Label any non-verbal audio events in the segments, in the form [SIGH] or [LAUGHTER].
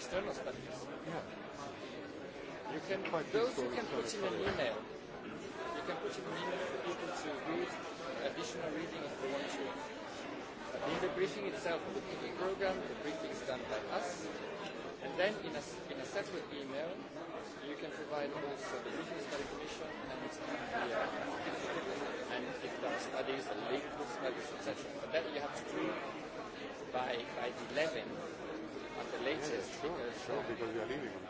external studies. Yeah. You can Quite those you can put in an email. You can put in an email for people to do additional reading if they want to. But in the briefing itself, the briefing program, the briefing is done by us. And then in a, in a separate email, you can provide also the briefings by the Commission and, the, uh, and if there are studies, the link to studies, etc. But that you have to do by, by the 11th the latest. Yeah, sure, because sure, because we are leaving on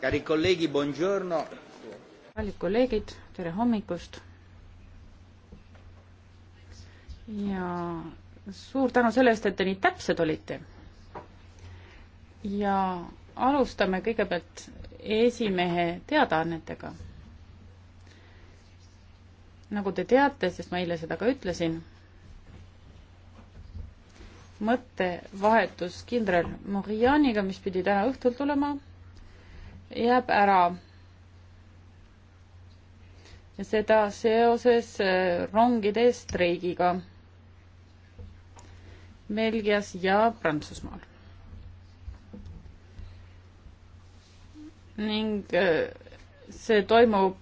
cari colleghi, buongiorno. kallid kolleegid, tere hommikust. ja suur tänu selle eest, et te nii täpsed olite. ja alustame kõigepealt esimehe teadaannetega. nagu te teate, sest ma eile seda ka ütlesin mõttevahetus kindral Morianiga, mis pidi täna õhtul tulema jääb ära. ja seda seoses äh, rongide streigiga Belgias ja Prantsusmaal. ning äh, see toimub,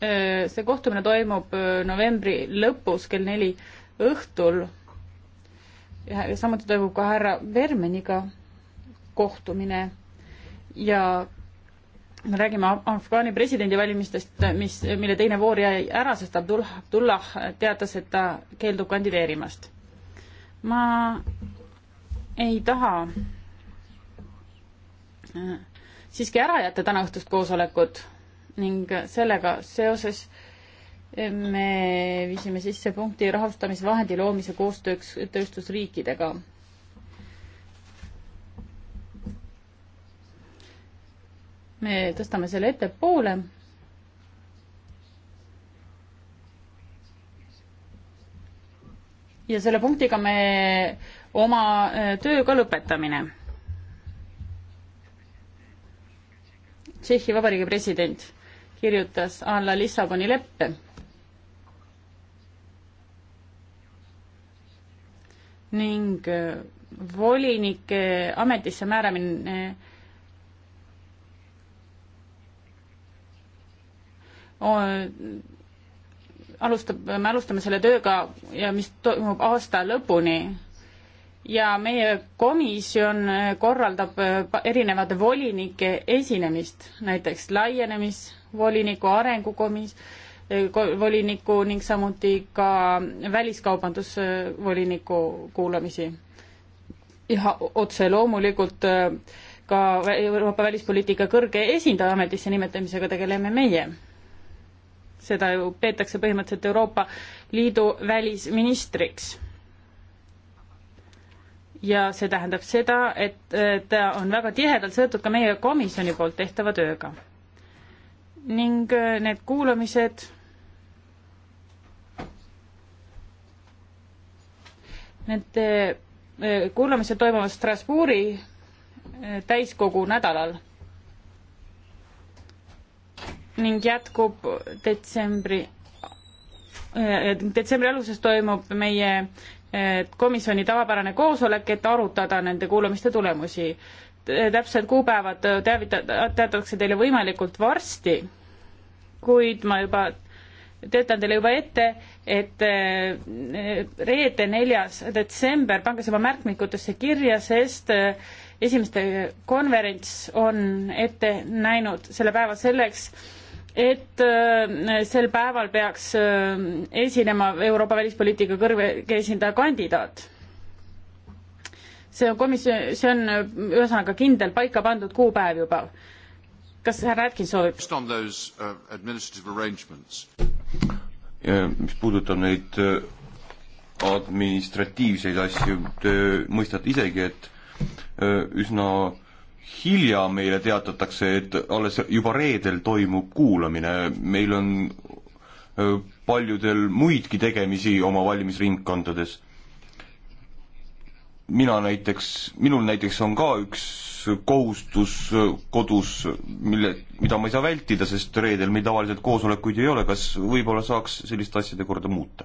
äh, see kohtumine toimub novembri lõpus kell neli õhtul. samuti toimub ka härra Vermeniga kohtumine ja me räägime Afgaani presidendivalimistest, mis, mille teine voor jäi ära, sest Abdullah, Abdullah teatas, et ta keeldub kandideerimast. ma ei taha äh, siiski ära jätta tänaõhtust koosolekut ning sellega seoses äh, me viisime sisse punkti rahastamisvahendi loomise koostööks tööstusriikidega me tõstame selle ettepoole. ja selle punktiga me oma äh, tööga lõpetamine. Tšehhi Vabariigi president kirjutas alla Lissaboni leppe. ning äh, volinike ametisse määramine alustab, me alustame selle tööga ja mis toimub aasta lõpuni. ja meie komisjon korraldab äh, erinevate volinike esinemist, näiteks laienemisvoliniku, arengukomis-, äh, voliniku ning samuti ka väliskaubandusvoliniku kuulamisi. ja otse loomulikult äh, ka Euroopa välispoliitika kõrge esindaja ametisse nimetamisega tegeleme meie seda ju peetakse põhimõtteliselt Euroopa Liidu välisministriks. ja see tähendab seda, et ta on väga tihedalt seotud ka meie komisjoni poolt tehtava tööga. ning äh, need kuulamised Need äh, kuulamised toimuvad Strasbourgi äh, täiskogu nädalal ning jätkub detsembri, äh, detsembri alguses toimub meie äh, komisjoni tavapärane koosolek, et arutada nende kuulamiste tulemusi. Äh, täpsed kuupäevad teavita-, teatatakse teile võimalikult varsti, kuid ma juba töötan teile juba ette, et reede, neljas detsember, pange see oma märkmikutesse kirja, sest esimeste konverents on ette näinud selle päeva selleks, et äh, sel päeval peaks äh, esinema Euroopa välispoliitika kõrge esindaja kandidaat. see on komisjon, see on äh, ühesõnaga kindel paika pandud kuupäev juba. kas härra Atkins soovib? Uh, mis puudutab neid administratiivseid asju, te mõistate isegi, et üsna äh, hilja meile teatatakse, et alles juba reedel toimub kuulamine, meil on paljudel muidki tegemisi oma valimisringkondades. mina näiteks, minul näiteks on ka üks kohustus kodus, mille, mida ma ei saa vältida, sest reedel meil tavaliselt koosolekuid ei ole, kas võib-olla saaks selliste asjade korda muuta?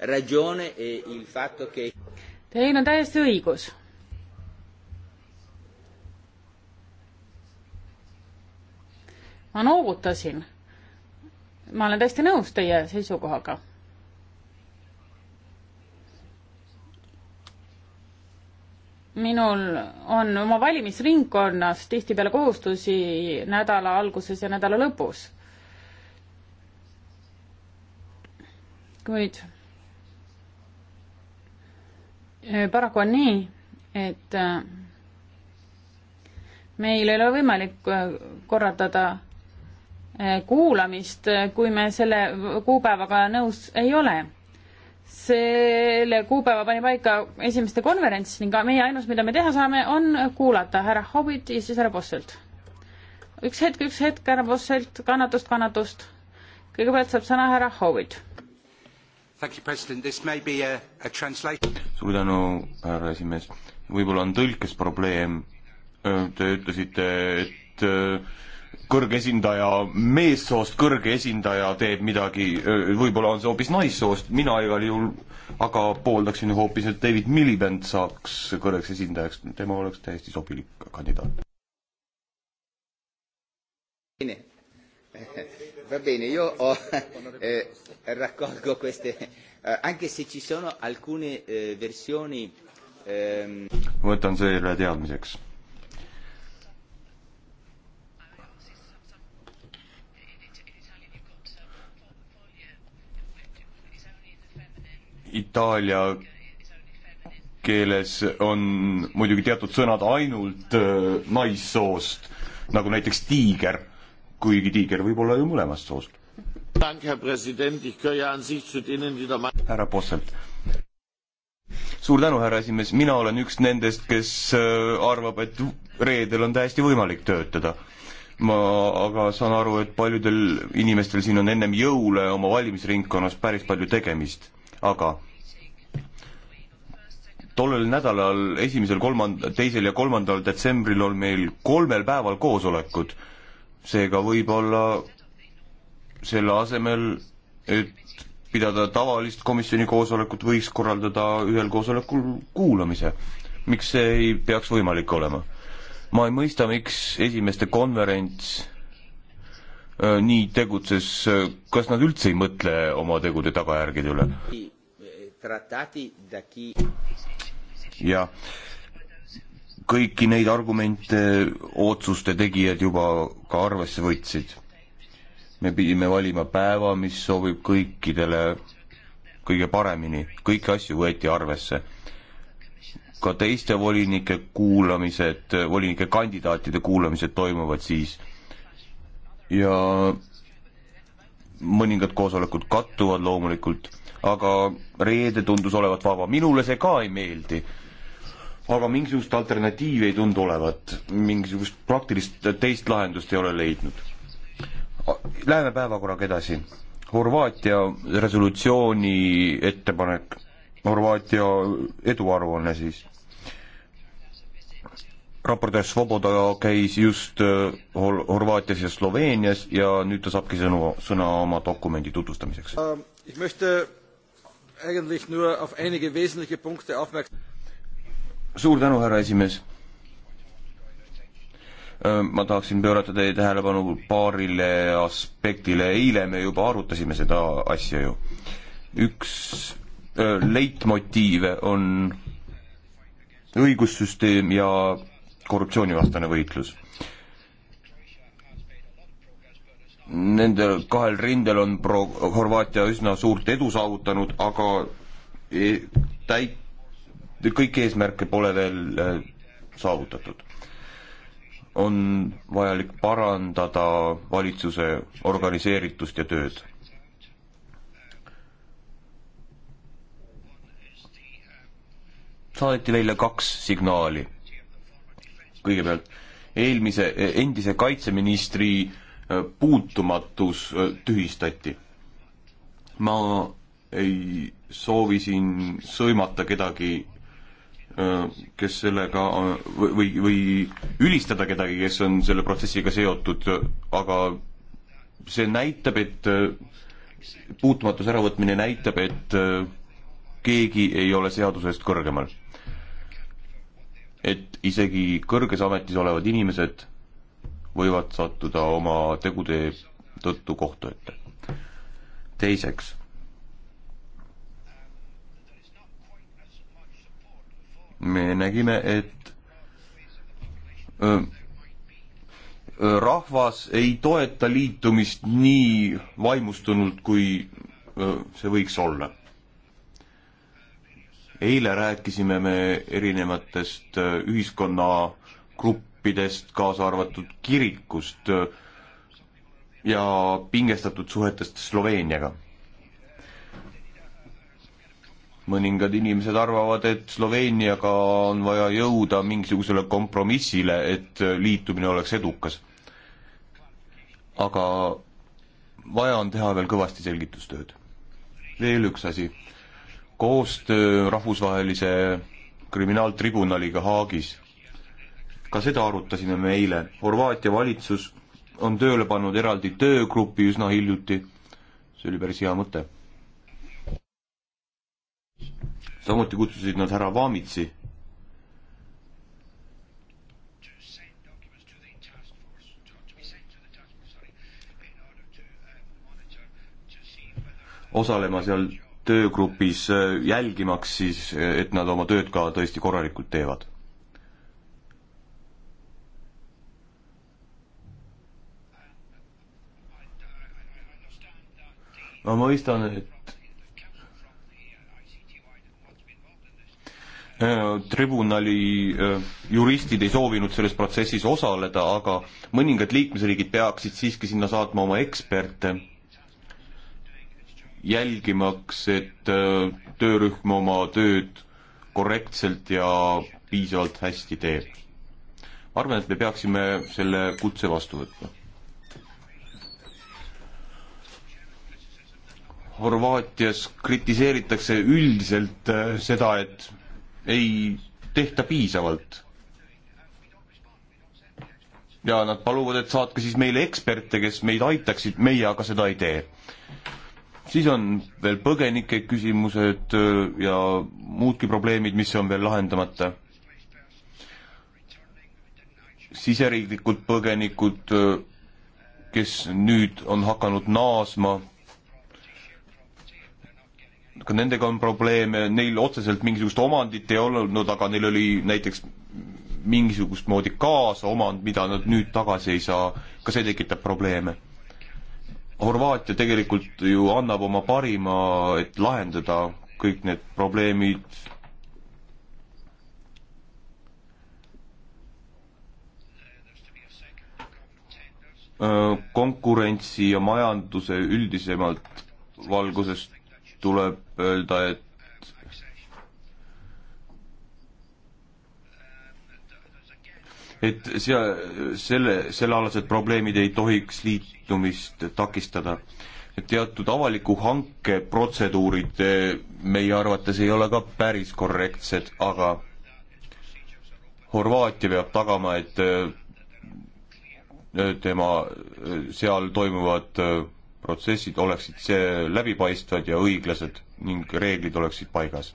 ragione e il fatto che Teil on täiesti õigus. ma noogutasin. ma olen täiesti nõus teie seisukohaga. minul on oma valimisringkonnas tihtipeale kohustusi nädala alguses ja nädala lõpus. kuid Äh, paraku on nii, et äh, meil ei ole võimalik äh, korraldada kuulamist, kui me selle kuupäevaga nõus ei ole. selle kuupäeva pani paika esimeste konverents ning meie ainus, mida me teha saame, on kuulata härra Hobbit ja siis härra Posselt. üks hetk, üks hetk, härra Posselt, kannatust, kannatust. kõigepealt saab sõna härra Hobbit suur tänu, härra esimees. võib-olla on tõlkes probleem. Te ütlesite, et kõrgesindaja, meessoost kõrge esindaja teeb midagi, võib-olla on see hoopis naissoost, mina igal juhul aga pooldaksin hoopis, et David Milliband saaks kõrgeks esindajaks, tema oleks täiesti sobilik kandidaat. [LAUGHS] Va bene, io ho, eh, raccolgo queste, eh, anche se ci sono alcune eh, versioni ehm.... võtan selle teadmiseks. Itaalia keeles on muidugi teatud sõnad ainult eh, naissoost, nagu näiteks tiiger kuigi tiiger võib olla ju mõlemast soost. härra Posselt. suur tänu, härra esimees, mina olen üks nendest, kes äh, arvab, et reedel on täiesti võimalik töötada ma aga saan aru, et paljudel inimestel siin on ennem jõule oma valimisringkonnas päris palju tegemist, aga tollel nädalal, esimesel, kolmand-, teisel ja kolmandal detsembril on meil kolmel päeval koosolekud seega võib-olla selle asemel, et pidada tavalist komisjoni koosolekut, võiks korraldada ühel koosolekul kuulamise. miks see ei peaks võimalik olema? ma ei mõista, miks esimeste konverents äh, nii tegutses, kas nad üldse ei mõtle oma tegude tagajärgede üle? jah, kõiki neid argumente otsuste tegijad juba ka arvesse võtsid. me pidime valima päeva, mis sobib kõikidele kõige paremini, kõiki asju võeti arvesse. ka teiste volinike kuulamised, volinike kandidaatide kuulamised toimuvad siis ja mõningad koosolekud kattuvad loomulikult, aga reede tundus olevat vaba, minule see ka ei meeldi aga mingisugust alternatiivi ei tundu olevat, mingisugust praktilist teist lahendust ei ole leidnud. Läheme päevakorraga edasi. Horvaatia resolutsiooni ettepanek, Horvaatia eduaruanne siis. raportöör Svoboda käis just äh, Hor-, Horvaatias ja Sloveenias ja nüüd ta saabki sõnu, sõna oma dokumendi tutvustamiseks uh,. Ich möchte eigentlich nur auf einige wesentliche Punkte aufmerksam suur tänu, härra esimees. ma tahaksin pöörata teie tähelepanu paarile aspektile, eile me juba arutasime seda asja ju. üks leitmotiive on õigussüsteem ja korruptsioonivastane võitlus. Nendel kahel rindel on pro-, Horvaatia üsna suurt edu saavutanud, aga e-, täit-, kõiki eesmärke pole veel äh, saavutatud. on vajalik parandada valitsuse organiseeritust ja tööd. saadeti välja kaks signaali. kõigepealt eelmise, endise kaitseministri äh, puutumatus äh, tühistati. ma ei soovi siin sõimata kedagi Äh, kes sellega või, või ülistada kedagi, kes on selle protsessiga seotud, aga see näitab, et äh, puutumatuse äravõtmine näitab, et äh, keegi ei ole seadusest kõrgemal. et isegi kõrges ametis olevad inimesed võivad sattuda oma tegude tõttu kohtu ette. teiseks me nägime, et rahvas ei toeta liitumist nii vaimustunult, kui see võiks olla. eile rääkisime me erinevatest ühiskonnagruppidest, kaasa arvatud kirikust ja pingestatud suhetest Sloveeniaga mõningad inimesed arvavad, et Sloveeniaga on vaja jõuda mingisugusele kompromissile, et liitumine oleks edukas. aga vaja on teha veel kõvasti selgitustööd. veel üks asi, koostöö rahvusvahelise kriminaaltribunaliga Haagis. ka seda arutasime me eile, Horvaatia valitsus on tööle pannud eraldi töögrupi üsna hiljuti, see oli päris hea mõte samuti kutsusid nad härra Vamitsi. osalema seal töögrupis, äh, jälgimaks siis, äh, et nad oma tööd ka tõesti korralikult teevad ma mõistan, et Äh, tribunali äh, juristid ei soovinud selles protsessis osaleda, aga mõningad liikmesriigid peaksid siiski sinna saatma oma eksperte, jälgimaks, et äh, töörühm oma tööd korrektselt ja piisavalt hästi teeb. ma arvan, et me peaksime selle kutse vastu võtma. Horvaatias kritiseeritakse üldiselt seda, et ei tehta piisavalt. ja nad paluvad, et saatke siis meile eksperte, kes meid aitaksid, meie aga seda ei tee. siis on veel põgenike küsimused äh, ja muudki probleemid, mis on veel lahendamata. siseriiklikud põgenikud, äh, kes nüüd on hakanud naasma ka nendega on probleeme, neil otseselt mingisugust omandit ei olnud, aga neil oli näiteks mingisugust moodi kaasomand, mida nad nüüd tagasi ei saa, ka see tekitab probleeme. Horvaatia tegelikult ju annab oma parima, et lahendada kõik need probleemid, konkurentsi ja majanduse üldisemalt valgusest tuleb öelda, et et sea-, selle, sellealased probleemid ei tohiks liitumist takistada. teatud avaliku hanke protseduurid eh, meie arvates ei ole ka päris korrektsed, aga Horvaatia peab tagama, et eh, tema eh, seal toimuvad protsessid oleksid see läbipaistvad ja õiglased ning reeglid oleksid paigas.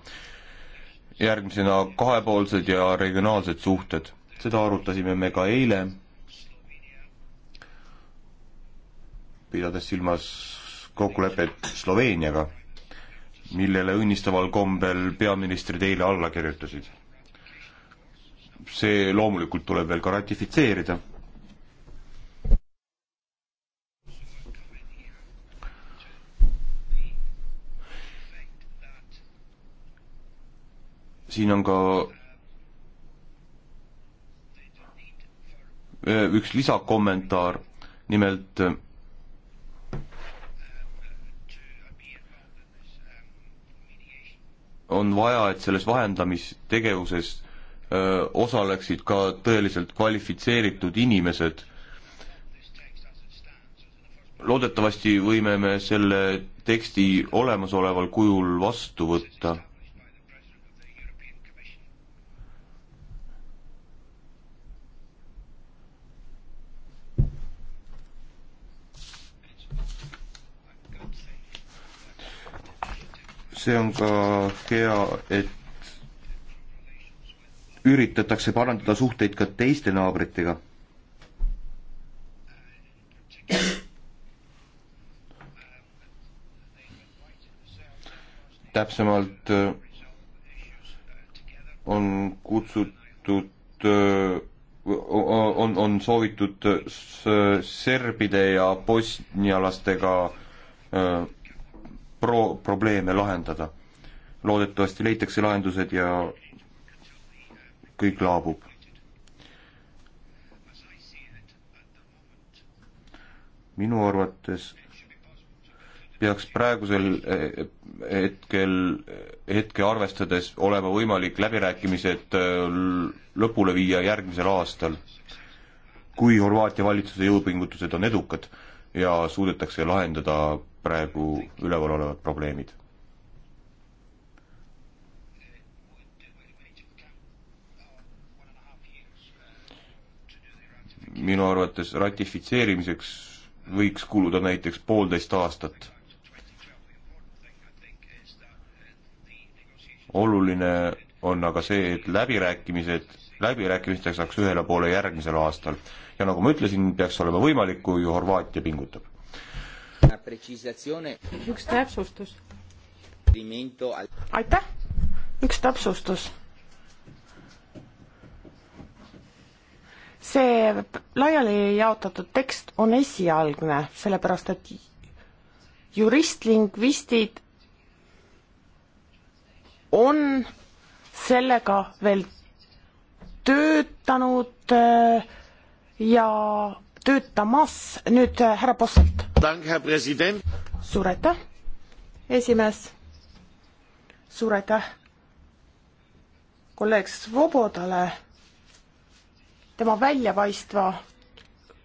järgmisena kahepoolsed ja regionaalsed suhted, seda arutasime me ka eile, pidades silmas kokkulepet Sloveeniaga, millele õnnistaval kombel peaministrid eile alla kirjutasid. see loomulikult tuleb veel ka ratifitseerida siin on ka äh, üks lisakommentaar, nimelt äh, on vaja, et selles vahendamistegevuses öö, äh, osaleksid ka tõeliselt kvalifitseeritud inimesed. loodetavasti võime me selle teksti olemasoleval kujul vastu võtta see on ka hea, et üritatakse parandada suhteid ka teiste naabritega. täpsemalt äh, on kutsutud, äh, on, on soovitud äh, serbide ja bosnialastega pro-, probleeme lahendada. loodetavasti leitakse lahendused ja kõik laabub. minu arvates peaks praegusel eh, hetkel, hetke arvestades olema võimalik läbirääkimised eh, lõpule viia järgmisel aastal, kui Horvaatia valitsuse jõupingutused on edukad ja suudetakse lahendada praegu üleval olevad probleemid. minu arvates ratifitseerimiseks võiks kuluda näiteks poolteist aastat. oluline on aga see, et läbirääkimised, läbirääkimisteks saaks ühele poole järgmisel aastal. ja nagu ma ütlesin, peaks olema võimalik, kui Horvaatia pingutab üks täpsustus. aitäh, üks täpsustus. see laiali jaotatud tekst on esialgne, sellepärast et juristlingvistid on sellega veel töötanud äh, ja töötamas nüüd äh, härra Posselt suur aitäh, esimees. suur aitäh kolleeg Svobodale tema väljapaistva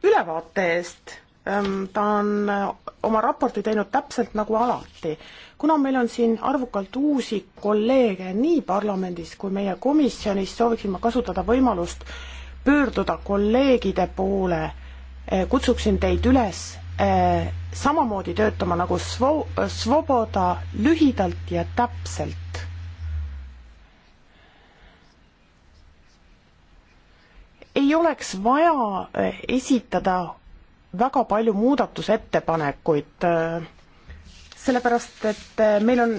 ülevaate eest. Ehm, ta on äh, oma raporti teinud täpselt nagu alati. kuna meil on siin arvukalt uusi kolleege nii parlamendis kui meie komisjonis, sooviksin ma kasutada võimalust pöörduda kolleegide poole, äh, kutsuksin teid üles Äh, samamoodi töötama nagu svo-, äh, Svoboda lühidalt ja täpselt. ei oleks vaja äh, esitada väga palju muudatusettepanekuid, sellepärast et meil on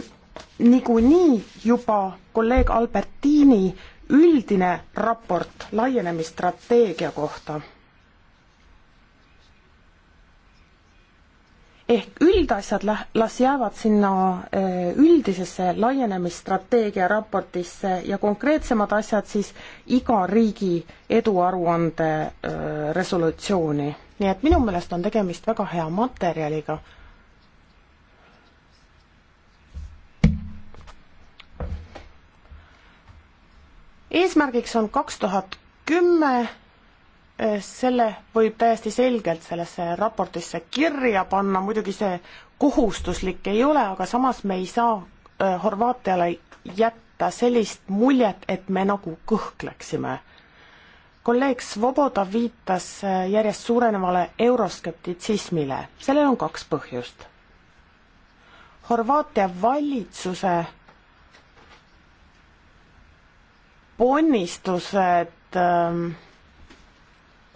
niikuinii juba kolleeg Albertini üldine raport laienemisstrateegia kohta ehk üldasjad lä-, las jäävad sinna äh, üldisesse laienemisstrateegia raportisse ja konkreetsemad asjad siis iga riigi eduaruande äh, resolutsiooni. nii et minu meelest on tegemist väga hea materjaliga. eesmärgiks on kaks tuhat kümme selle võib täiesti selgelt sellesse raportisse kirja panna, muidugi see kohustuslik ei ole, aga samas me ei saa Horvaatiale jätta sellist muljet, et me nagu kõhkleksime. kolleeg Svoboda viitas järjest suurenevale euroskeptitsismile, sellel on kaks põhjust. Horvaatia valitsuse ponnistused ähm,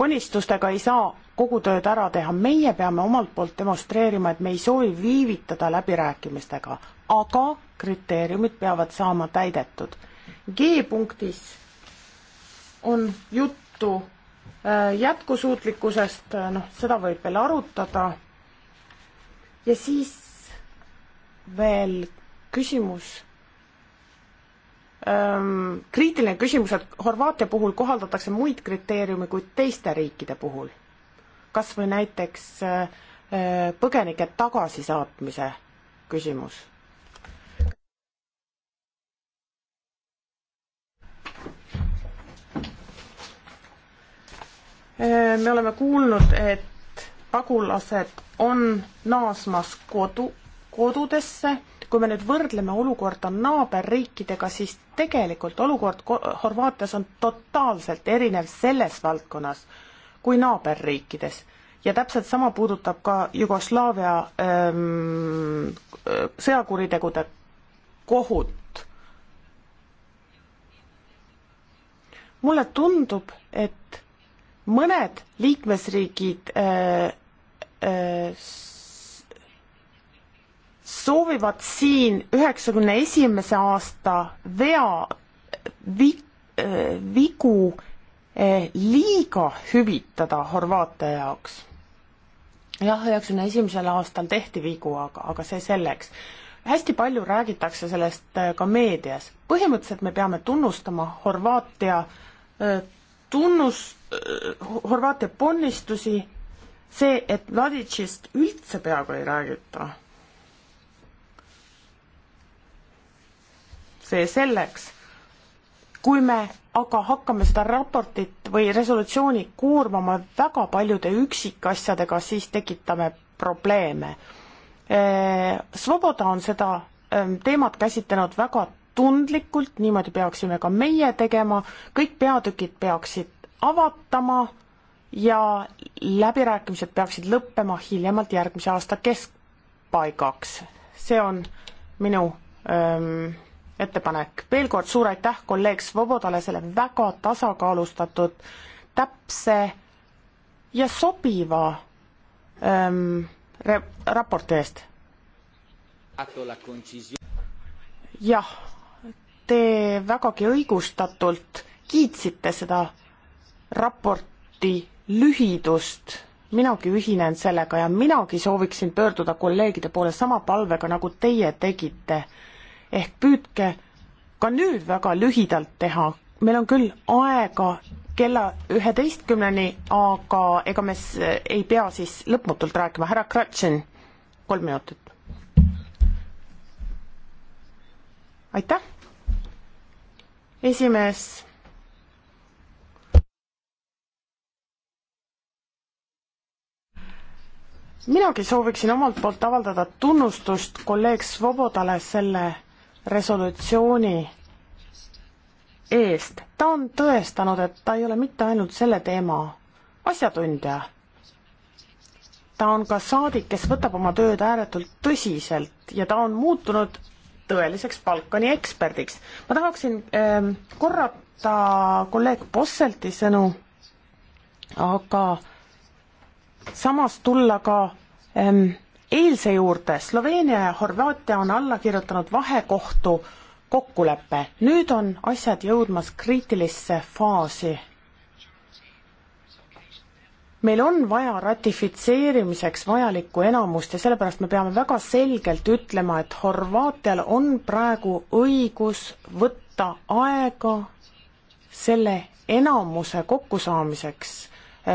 konistustega ei saa kogu tööd ära teha, meie peame omalt poolt demonstreerima, et me ei soovi viivitada läbirääkimistega, aga kriteeriumid peavad saama täidetud. G-punktis on juttu äh, jätkusuutlikkusest, äh, noh, seda võib veel arutada, ja siis veel küsimus ähm, kriitiline küsimus, et Horvaatia puhul kohaldatakse muid kriteeriume kui teiste riikide puhul. kas või näiteks äh, äh põgenike tagasisaatmise küsimus. me oleme kuulnud, et pagulased on naasmas kodu, kodudesse kui me nüüd võrdleme olukorda naaberriikidega, siis tegelikult olukord Horvaatias on totaalselt erinev selles valdkonnas kui naaberriikides. ja täpselt sama puudutab ka Jugoslaavia ähm, sõjakuritegude kohut. mulle tundub, et mõned liikmesriigid äh, äh, soovivad siin üheksakümne esimese aasta vea vi, äh, vigu äh, liiga hüvitada Horvaatia jaoks. jah, üheksakümne esimesel aastal tehti vigu, aga, aga see selleks. hästi palju räägitakse sellest äh, ka meedias. põhimõtteliselt me peame tunnustama Horvaatia tunnus, Horvaatia ponnistusi, see, et Vladitšist üldse peaaegu ei räägita see selleks. kui me aga hakkame seda raportit või resolutsiooni koormama väga paljude üksikasjadega, siis tekitame probleeme. Svoboda on seda teemat käsitlenud väga tundlikult, niimoodi peaksime ka meie tegema, kõik peatükid peaksid avatama ja läbirääkimised peaksid lõppema hiljemalt järgmise aasta keskpaigaks. see on minu öö, ettepanek. veel kord suur aitäh kolleeg Svobodale selle väga tasakaalustatud, täpse ja sobiva ähm, raporti eest. jah, te vägagi õigustatult kiitsite seda raporti lühidust, minagi ühinen sellega ja minagi sooviksin pöörduda kolleegide poole sama palvega, nagu teie tegite ehk püüdke ka nüüd väga lühidalt teha, meil on küll aega kella üheteistkümneni, aga ega me ei pea siis lõpmatult rääkima, härra Kratšin, kolm minutit. aitäh, esimees. minagi sooviksin omalt poolt avaldada tunnustust kolleeg Svobodale selle resolutsiooni eest. ta on tõestanud, et ta ei ole mitte ainult selle teema asjatundja, ta on ka saadik, kes võtab oma tööd ääretult tõsiselt ja ta on muutunud tõeliseks Balkani eksperdiks. ma tahaksin äh, korrata kolleeg Posselti sõnu, aga samas tulla ka ähm, eilse juurde Sloveenia ja Horvaatia on alla kirjutanud vahekohtu kokkuleppe. nüüd on asjad jõudmas kriitilisse faasi. meil on vaja ratifitseerimiseks vajalikku enamust ja sellepärast me peame väga selgelt ütlema, et Horvaatial on praegu õigus võtta aega selle enamuse kokkusaamiseks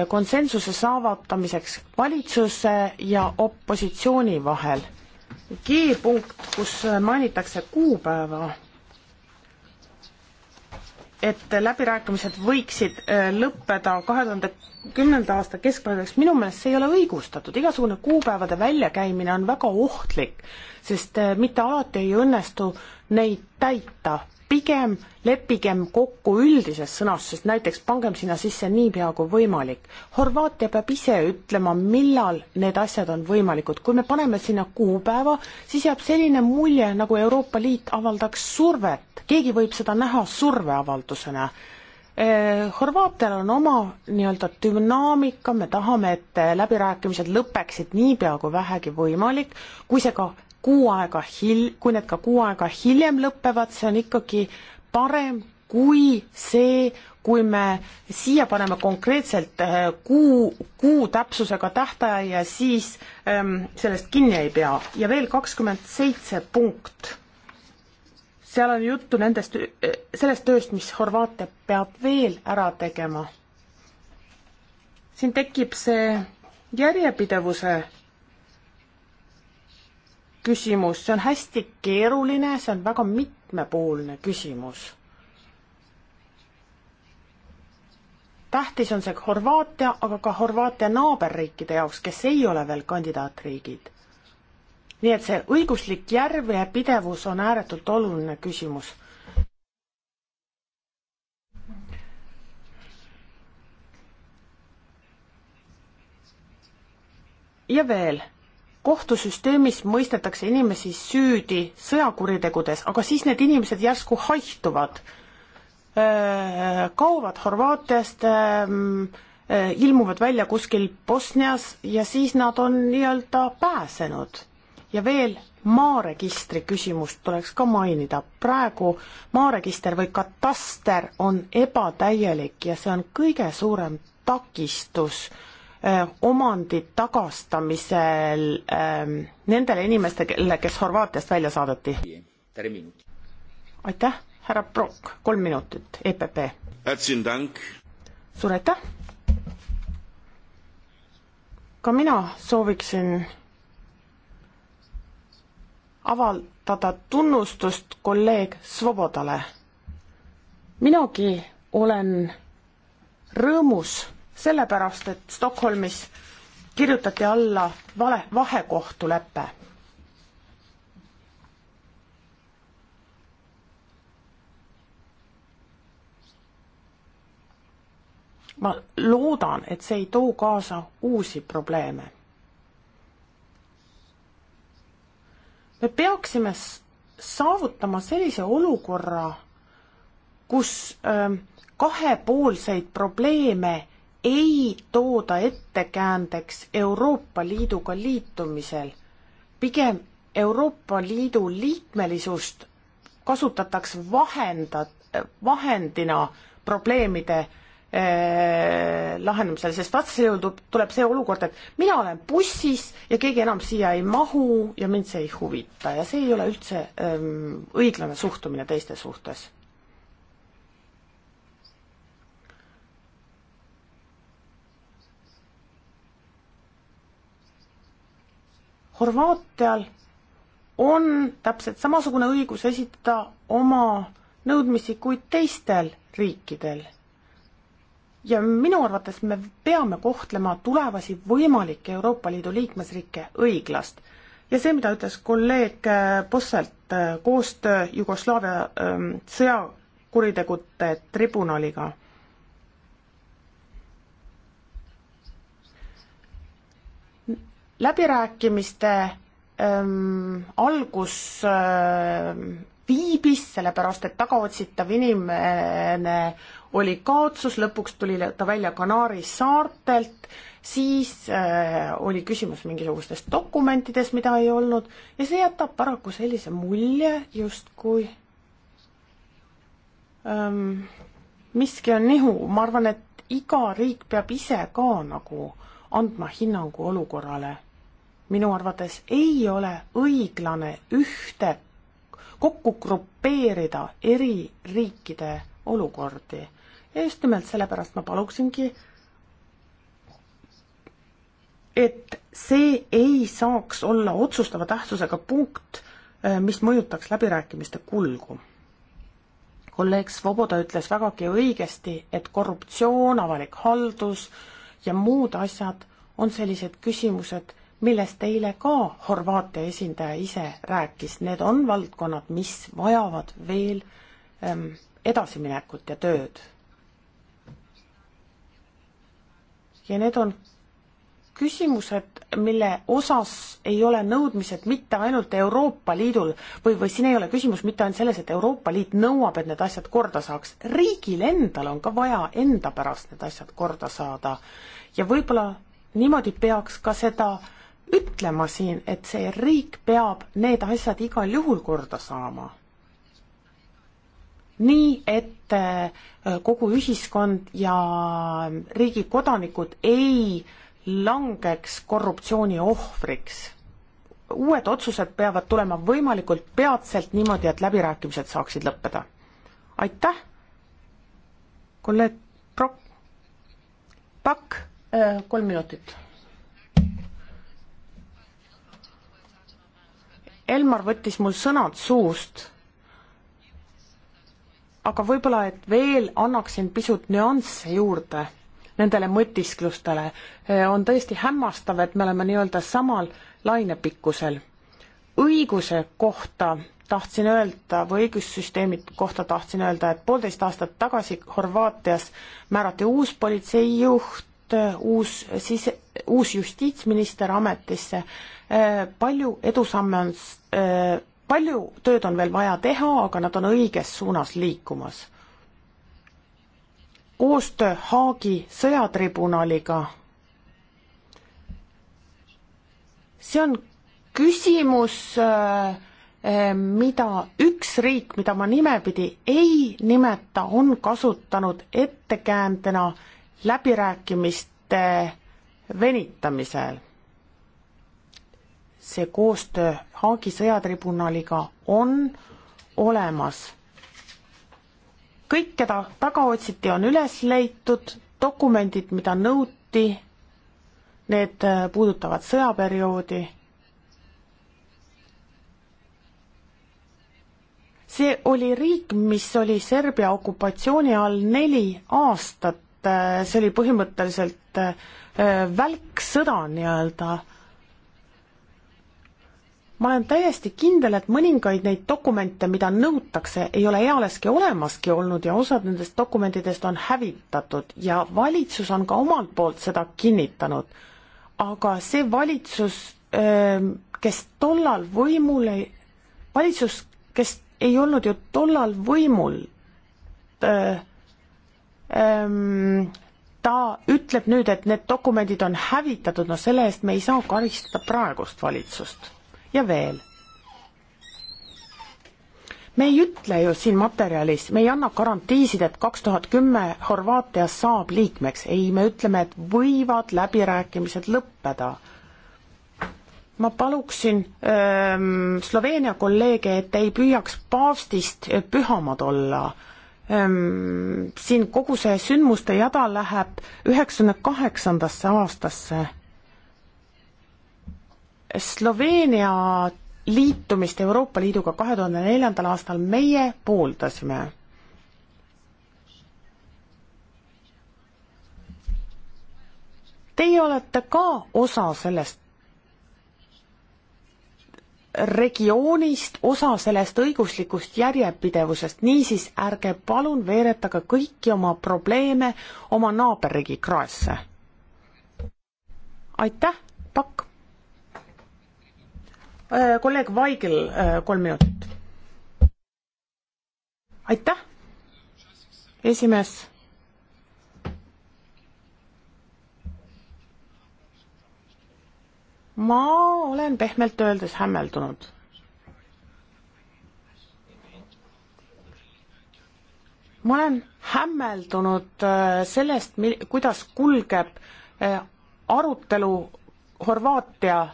konsensuse saavutamiseks valitsuse ja opositsiooni vahel. G punkt, kus mainitakse kuupäeva, et läbirääkimised võiksid äh, lõppeda kahe tuhande kümnenda aasta keskpaigaks, minu meelest see ei ole õigustatud, igasugune kuupäevade väljakäimine on väga ohtlik, sest äh, mitte alati ei õnnestu neid täita pigem leppigem kokku üldises sõnastuses, näiteks pangem sinna sisse niipea kui võimalik. Horvaatia peab ise ütlema, millal need asjad on võimalikud, kui me paneme sinna kuupäeva, siis jääb selline mulje, nagu Euroopa Liit avaldaks survet, keegi võib seda näha surveavaldusena. Horvaatial on oma nii-öelda dünaamika, me tahame, et läbirääkimised lõpeksid niipea kui vähegi võimalik, kui see ka kuu aega hil-, kui need ka kuu aega hiljem lõpevad, see on ikkagi parem kui see, kui me siia paneme konkreetselt äh, kuu, kuu täpsusega tähtaja ja siis ähm, sellest kinni ei pea. ja veel kakskümmend seitse punkt. seal on juttu nendest, äh, sellest tööst, mis Horvaatia peab veel ära tegema. siin tekib see järjepidevuse küsimus, see on hästi keeruline, see on väga mitmepoolne küsimus. tähtis on see Horvaatia, aga ka Horvaatia naaberriikide jaoks, kes ei ole veel kandidaatriigid. nii et see õiguslik järjepidevus on ääretult oluline küsimus ja veel kohtusüsteemis mõistetakse inimesi süüdi sõjakuritegudes, aga siis need inimesed järsku haihtuvad, äh, kaovad Horvaatiast, ähm, äh, ilmuvad välja kuskil Bosnias ja siis nad on nii-öelda pääsenud. ja veel maaregistri küsimust tuleks ka mainida, praegu maaregister või kataster on ebatäielik ja see on kõige suurem takistus äh, Äh, omandit tagastamisel ähm, nendele inimestele, kes Horvaatiast välja saadeti? aitäh, härra Prokk, kolm minutit, EPP. suur aitäh! ka mina sooviksin avaldada tunnustust kolleeg Svobodale. minagi olen rõõmus sellepärast, et Stockholmis kirjutati alla vale, vahekohtulepe. ma loodan, et see ei too kaasa uusi probleeme. me peaksime saavutama sellise olukorra, kus öö, ähm, kahepoolseid probleeme ei tooda ettekäändeks Euroopa Liiduga liitumisel. pigem Euroopa Liidu liikmelisust kasutatakse vahenda, vahendina probleemide eh, lahendamisel, sest vastasel juhul tuleb see olukord, et mina olen bussis ja keegi enam siia ei mahu ja mind see ei huvita ja see ei ole üldse öö, eh, õiglane suhtumine teiste suhtes Horvaatial on täpselt samasugune õigus esitada oma nõudmisi kui teistel riikidel. ja minu arvates me peame kohtlema tulevasi võimalikke Euroopa Liidu liikmesriike õiglast. ja see, mida ütles kolleeg äh, Posselt äh, koostöö Jugoslaavia ähm, sõjakuritegude tribunaliga läbirääkimiste ähm, algus ähm, viibis, sellepärast et tagaotsitav inimene oli kaotsus, lõpuks tuli ta välja Kanaari saartelt, siis äh, oli küsimus mingisugustes dokumentides, mida ei olnud, ja see jätab paraku sellise mulje, justkui ähm, miski on nihu, ma arvan, et iga riik peab ise ka nagu andma hinnangu olukorrale minu arvates ei ole õiglane ühte kokku grupeerida eri riikide olukordi. ja just nimelt sellepärast ma paluksingi, et see ei saaks olla otsustava tähtsusega punkt, eh, mis mõjutaks läbirääkimiste kulgu. kolleeg Svoboda ütles vägagi õigesti, et korruptsioon, avalik haldus ja muud asjad on sellised küsimused, millest eile ka Horvaatia esindaja ise rääkis, need on valdkonnad, mis vajavad veel ähm, edasiminekut ja tööd. ja need on küsimused, mille osas ei ole nõudmised mitte ainult Euroopa Liidul või, või siin ei ole küsimus mitte ainult selles, et Euroopa Liit nõuab, et need asjad korda saaks, riigil endal on ka vaja enda pärast need asjad korda saada. ja võib-olla niimoodi peaks ka seda äh, ütlema siin, et see riik peab need asjad igal juhul korda saama. nii, et äh, kogu ühiskond ja riigi kodanikud ei langeks korruptsiooni ohvriks. uued otsused peavad tulema võimalikult peatselt niimoodi, et läbirääkimised saaksid lõppeda. aitäh, kolleeg Prokk, Pakk, äh, kolm minutit Elmar võttis mul sõnad suust, aga võib-olla, et veel annaksin pisut nüansse juurde nendele mõtisklustele. E, on tõesti hämmastav, et me oleme nii-öelda samal lainepikkusel. õiguse kohta tahtsin öelda või õigussüsteemi kohta tahtsin öelda, et poolteist aastat tagasi Horvaatias määrati uus politseijuht, Äh, uus sise, uus justiitsminister ametisse. Äh, palju edusamme on, äh, palju tööd on veel vaja teha, aga nad on õiges suunas liikumas. koostöö Haagi sõjatribunaliga, see on küsimus äh, mida üks riik, mida ma nimepidi ei nimeta, on kasutanud ettekäändena läbirääkimiste venitamisel. see koostöö Haagi sõjatribunaliga on olemas. kõik, keda taga otsiti, on üles leitud, dokumendid, mida nõuti, need äh, puudutavad sõjaperioodi. see oli riik, mis oli Serbia okupatsiooni all neli aastat et äh, see oli põhimõtteliselt äh, välksõda nii-öelda. ma olen täiesti kindel, et mõningaid neid dokumente, mida nõutakse, ei ole ealeski olemaski olnud ja osad nendest dokumentidest on hävitatud ja valitsus on ka omalt poolt seda kinnitanud. aga see valitsus, ähm, kes tollal võimul ei, valitsus, kes ei olnud ju tollal võimul, äh, Ehm, ta ütleb nüüd, et need dokumendid on hävitatud, no selle eest me ei saa karistada praegust valitsust. ja veel. me ei ütle ju siin materjalis, me ei anna garantiisid, et kaks tuhat kümme Horvaatia saab liikmeks, ei, me ütleme, et võivad läbirääkimised lõppeda ma paluksin öö, ehm, Sloveenia kolleege, et ei püüaks paavstist pühamad olla Ehm, siin kogu see sündmuste jada läheb üheksakümne kaheksandasse aastasse. Sloveenia liitumist Euroopa Liiduga kahe tuhande neljandal aastal meie pooldasime teie olete ka osa sellest regioonist osa sellest õiguslikust järjepidevusest, niisiis ärge palun veeretage kõiki oma probleeme oma naaberriigi kraesse. aitäh, pakk. Äh, kolleeg Vaigel äh, kolm minutit. aitäh, esimees ma olen pehmelt öeldes hämmeldunud. ma olen hämmeldunud äh, sellest, kuidas kulgeb äh, arutelu Horvaatia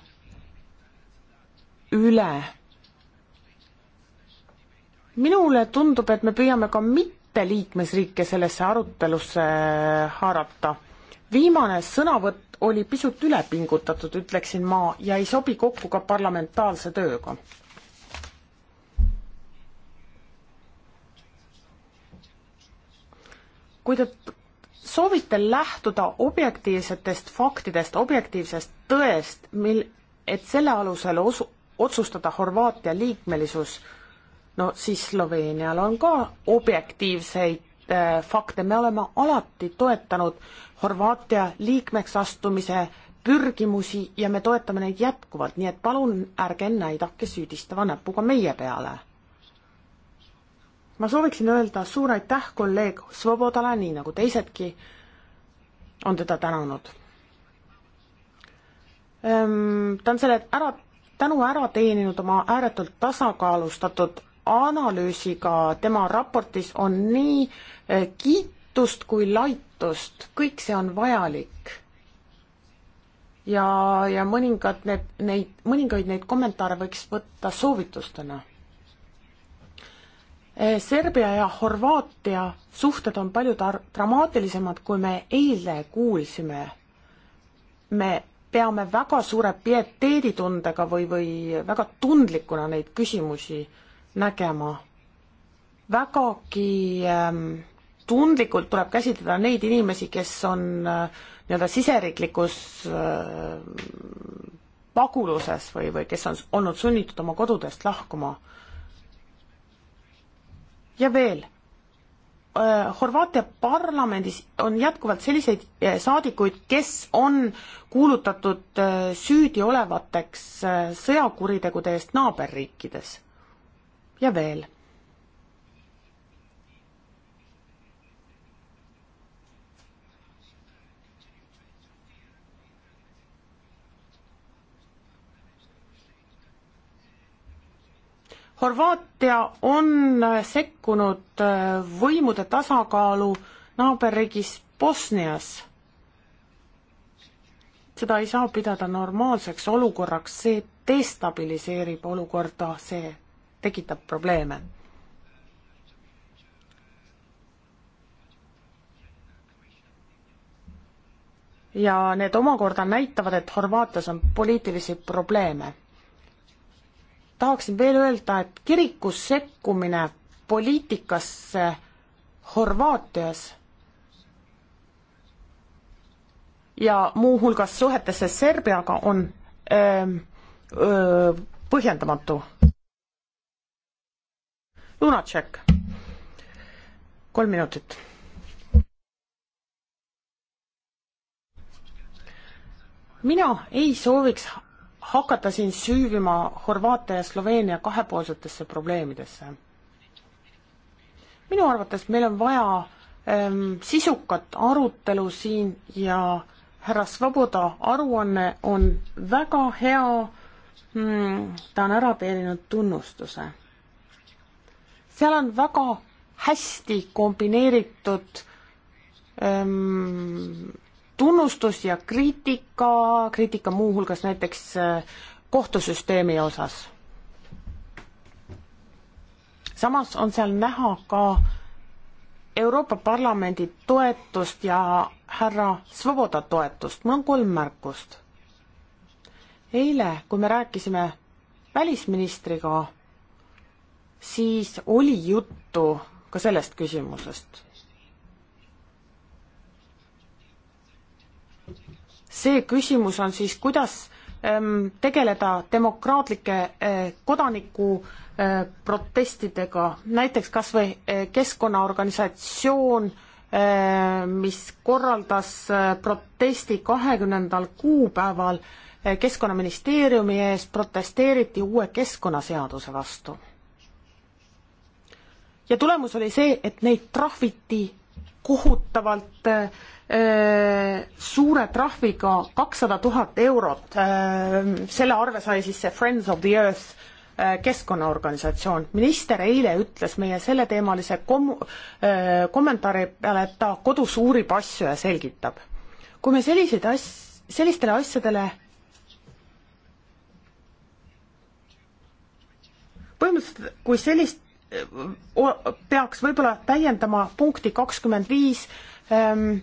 üle. minule tundub, et me püüame ka mitteliikmesriike sellesse arutelusse äh, haarata. viimane sõnavõtt oli pisut ülepingutatud, ütleksin ma, ja ei sobi kokku ka parlamentaarse tööga. kui te soovite lähtuda objektiivsetest faktidest, objektiivsest tõest, mil, et selle alusel osu-, otsustada Horvaatia liikmelisus, no siis Sloveenial on ka objektiivseid Äh, fakte, me oleme alati toetanud Horvaatia liikmeks astumise pürgimusi ja me toetame neid jätkuvalt, nii et palun ärge näidake süüdistava näpuga meie peale. ma sooviksin öelda suur aitäh kolleeg Svobodale, nii nagu teisedki on teda tänanud. ta on selle ära, tänu ära teeninud oma ääretult tasakaalustatud analüüsiga tema raportis on nii eh, kiitust kui laitust, kõik see on vajalik. ja, ja mõningad need, neid, mõningaid neid kommentaare võiks võtta soovitustena. Eh, Serbia ja Horvaatia suhted on palju tar-, dramaatilisemad, kui me eile kuulsime. me peame väga suure pieteeditundega või, või väga tundlikuna neid küsimusi äh, nägema. vägagi ähm, tundlikult tuleb käsitleda neid inimesi, kes on äh, nii-öelda siseriiklikus äh, paguluses või, või kes on olnud sunnitud oma kodudest lahkuma. ja veel äh, Horvaatia parlamendis on jätkuvalt selliseid äh, saadikuid, kes on kuulutatud äh, süüdi olevateks sõjakuritegude eest naaberriikides ja veel. Horvaatia on sekkunud äh, võimude tasakaalu naaberriigis Bosnias. seda ei saa pidada normaalseks olukorraks, see destabiliseerib olukorda, see tekitab probleeme. ja need omakorda näitavad, et Horvaatias on poliitilisi probleeme. tahaksin veel öelda, et kirikus sekkumine poliitikasse Horvaatias ja muuhulgas suhetesse Serbiaga on öö, öö, põhjendamatu Lunacek, kolm minutit. mina ei sooviks hakata siin süüvima Horvaatia ja Sloveenia kahepoolsetesse probleemidesse. minu arvates meil on vaja ähm, sisukat arutelu siin ja härra Svoboda aruanne on väga hea mm,, ta on ära teeninud tunnustuse seal on väga hästi kombineeritud ähm, tunnustus ja kriitika, kriitika muuhulgas näiteks äh, kohtusüsteemi osas. samas on seal näha ka Euroopa Parlamendi toetust ja härra Svoboda toetust, mul on kolm märkust. eile, kui me rääkisime välisministriga siis oli juttu ka sellest küsimusest. see küsimus on siis, kuidas ähm, tegeleda demokraatlike äh, kodaniku äh, protestidega, näiteks kas või äh, keskkonnaorganisatsioon, mis korraldas protesti kahekümnendal kuupäeval Keskkonnaministeeriumi ees, protesteeriti uue keskkonnaseaduse vastu ja tulemus oli see, et neid trahviti kohutavalt äh, suure trahviga kakssada tuhat eurot äh,. selle arve sai siis see Friends of the Earth äh, keskkonnaorganisatsioon. minister eile ütles meie selleteemalise kom-, äh, kommentaari peale, et ta kodus uurib asju ja selgitab. kui me selliseid as-, sellistele asjadele põhimõtteliselt, kui sellist peaks võib-olla täiendama punkti kakskümmend viis, ähm,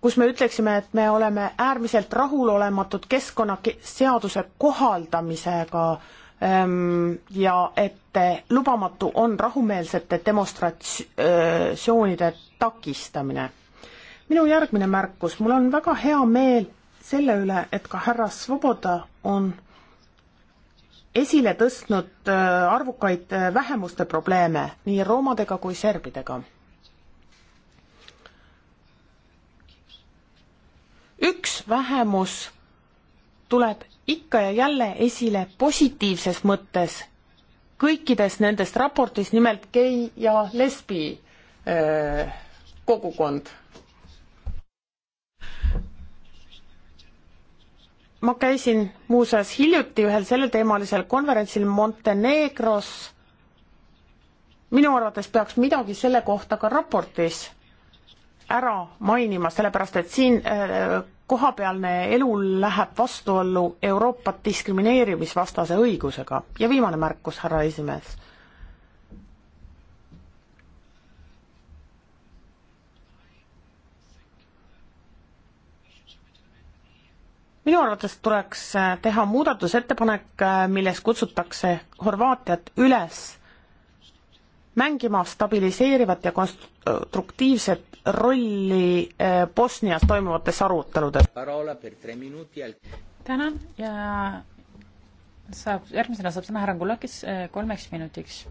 kus me ütleksime, et me oleme äärmiselt rahulolematud keskkonnaseaduse kohaldamisega ähm, ja et lubamatu on rahumeelsete demonstratsioonide äh, takistamine. minu järgmine märkus, mul on väga hea meel selle üle, et ka härra Svoboda on esile tõstnud äh, arvukaid äh, vähemuste probleeme nii roomadega kui serbidega. üks vähemus tuleb ikka ja jälle esile positiivses mõttes kõikides nendes raportis, nimelt gei ja lesbi öö, äh, kogukond ma käisin muuseas hiljuti ühel selleteemalisel konverentsil Montenegros. minu arvates peaks midagi selle kohta ka raportis ära mainima, sellepärast et siin äh, kohapealne elu läheb vastuollu Euroopat diskrimineerimisvastase õigusega. ja viimane märkus, härra esimees. minu arvates tuleks äh, teha muudatusettepanek, äh, milles kutsutakse Horvaatiat üles mängima stabiliseerivat ja konstruktiivset rolli äh, Bosnias toimuvates aruteludes. tänan ja saab, järgmisena saab sõna härra Kulakis kolmeks minutiks.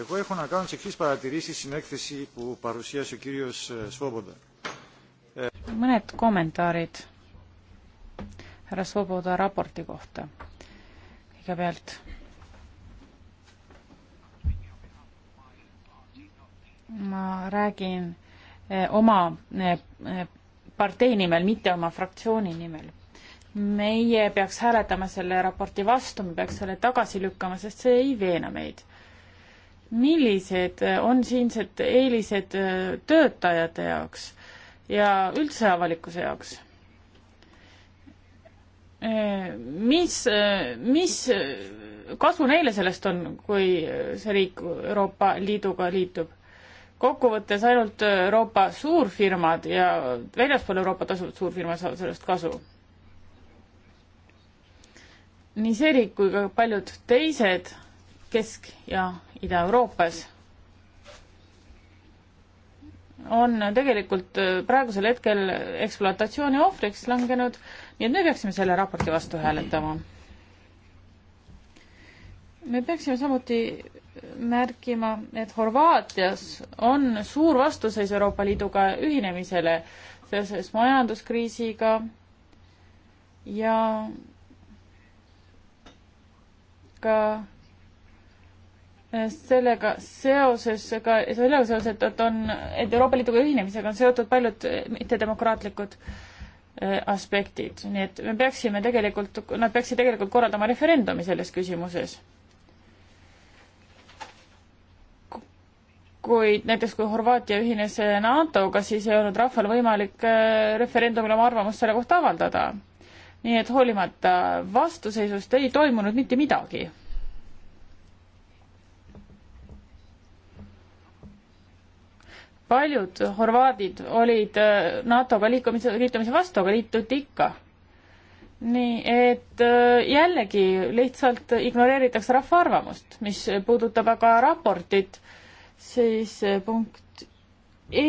Εγώ έχω να κάνω τις εξής παρατηρήσεις στην έκθεση που παρουσίασε ο κύριος Σβόμποντα. Mõned kommentaarid härra Svoboda raporti kohta. kõigepealt ma räägin eh, oma eh, eh, partei nimel, mitte oma fraktsiooni nimel. meie peaks hääletama selle raporti vastu, me peaks selle tagasi lükkama, sest see ei veena meid. millised on siinsed eelised töötajate jaoks ja üldse avalikkuse jaoks? mis, mis kasu neile sellest on, kui see riik Euroopa Liiduga liitub? kokkuvõttes ainult Euroopa suurfirmad ja väljaspool Euroopat asuvad suurfirmad saavad sellest kasu. nii see riik kui ka paljud teised Kesk- ja Ida-Euroopas on tegelikult praegusel hetkel ekspluatatsiooni ohvriks langenud äh, nii et me peaksime selle raporti vastu hääletama. me peaksime samuti märkima, et Horvaatias on suur vastuseis Euroopa Liiduga ühinemisele seoses majanduskriisiga ja ka eh, sellega seoses, ka sellega seoses, et, et on, et Euroopa Liiduga ühinemisega on seotud paljud mittedemokraatlikud äh, Äh, aspektid, nii et me peaksime tegelikult, nad peaksid tegelikult korraldama referendumi selles küsimuses. kuid näiteks kui Horvaatia ühines äh, NATO-ga, siis ei olnud rahval võimalik äh, referendumil oma arvamust selle kohta avaldada. nii et hoolimata vastuseisust ei toimunud mitte midagi paljud horvaadid olid äh, NATO-ga liikumise, liitumise vastu, aga liituti ikka. nii et äh, jällegi lihtsalt ignoreeritakse rahva arvamust, mis puudutab aga raportit, siis äh, punkt E,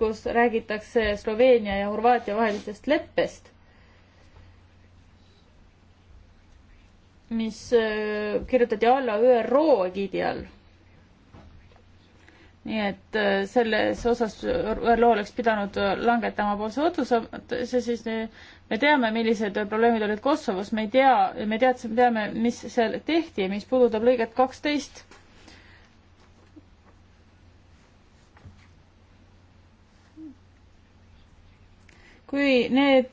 kus räägitakse Sloveenia ja Horvaatia vahelisest leppest, mis kirjutati alla ÜRO egiidi all nii et äh, selles osas ÜRO oleks pidanud langetama poolse otsuse, see siis äh, me teame, millised probleemid olid Kosovos, me ei tea, me teadsime, teame, mis seal tehti ja mis puudutab lõiget kaksteist, kui need,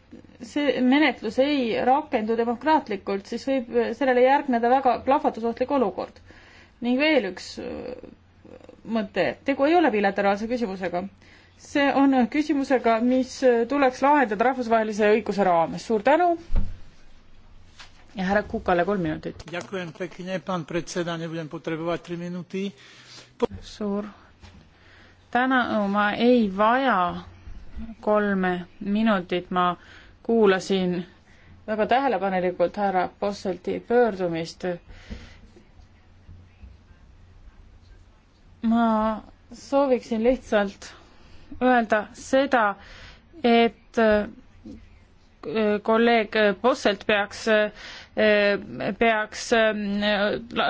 see menetlus ei rakendu demokraatlikult, siis võib sellele järgneda väga plahvatusohtlik olukord. ning veel üks mõte. tegu ei ole bilateraalse küsimusega. see on küsimusega, mis tuleks lahendada rahvusvahelise õiguse raames. suur tänu. ja härra Kukale kolm minutit. suur tänu, ma ei vaja kolme minutit, ma kuulasin väga tähelepanelikult härra Posselti pöördumist ma sooviksin lihtsalt öelda seda, et äh, kolleeg Posselt peaks, äh, peaks äh,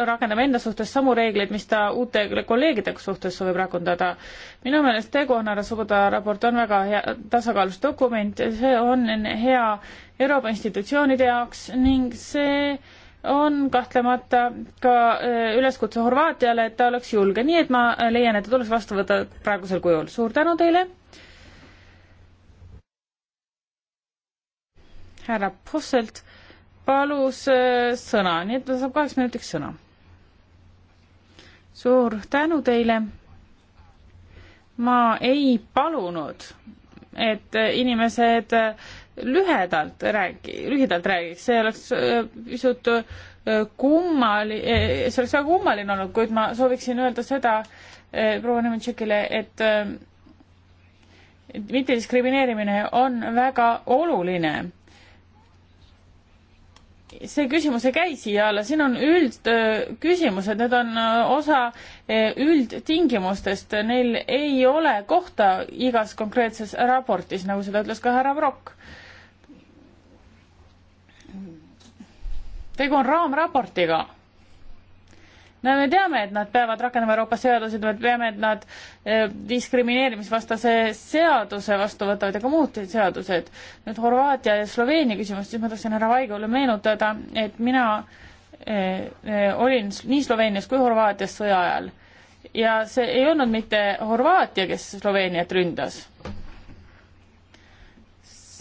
rakendama enda suhtes samu reegleid, mis ta uute kolleegide suhtes soovib rakendada. minu meelest tegu on härra Suguda raport on väga hea tasakaalus dokument ja see on hea Euroopa institutsioonide jaoks ning see äh, on kahtlemata ka äh, üleskutse Horvaatiale, et ta oleks julge, nii et ma leian, et ta tuleks vastu võtta praegusel kujul. suur tänu teile. härra Posselt palus äh, sõna, nii et ta saab kaheks minutiks sõna. suur tänu teile. ma ei palunud, et inimesed äh, lühedalt räägi, lühidalt räägiks, see oleks äh, pisut äh, kummaline, äh, see oleks väga kummaline olnud, kuid ma sooviksin öelda seda proua Nemetšekile, et, et mittediskrimineerimine on väga oluline see küsimus ei käi siia alla, siin on üldküsimused, need on osa üldtingimustest, neil ei ole kohta igas konkreetses raportis, nagu seda ütles ka härra Brock. tegu on raamraportiga. no me teame, et nad peavad rakendama Euroopa seaduseid, me teame, et nad eh, diskrimineerimisvastase seaduse vastu võtavad ja ka muud seadused. nüüd Horvaatia ja Sloveenia küsimus, siis ma tahtsin härra Vaigule meenutada, et mina eh, eh, olin nii Sloveenias kui Horvaatias sõja ajal ja see ei olnud mitte Horvaatia, kes Sloveeniat ründas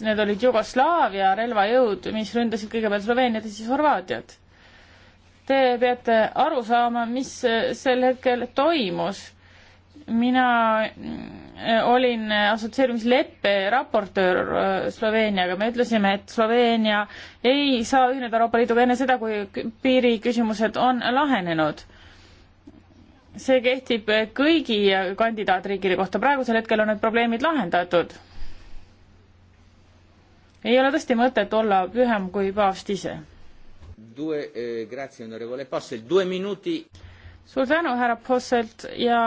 need olid Jugoslaavia relvajõud, mis ründasid kõigepealt Sloveeniat ja siis Horvaatiat. Te peate aru saama, mis sel hetkel toimus. mina mm, olin assotsieerumisleppe raportöör äh, Sloveeniaga, me ütlesime, et Sloveenia ei saa ühineda Euroopa Liiduga enne seda, kui piiriküsimused on lahenenud see kehtib kõigi kandidaatriikide kohta, praegusel hetkel on need probleemid lahendatud ei ole tõesti mõtet olla pühem kui paavst ise. Eh, suur tänu, härra Posselt ja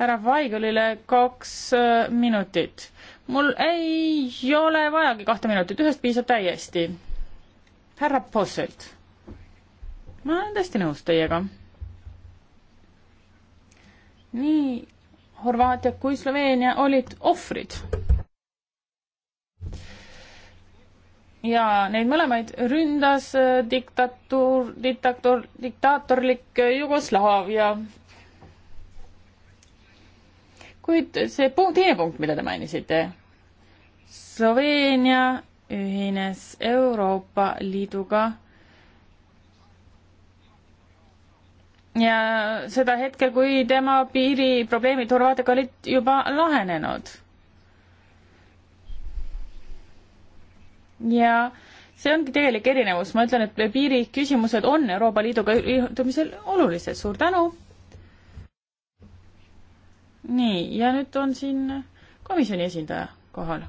härra Vaigelile kaks eh, minutit. mul ei ole vajagi kahte minutit, ühest piisab täiesti. härra Posselt, ma olen täiesti nõus teiega. nii Horvaatia kui Sloveenia olid ohvrid ja neid mõlemaid ründas äh, diktatuur, diktatuur, diktaatorlik äh, Jugoslaavia. kuid see punkt, teine punkt, mida te mainisite, Sloveenia ühines Euroopa Liiduga ja seda hetkel, kui tema piiriprobleemid Horvaatiaga olid juba lahenenud ja see ongi tegelik erinevus, ma ütlen, et piiriküsimused on Euroopa Liiduga ühendamisel olulised, suur tänu. nii, ja nüüd on siin komisjoni esindaja kohal.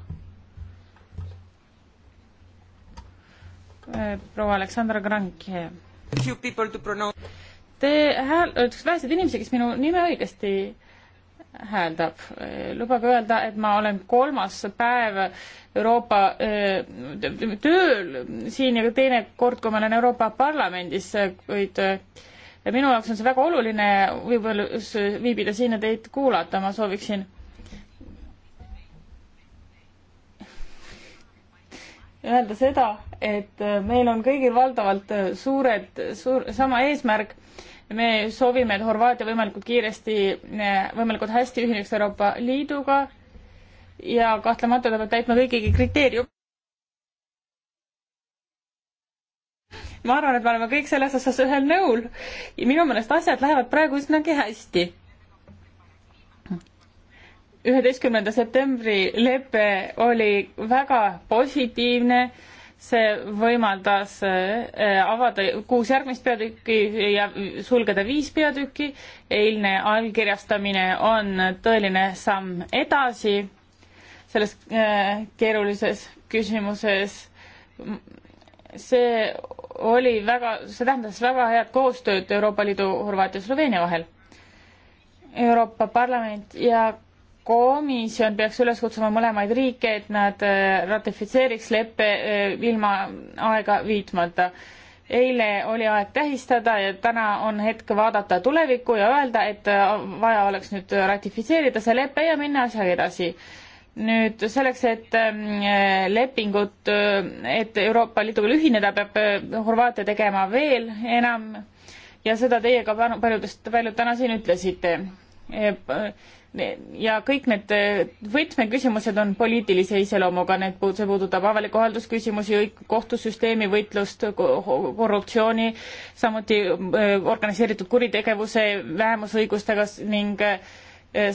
Äh, proua Aleksandra Granke. Te hääl-, vähesed inimesed, kes minu nime õigesti hääldab. lubage öelda, et ma olen kolmas päev Euroopa äh, tööl siin ja teine kord, kui ma olen Euroopa Parlamendis, kuid äh, minu jaoks on see väga oluline võib-olla viibida siin ja teid kuulata, ma sooviksin öelda seda, et äh, meil on kõigil valdavalt suured, suur, sama eesmärk me soovime, et Horvaatia võimalikult kiiresti, võimalikult hästi ühineks Euroopa Liiduga ja kahtlemata ta peab täitma kõigi kriteeriumi. ma arvan, et me oleme kõik selles osas ühel nõul ja minu meelest asjad lähevad praegu üsnagi hästi üheteistkümnenda septembri lepe oli väga positiivne see võimaldas eh, avada kuus järgmist peatükki ja sulgeda viis peatükki. eilne allkirjastamine on tõeline samm edasi selles eh, keerulises küsimuses. see oli väga, see tähendas väga head koostööd Euroopa Liidu, Horvaatia, Sloveenia vahel. Euroopa Parlament ja komisjon peaks üles kutsuma mõlemaid riike, et nad äh, ratifitseeriks leppe äh, ilma aega viitmata. eile oli aeg tähistada ja täna on hetk vaadata tulevikku ja öelda, et äh, vaja oleks nüüd ratifitseerida see lepe ja minna asjaga edasi nüüd selleks, et ähm, lepingut, et Euroopa Liiduga ühineda, peab Horvaatia tegema veel enam ja seda teie ka paljudest, paljud täna siin ütlesite ja kõik need äh, võtmeküsimused on poliitilise iseloomuga, need, see puudutab avaliku haldusküsimusi, kohtusüsteemi võitlust, korruptsiooni, samuti äh, organiseeritud kuritegevuse, vähemusõigustega ning äh,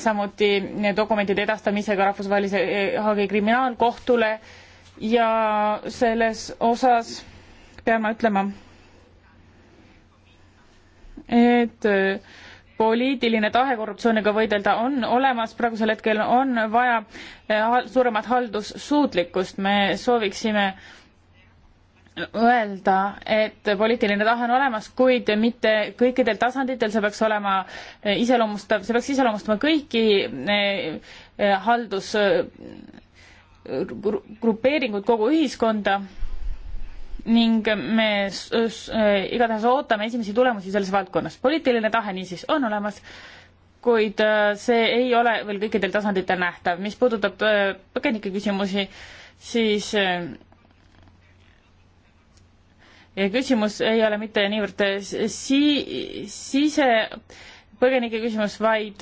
samuti dokumentide edastamisega Rahvusvahelise Haagi kriminaalkohtule ja selles osas pean ma ütlema, et äh, poliitiline tahe korruptsiooniga võidelda on olemas, praegusel hetkel on vaja eh, suuremat haldussuutlikkust, me sooviksime öelda, et poliitiline tahe on olemas, kuid mitte kõikidel tasanditel, see peaks olema eh, iseloomustav, see peaks iseloomustama kõiki eh, haldus grupeeringut, kogu ühiskonda ning me äh, igatahes ootame esimesi tulemusi selles valdkonnas. poliitiline tahe niisiis on olemas, kuid äh, see ei ole veel kõikidel tasanditel nähtav. mis puudutab äh, põgenike küsimusi, siis küsimus ei ole mitte niivõrd si-, sisepõgenike küsimus, vaid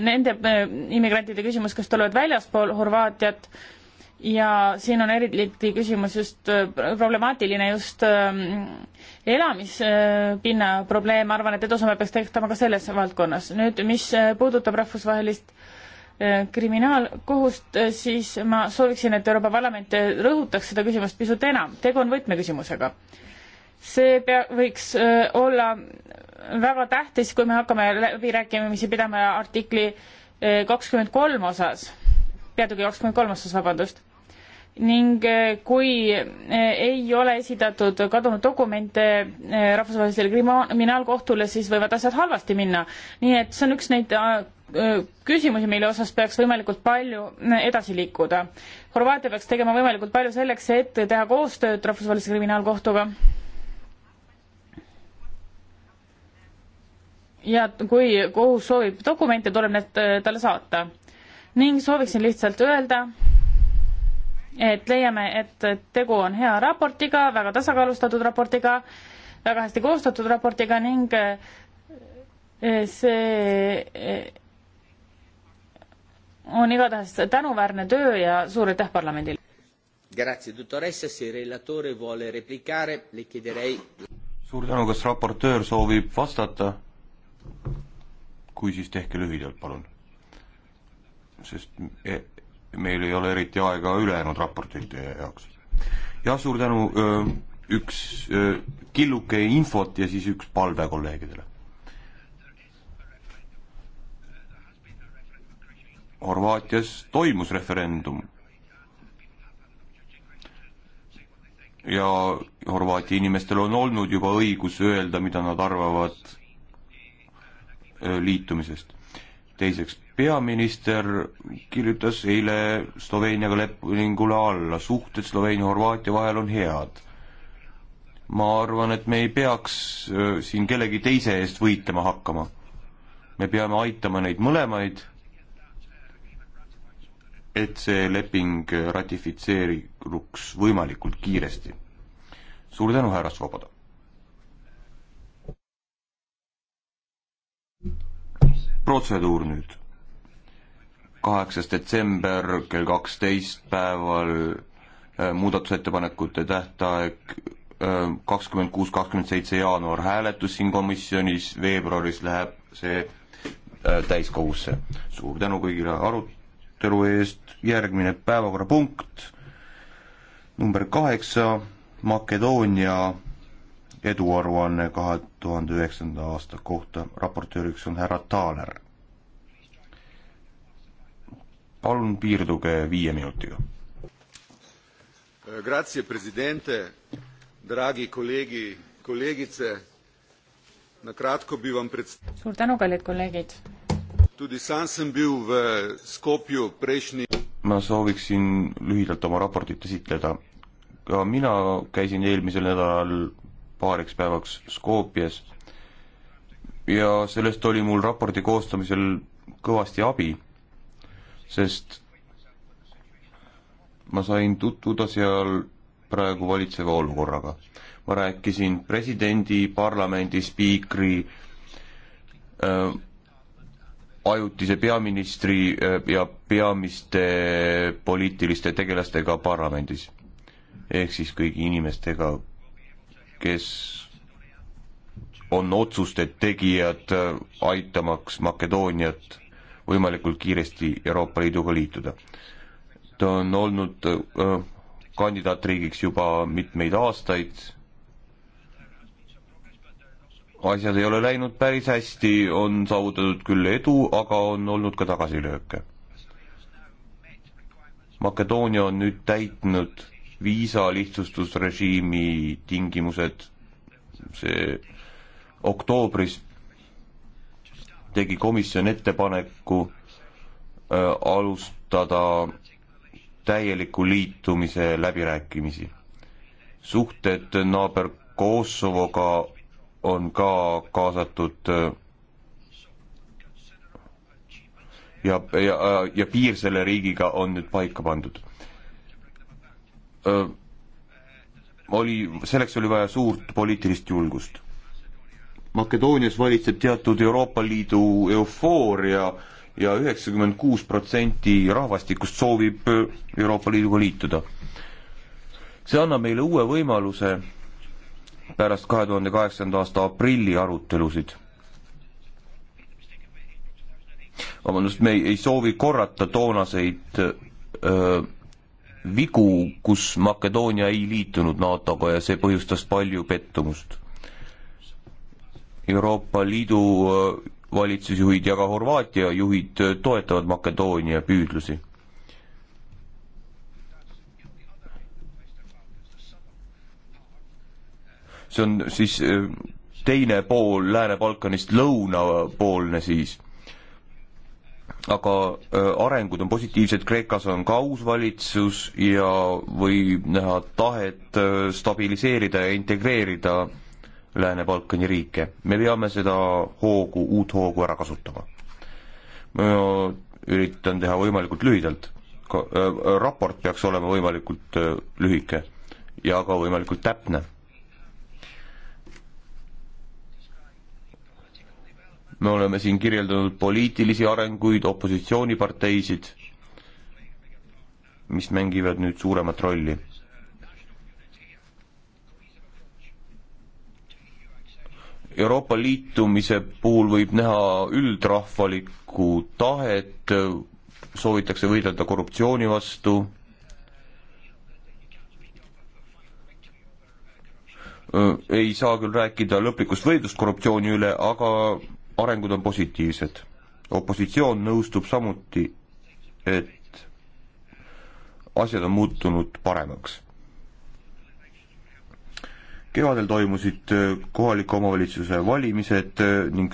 nende immigrantide küsimus, kes tulevad väljaspool Horvaatiat äh, ja siin on eriti küsimus just äh, problemaatiline just ähm, elamispinna probleem, arvan, et edusamme peaks tekitama ka selles valdkonnas. nüüd, mis äh, puudutab rahvusvahelist äh, kriminaalkohust, siis ma sooviksin, et Euroopa Parlament rõhutaks seda küsimust pisut enam, tegu on võtmeküsimusega. see pea-, võiks olla väga tähtis, kui me hakkame läbirääkimisi pidama artikli kakskümmend kolm osas, peatüki kakskümmend kolm osas, vabandust ning eh, kui eh, ei ole esitatud kadunud dokumente eh, rahvusvahelisele kriminaalkohtule, siis võivad asjad halvasti minna. nii et see on üks neid ah, küsimusi, mille osas peaks võimalikult palju edasi liikuda. Horvaatia peaks tegema võimalikult palju selleks, et teha koostööd rahvusvahelise kriminaalkohtuga. ja kui kohus soovib dokumente, tuleb need talle saata. ning sooviksin lihtsalt öelda, et leiame, et tegu on hea raportiga, väga tasakaalustatud raportiga, väga hästi koostatud raportiga ning eh, see eh, on igatahes tänuväärne töö ja suur aitäh parlamendile. Grazie dottoressa, se relatore vuole replicare, le chiederei. suur tänu, kas raportöör soovib vastata? kui, siis tehke lühidalt, palun. sest eh, meil ei ole eriti aega ülejäänud raportite jaoks. jah, suur tänu, üks killuke infot ja siis üks palve kolleegidele. Horvaatias toimus referendum ja Horvaatia inimestel on olnud juba õigus öelda, mida nad arvavad liitumisest. teiseks, peaminister kirjutas eile Sloveeniaga lepingule alla, suhted Sloveenia-Horvaatia vahel on head. ma arvan, et me ei peaks äh, siin kellegi teise eest võitlema hakkama. me peame aitama neid mõlemaid, et see leping ratifitseeruks võimalikult kiiresti. suur tänu, härra Svoboda! protseduur nüüd kaheksas detsember kell kaksteist päeval äh, muudatusettepanekute tähtaeg äh, kakskümmend kuus, kakskümmend seitse jaanuar hääletus siin komisjonis, veebruaris läheb see äh, täiskogusse. suur tänu kõigile arutelu eest, järgmine päevakorrapunkt number kaheksa, Makedoonia eduaruanne kahe tuhande üheksanda aasta kohta, raportööriks on härra Taaler palun piirduge viie minutiga. Grazie, presidente, dragi kolleegi, kolleegitse. na kratko bi vam predst-. suur tänu, kallid kolleegid. tudi sam sem bil v Skopju prejšnji. ma sooviksin lühidalt oma raportit esitleda. ka mina käisin eelmisel nädalal paariks päevaks Skopjas ja sellest oli mul raporti koostamisel kõvasti abi sest ma sain tutvuda seal praegu valitseva olukorraga. ma rääkisin presidendi, parlamendi spiikri äh,, ajutise peaministri äh, ja peamiste poliitiliste tegelastega parlamendis. ehk siis kõigi inimestega, kes on otsuste tegijad, äh, aitamaks Makedooniat võimalikult kiiresti Euroopa Liiduga liituda. ta on olnud äh, kandidaatriigiks juba mitmeid aastaid, asjad ei ole läinud päris hästi, on saavutatud küll edu, aga on olnud ka tagasilööke. Makedoonia on nüüd täitnud viisalihtsustusrežiimi tingimused, see oktoobris tegi komisjon ettepaneku äh, alustada täieliku liitumise läbirääkimisi. suhted naaber Kosovoga on ka kaasatud äh, ja, ja, ja piir selle riigiga on nüüd paika pandud. Äh, oli, selleks oli vaja suurt poliitilist julgust Makedoonias valitseb teatud Euroopa Liidu eufooria ja üheksakümmend kuus protsenti rahvastikust soovib äh, Euroopa Liiduga liituda. see annab meile uue võimaluse pärast kahe tuhande kaheksanda aasta aprilli arutelusid. vabandust, me ei, ei soovi korrata toonaseid öö, äh, vigu, kus Makedoonia ei liitunud NATO-ga ja see põhjustas palju pettumust Euroopa Liidu äh, valitsusjuhid ja ka Horvaatia juhid äh, toetavad Makedoonia püüdlusi. see on siis äh, teine pool Lääne-Balkanist, lõunapoolne siis aga arengud on positiivsed, Kreekas on kausvalitsus ja võib näha tahet stabiliseerida ja integreerida Lääne-Balkani riike. me peame seda hoogu, uut hoogu ära kasutama. ma üritan teha võimalikult lühidalt. Ka, äh, raport peaks olema võimalikult äh, lühike ja ka võimalikult täpne. me oleme siin kirjeldanud poliitilisi arenguid, opositsiooniparteisid, mis mängivad nüüd suuremat rolli Euroopa liitumise puhul võib näha üldrahvalikku tahet, soovitakse võidelda korruptsiooni vastu, ei saa küll rääkida lõplikust võidust korruptsiooni üle, aga arengud on positiivsed. opositsioon nõustub samuti, et asjad on muutunud paremaks kevadel toimusid äh, kohaliku omavalitsuse valimised äh, ning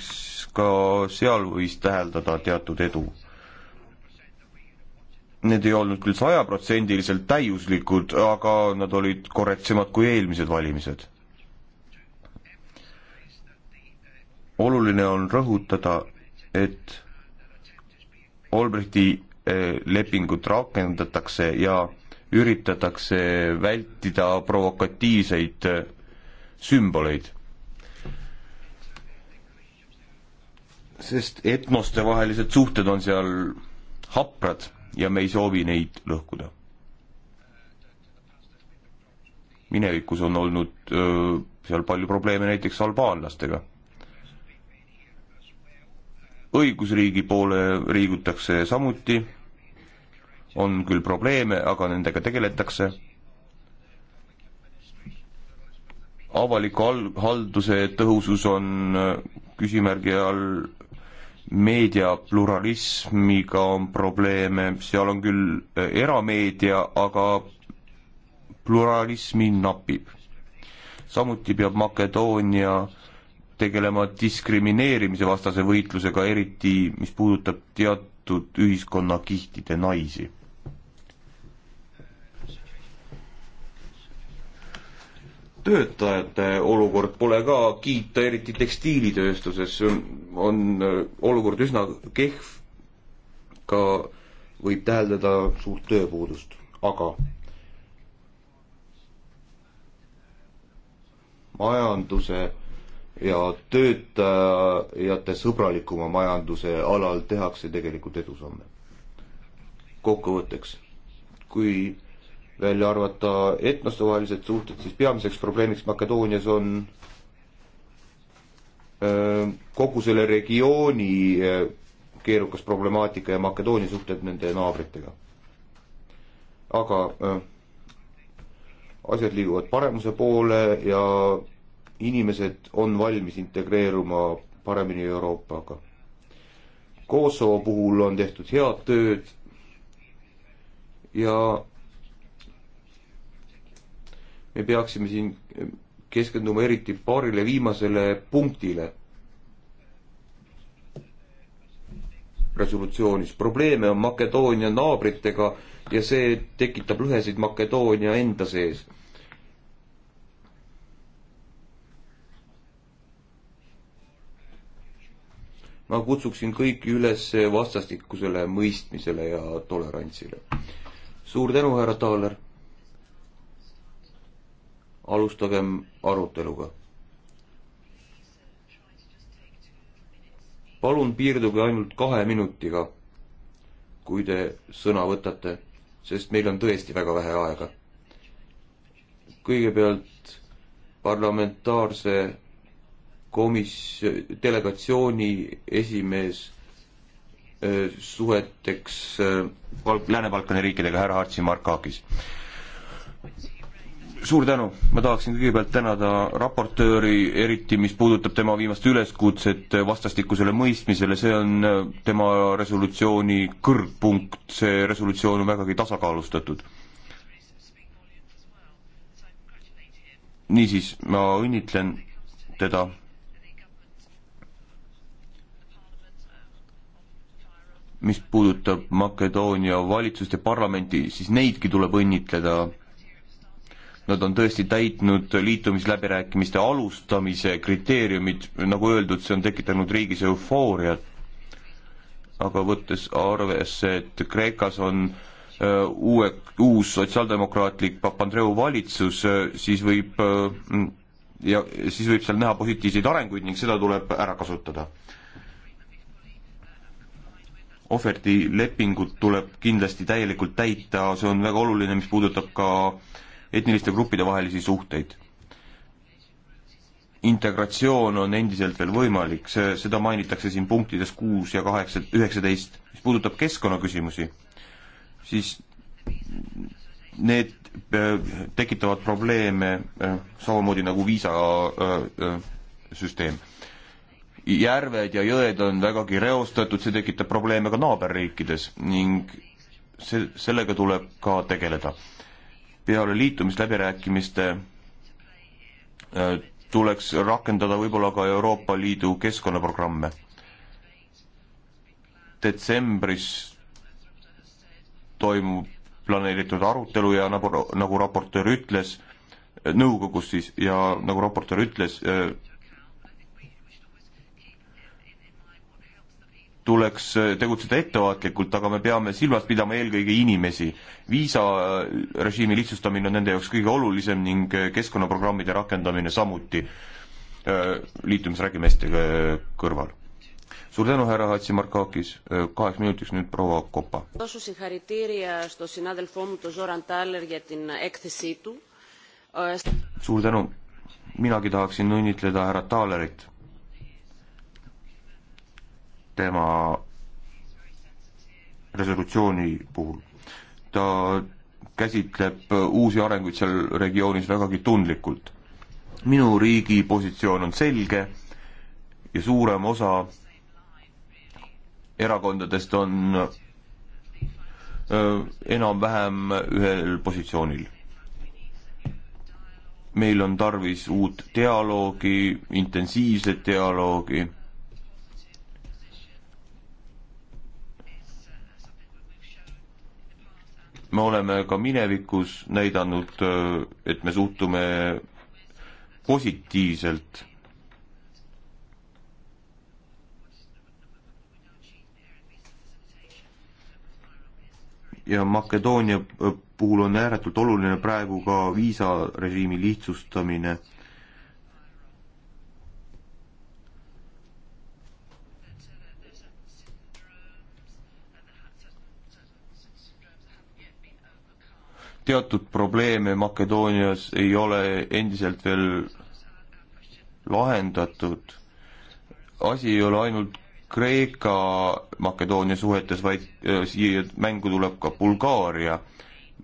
ka seal võis täheldada teatud edu. Need ei olnud küll sajaprotsendiliselt täiuslikud, aga nad olid korrektsemad kui eelmised valimised. oluline on rõhutada, et Albrechti äh, lepingut rakendatakse ja üritatakse vältida provokatiivseid sümboleid. sest etnoste vahelised suhted on seal haprad ja me ei soovi neid lõhkuda. minevikus on olnud öö, seal palju probleeme näiteks albaanlastega. õigusriigi poole liigutakse samuti, on küll probleeme, aga nendega tegeletakse avaliku al-, halduse tõhusus on äh, küsimärgi all, meedia pluralismiga on probleeme, seal on küll äh, erameedia, aga pluralismi napib. samuti peab Makedoonia tegelema diskrimineerimise vastase võitlusega, eriti mis puudutab teatud ühiskonnakihtide naisi töötajate olukord pole ka kiita, eriti tekstiilitööstuses on äh, olukord üsna kehv, ka võib täheldada suurt tööpuudust, aga majanduse ja töötajate sõbralikuma majanduse alal tehakse tegelikult edusamme. kokkuvõtteks, kui välja arvata etnostevahelised suhted, siis peamiseks probleemiks Makedoonias on äh, kogu selle regiooni äh, keerukas problemaatika ja Makedoonia suhted nende naabritega. aga äh, asjad liiguvad paremuse poole ja inimesed on valmis integreeruma paremini Euroopaga. Kosovo puhul on tehtud head tööd ja me peaksime siin keskenduma eriti paarile viimasele punktile resolutsioonis. probleeme on Makedoonia naabritega ja see tekitab lõhesid Makedoonia enda sees. ma kutsuksin kõiki üles vastastikusele mõistmisele ja tolerantsile. suur tänu, härra Taaler alustagem aruteluga. palun piirduge ainult kahe minutiga, kui te sõna võtate, sest meil on tõesti väga vähe aega. kõigepealt parlamentaarse komis-, delegatsiooni esimees äh, suheteks äh, Lääne-Balkani riikidega, härra Artsi Markakis suur tänu, ma tahaksin kõigepealt tänada raportööri, eriti mis puudutab tema viimast üleskutset vastastikusele mõistmisele, see on tema resolutsiooni kõrgpunkt, see resolutsioon on vägagi tasakaalustatud. niisiis, ma õnnitlen teda. mis puudutab Makedoonia valitsust ja parlamenti, siis neidki tuleb õnnitleda nad on tõesti täitnud liitumisläbirääkimiste alustamise kriteeriumid, nagu öeldud, see on tekitanud riigis eufooriat, aga võttes arvesse, et Kreekas on äh, uue, uus sotsiaaldemokraatlik Papandreou valitsus, äh, siis võib äh, ja siis võib seal näha positiivseid arenguid ning seda tuleb ära kasutada. ohverdilepingut tuleb kindlasti täielikult täita, see on väga oluline, mis puudutab ka äh, etniliste gruppide vahelisi suhteid. integratsioon on endiselt veel võimalik, see, seda mainitakse siin punktides kuus ja kaheksa, üheksateist. mis puudutab keskkonnaküsimusi, siis need äh, tekitavad probleeme äh, samamoodi nagu viisasüsteem. Äh, järved ja jõed on vägagi reostatud, see tekitab probleeme ka naaberriikides ning see, sellega tuleb ka tegeleda peale liitumisläbirääkimiste äh, tuleks rakendada võib-olla ka Euroopa Liidu keskkonnaprogramme. detsembris toimub planeeritud arutelu ja nagu, nagu raportöör ütles, äh, nõukogus siis, ja nagu raportöör ütles, äh, tuleks äh, tegutseda ettevaatlikult, aga me peame silmas pidama eelkõige inimesi. viisarežiimi äh, lihtsustamine on nende jaoks kõige olulisem ning äh, keskkonnaprogrammide rakendamine samuti liitumisrägimeeste kõrval. suur tänu, härra Hatsimarkakis, kaheks minutiks nüüd proua Kopa. suur tänu, minagi tahaksin õnnitleda härra Taalerit tema resolutsiooni puhul. ta käsitleb uusi arenguid seal regioonis vägagi tundlikult. minu riigi positsioon on selge ja suurem osa erakondadest on enam-vähem ühel positsioonil. meil on tarvis uut dialoogi, intensiivset dialoogi me oleme ka minevikus näidanud, et me suhtume positiivselt ja Makedoonia puhul on ääretult oluline praegu ka viisarežiimi lihtsustamine teatud probleeme Makedoonias ei ole endiselt veel lahendatud. asi ei ole ainult Kreeka-Makedoonia suhetes, vaid äh, siia mängu tuleb ka Bulgaaria.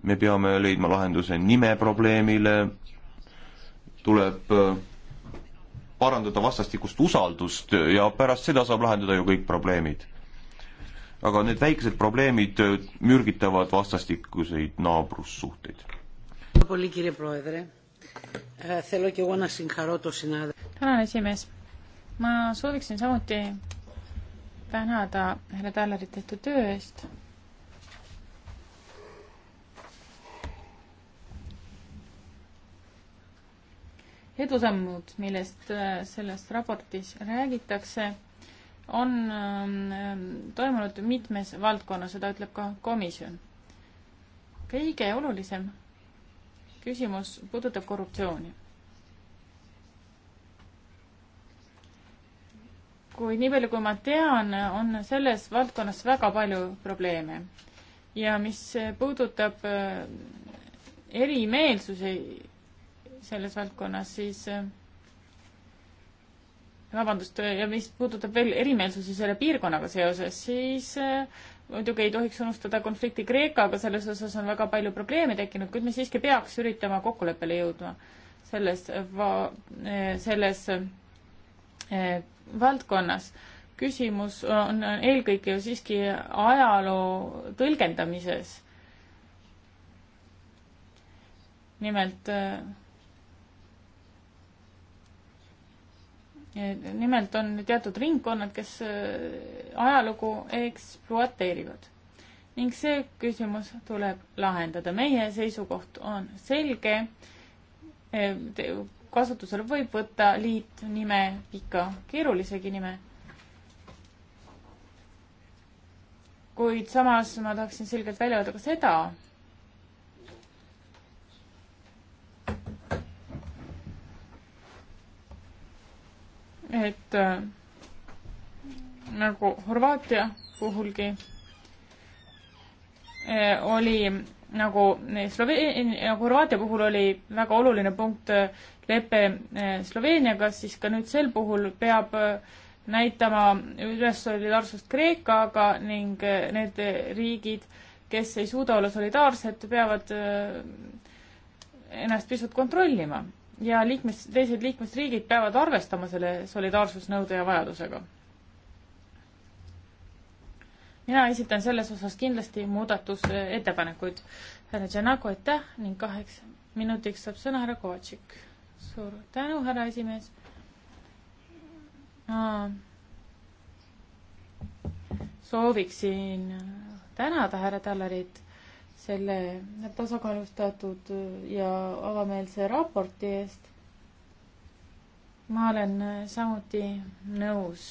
me peame leidma lahenduse nime probleemile, tuleb äh, parandada vastastikust usaldust ja pärast seda saab lahendada ju kõik probleemid aga need väikesed probleemid mürgitavad vastastikuseid naabrussuhteid. tänan, esimees. ma sooviksin samuti tänada härra Tallerit tehtud töö eest. edusammud, millest äh, selles raportis räägitakse on ähm, ähm, toimunud mitmes valdkonnas, seda ütleb ka komisjon. kõige olulisem küsimus puudutab korruptsiooni. kuid nii palju, kui ma tean, on selles valdkonnas väga palju probleeme ja mis puudutab äh, erimeelsusi selles valdkonnas, siis äh, vabandust, ja mis puudutab veel erimeelsusi selle piirkonnaga seoses, siis äh, muidugi ei tohiks unustada konflikti Kreekaga, selles osas on väga palju probleeme tekkinud, kuid me siiski peaks üritama kokkuleppele jõudma selles va-, äh, selles äh, valdkonnas. küsimus on eelkõige ju siiski ajaloo tõlgendamises. nimelt nimelt on teatud ringkonnad, kes äh, ajalugu ekspluateerivad. ning see küsimus tuleb lahendada. meie seisukoht on selge. Äh, kasutusele võib võtta liitnime, pika keerulisegi nime. kuid samas ma tahaksin selgelt välja öelda ka seda, et äh, nagu Horvaatia puhulgi äh, oli nagu äh, Sloveen-, nagu Horvaatia puhul oli väga oluline punkt äh, lepe äh, Sloveeniaga, siis ka nüüd sel puhul peab näitama üles solidaarsust Kreekaga ning need riigid, kes ei suuda olla solidaarsed, peavad ennast pisut kontrollima ja liikmes, teised liikmesriigid peavad arvestama selle solidaarsusnõude ja vajadusega. mina esitan selles osas kindlasti muudatusettepanekuid. härra Tšernako, aitäh ning kaheks minutiks saab sõna härra Kovatšik. suur tänu, härra esimees. sooviksin tänada härra Tallarit selle tasakaalustatud ja avameelse raporti eest. ma olen samuti nõus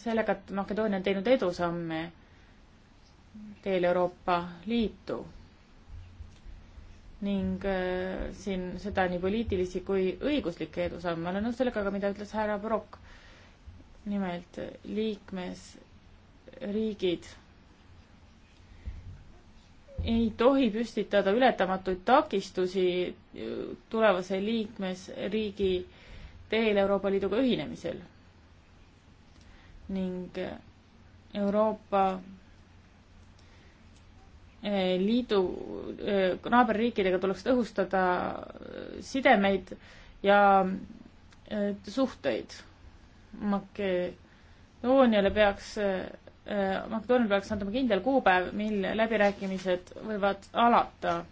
sellega, et Makedoonia on teinud edusamme teel Euroopa Liitu ning äh, siin seda nii poliitilisi kui õiguslikke edusamme. olen nõus sellega ka, mida ütles härra Brok. nimelt liikmesriigid ei tohi püstitada ületamatuid takistusi äh, tulevase liikmesriigi teel Euroopa Liiduga ühinemisel. ning äh, Euroopa äh, Liidu naaberriikidega tuleks tõhustada sidemeid ja suhteid. Makedooniale peaks Äh, Makedoonia peaks andma kindel kuupäev, mil läbirääkimised võivad alata.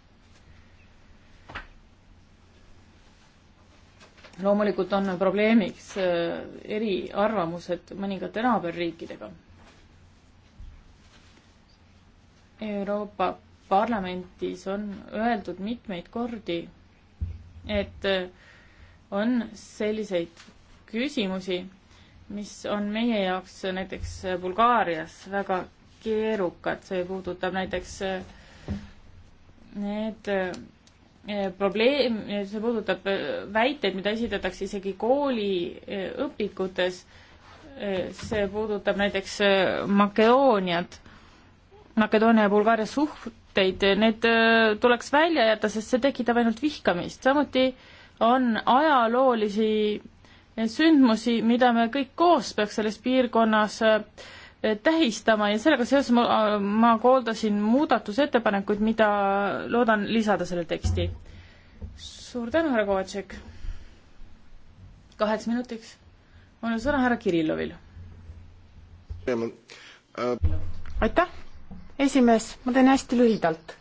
loomulikult on probleemiks äh, eriarvamused mõningate naaberriikidega. Euroopa Parlamentis on öeldud mitmeid kordi, et äh, on selliseid küsimusi, mis on meie jaoks näiteks Bulgaarias väga keerukad, see puudutab näiteks äh, need äh, probleem, see puudutab äh, väiteid, mida esitatakse isegi kooliõpikutes, see puudutab näiteks Makedooniat, Makedoonia ja Bulgaaria suhteid, need tuleks välja jätta, sest see tekitab ainult vihkamist, samuti on ajaloolisi sündmusi, mida me kõik koos peaks selles piirkonnas äh, tähistama ja sellega seoses ma, äh, ma kooldasin muudatusettepanekuid, mida loodan lisada selle teksti. suur tänu, härra Kovatšek. kaheks minutiks on sõna härra Kirillovil. aitäh, esimees, ma teen hästi lühidalt.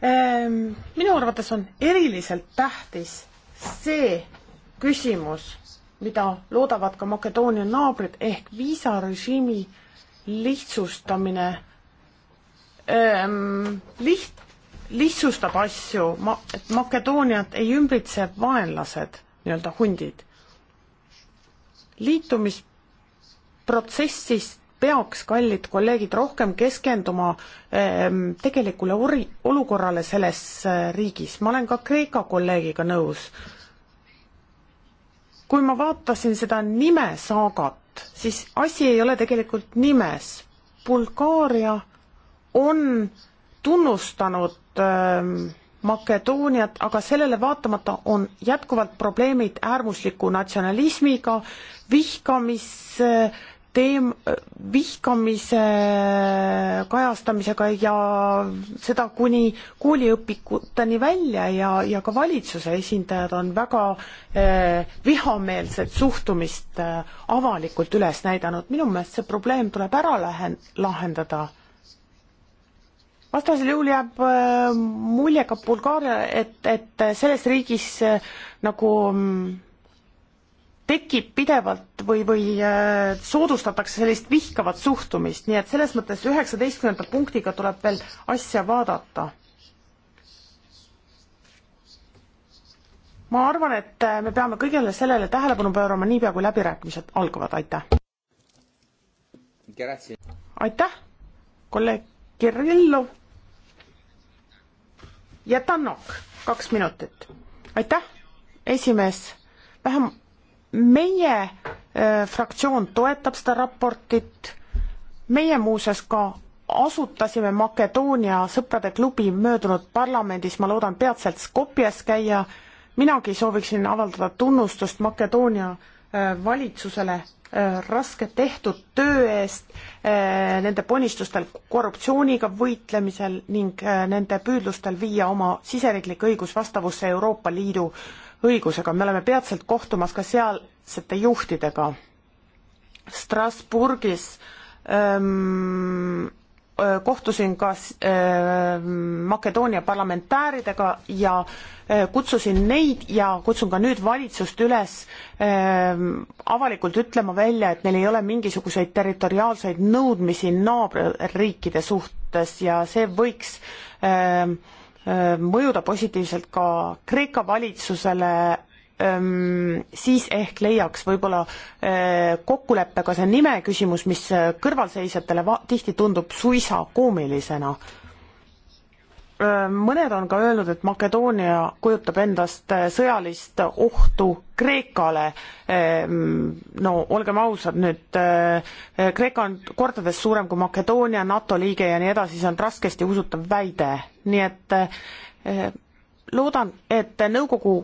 Ehm, minu arvates on eriliselt tähtis see küsimus, mida loodavad ka Makedoonia naabrid ehk viisarežiimi lihtsustamine ähm, liht-, lihtsustab asju, ma-, et Makedooniat ei ümbritse vaenlased, nii-öelda hundid. liitumisprotsessist peaks, kallid kolleegid, rohkem keskenduma ehm, tegelikule ori-, olukorrale selles eh, riigis, ma olen ka Kreeka kolleegiga nõus. kui ma vaatasin seda nimesaagat, siis asi ei ole tegelikult nimes, Bulgaaria on tunnustanud öö, ehm, Makedooniat, aga sellele vaatamata on jätkuvalt probleemid äärmusliku natsionalismiga, vihkamis teem-, vihkamise kajastamisega ja seda kuni kooliõpikuteni välja ja, ja ka valitsuse esindajad on väga eh, vihameelset suhtumist eh, avalikult üles näidanud. minu meelest see probleem tuleb ära lähen-, lahendada. vastasel juhul jääb eh, mulje ka Bulgaaria, et, et selles riigis eh, nagu mm, tekib pidevalt või, või äh, soodustatakse sellist vihkavat suhtumist, nii et selles mõttes üheksateistkümnenda punktiga tuleb veel asja vaadata. ma arvan, et äh, me peame kõigele sellele tähelepanu pöörama niipea, kui läbirääkimised algavad, aitäh! aitäh, kolleeg Kirillov ja Tanok, noh, kaks minutit. aitäh, esimees, vähem meie äh, fraktsioon toetab seda raportit, meie muuseas ka asutasime Makedoonia sõprade klubi möödunud parlamendis, ma loodan peatselt Skopjes käia, minagi sooviksin avaldada tunnustust Makedoonia äh, valitsusele äh, raske tehtud töö eest äh,, nende ponnistustel korruptsiooniga võitlemisel ning äh, nende püüdlustel viia oma siseriiklik õigus vastavusse Euroopa Liidu äh, õigusega, me oleme peatselt kohtumas ka sealsete juhtidega. Strasbourgis öö, ähm, äh, kohtusin ka äh, Makedoonia parlamentääridega ja äh, kutsusin neid ja kutsun ka nüüd valitsust üles äh, avalikult ütlema välja, et neil ei ole mingisuguseid territoriaalseid nõudmisi naaberriikide suhtes ja see võiks äh, Äh, mõjuda positiivselt ka Kreeka valitsusele ähm, siis ehk leiaks võib-olla äh, kokkuleppe ka see nime küsimus, mis äh, kõrvalseisjatele tihti tundub suisa koomilisena Äh, mõned on ka öelnud, et Makedoonia kujutab endast äh, sõjalist ohtu Kreekale. Äh, no olgem ausad nüüd, Kreeka on kordades suurem kui Makedoonia, NATO liige ja nii edasi, see on raskesti usutav väide, nii et loodan, et nõukogu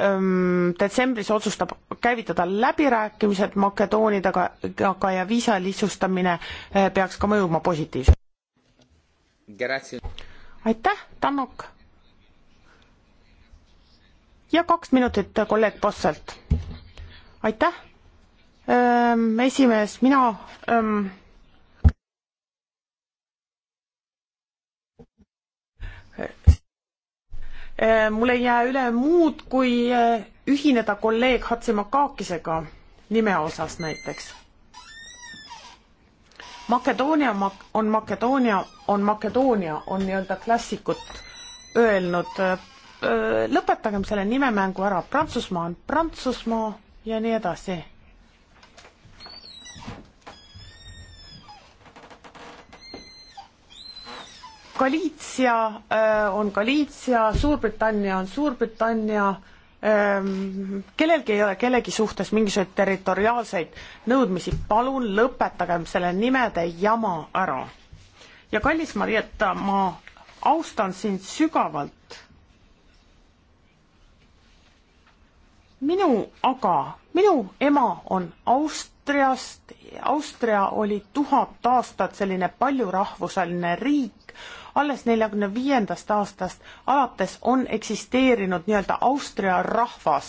ähm, detsembris otsustab käivitada läbirääkimised Makedoonidega, aga ja viisa lihtsustamine peaks ka mõjuma positiivselt aitäh, Tannok. ja kaks minutit kolleeg Posselt. aitäh, ähm, esimees, mina öö, ähm, äh, mul ei jää üle muud, kui äh, ühineda kolleeg Hatsimakakisega nime osas näiteks Makedoonia on Makedoonia on Makedoonia on nii-öelda klassikut öelnud. Äh, äh, lõpetagem selle nimemängu ära, Prantsusmaa on Prantsusmaa ja nii edasi. Galiitsia äh, on Galiitsia, Suurbritannia on Suurbritannia Ehm, kellelgi ei ole kellegi suhtes mingisuguseid territoriaalseid nõudmisi, palun lõpetagem selle nimede jama ära. ja kallis Marietta, ma austan sind sügavalt. minu aga, minu ema on Austriast, Austria oli tuhat aastat selline paljurahvuseline riik, alles neljakümne viiendast aastast alates on eksisteerinud nii-öelda Austria rahvas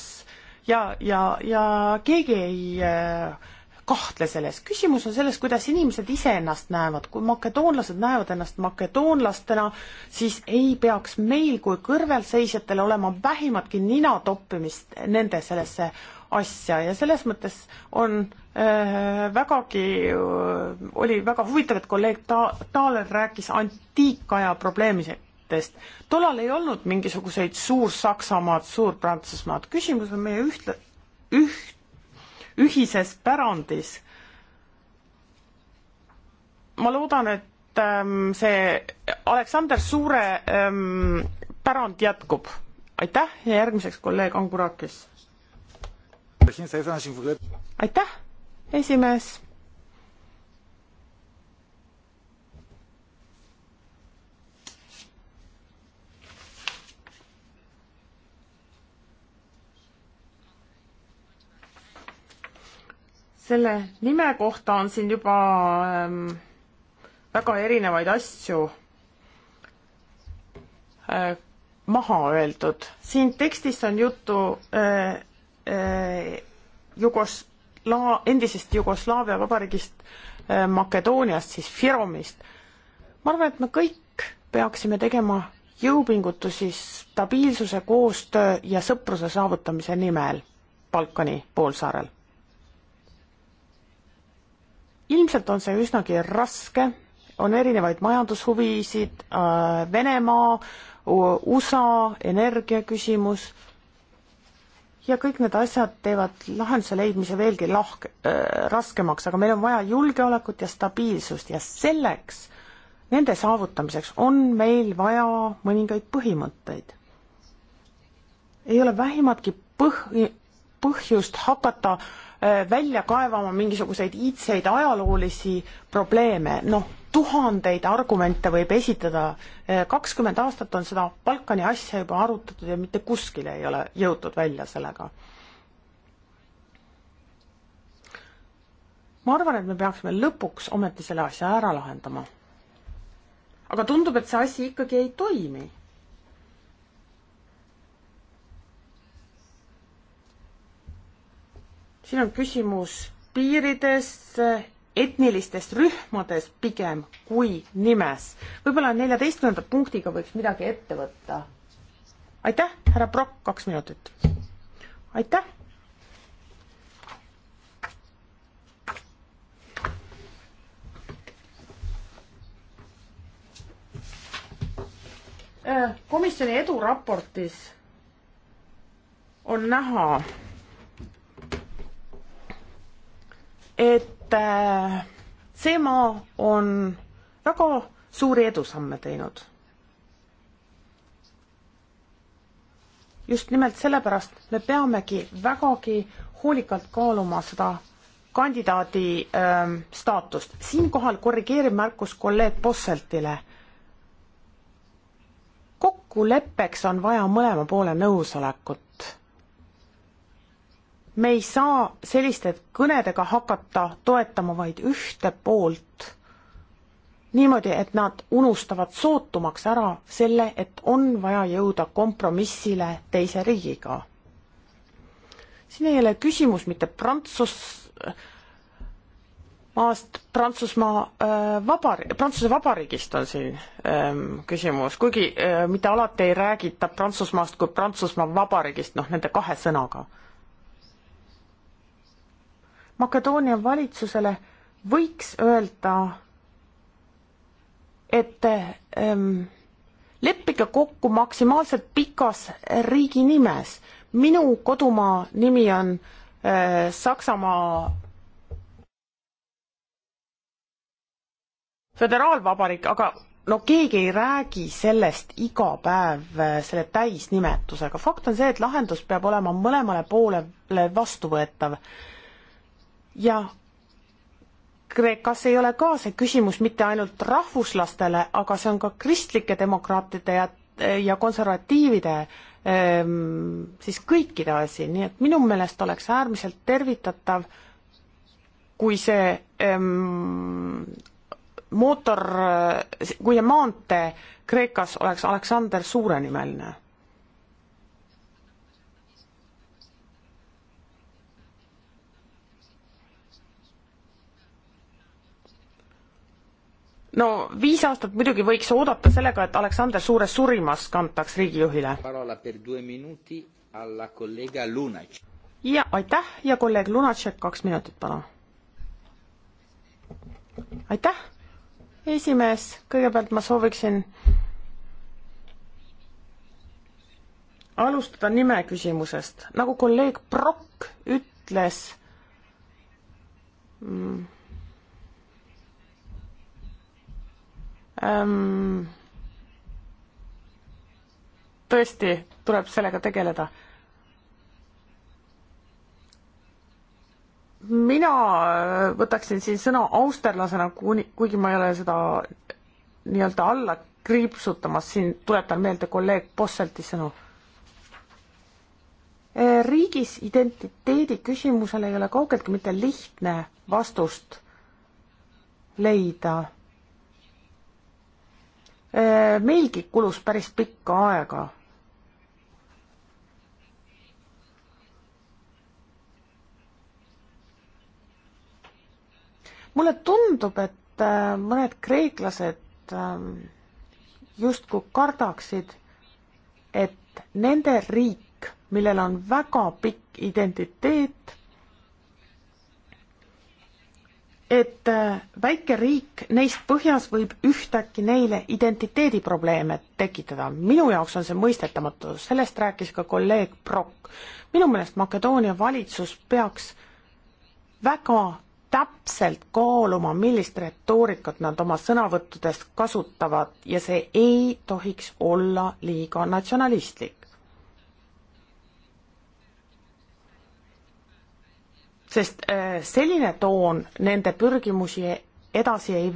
ja, ja, ja keegi ei äh, kahtle selles. küsimus on selles, kuidas inimesed ise ennast näevad. kui makedoonlased näevad ennast makedoonlastena, siis ei peaks meil kui kõrvalseisjatel olema vähimatki nina toppimist nende sellesse asja ja selles mõttes on äh, vägagi äh,, oli väga huvitav, et kolleeg Ta-, Taaler rääkis antiikaja probleemidest. tollal ei olnud mingisuguseid Suur-Saksamaad, Suur-Prantsusmaad, küsimus on meie ühtla-, üht-, ühises pärandis. ma loodan, et ähm, see Aleksander Suure ähm, pärand jätkub. aitäh ja järgmiseks kolleeg Angurakis aitäh, esimees selle nime kohta on siin juba ähm, väga erinevaid asju äh, maha öeldud. siin tekstis on juttu äh, Äh, Jugosla-, endisest Jugoslaavia vabariigist, äh, Makedooniast, siis Firomist. ma arvan, et me kõik peaksime tegema jõupingutusi stabiilsuse, koostöö ja sõpruse saavutamise nimel Balkani poolsaarel. ilmselt on see üsnagi raske, on erinevaid majandushuvisid, äh, Venemaa, USA, energiaküsimus ja kõik need asjad teevad lahenduse leidmise veelgi lahk- äh,, raskemaks, aga meil on vaja julgeolekut ja stabiilsust ja selleks, nende saavutamiseks on meil vaja mõningaid põhimõtteid. ei ole vähimatki põh-, põhjust hakata äh, Äh, välja kaevama mingisuguseid iidseid ajaloolisi probleeme, noh, tuhandeid argumente võib esitada, äh, kakskümmend aastat on seda Balkani asja juba arutatud ja mitte kuskile ei ole jõutud välja sellega. ma arvan, et me peaksime lõpuks ometi selle asja ära lahendama. aga tundub, et see asi ikkagi ei toimi siin on küsimus piiridest, etnilistest rühmadest pigem kui nimes. võib-olla neljateistkümnenda punktiga võiks midagi ette võtta. aitäh, härra Prokk, kaks minutit. aitäh. Äh, komisjoni eduraportis on näha et äh, see maa on väga suuri edusamme teinud. just nimelt sellepärast me peamegi vägagi hoolikalt kaaluma seda kandidaadi ähm, staatust. siinkohal korrigeerib märkus kolleeg Posseltile. kokkuleppeks on vaja mõlema poole nõusolekut me ei saa selliste kõnedega hakata toetama vaid ühte poolt niimoodi, et nad unustavad sootumaks ära selle, et on vaja jõuda kompromissile teise riigiga. siin ei ole küsimus mitte Prantsusmaast, Prantsusmaa äh, vabariik, Prantsuse Vabariigist on siin ähm, küsimus, kuigi äh, mitte alati ei räägita Prantsusmaast kui Prantsusmaa Vabariigist, noh nende kahe sõnaga. Makedoonia valitsusele võiks öelda, et ähm, leppige kokku maksimaalselt pikas riigi nimes. minu kodumaa nimi on äh, Saksamaa föderaalvabariik, aga no keegi ei räägi sellest iga päev eh, selle täisnimetusega. fakt on see, et lahendus peab olema mõlemale poolele vastuvõetav ja Kreekas ei ole ka see küsimus mitte ainult rahvuslastele, aga see on ka kristlike demokraatide ja, ja konservatiivide ehm, siis kõikide asi, nii et minu meelest oleks äärmiselt tervitatav, kui see ähm, mootor, kui see maantee Kreekas oleks Aleksander Suurenimeline no viis aastat muidugi võiks oodata sellega, et Aleksander Suures surimas kantaks riigijuhile. ja aitäh ja kolleeg Lunatšek, kaks minutit, palun. aitäh, esimees, kõigepealt ma sooviksin alustada nime küsimusest, nagu kolleeg Brock ütles mm, ähm, tõesti tuleb sellega tegeleda. mina äh, võtaksin siin sõna austerlasena, kuni, kuigi ma ei ole seda nii-öelda alla kriipsutamas, siin tuletan meelde kolleeg Posselti sõnu. Äh, riigis identiteedi küsimusele ei ole kaugeltki mitte lihtne vastust leida Äh, meilgi kulus päris pikka aega. mulle tundub, et äh, mõned kreeklased ähm, justkui kardaksid, et nende riik, millel on väga pikk identiteet, et äh, väike riik neist põhjas võib ühtäkki neile identiteediprobleeme tekitada. minu jaoks on see mõistetamatu, sellest rääkis ka kolleeg Brock. minu meelest Makedoonia valitsus peaks väga täpselt kaaluma, millist retoorikat nad oma sõnavõttudes kasutavad ja see ei tohiks olla liiga natsionalistlik. sest äh, selline toon nende pürgimusi edasi ei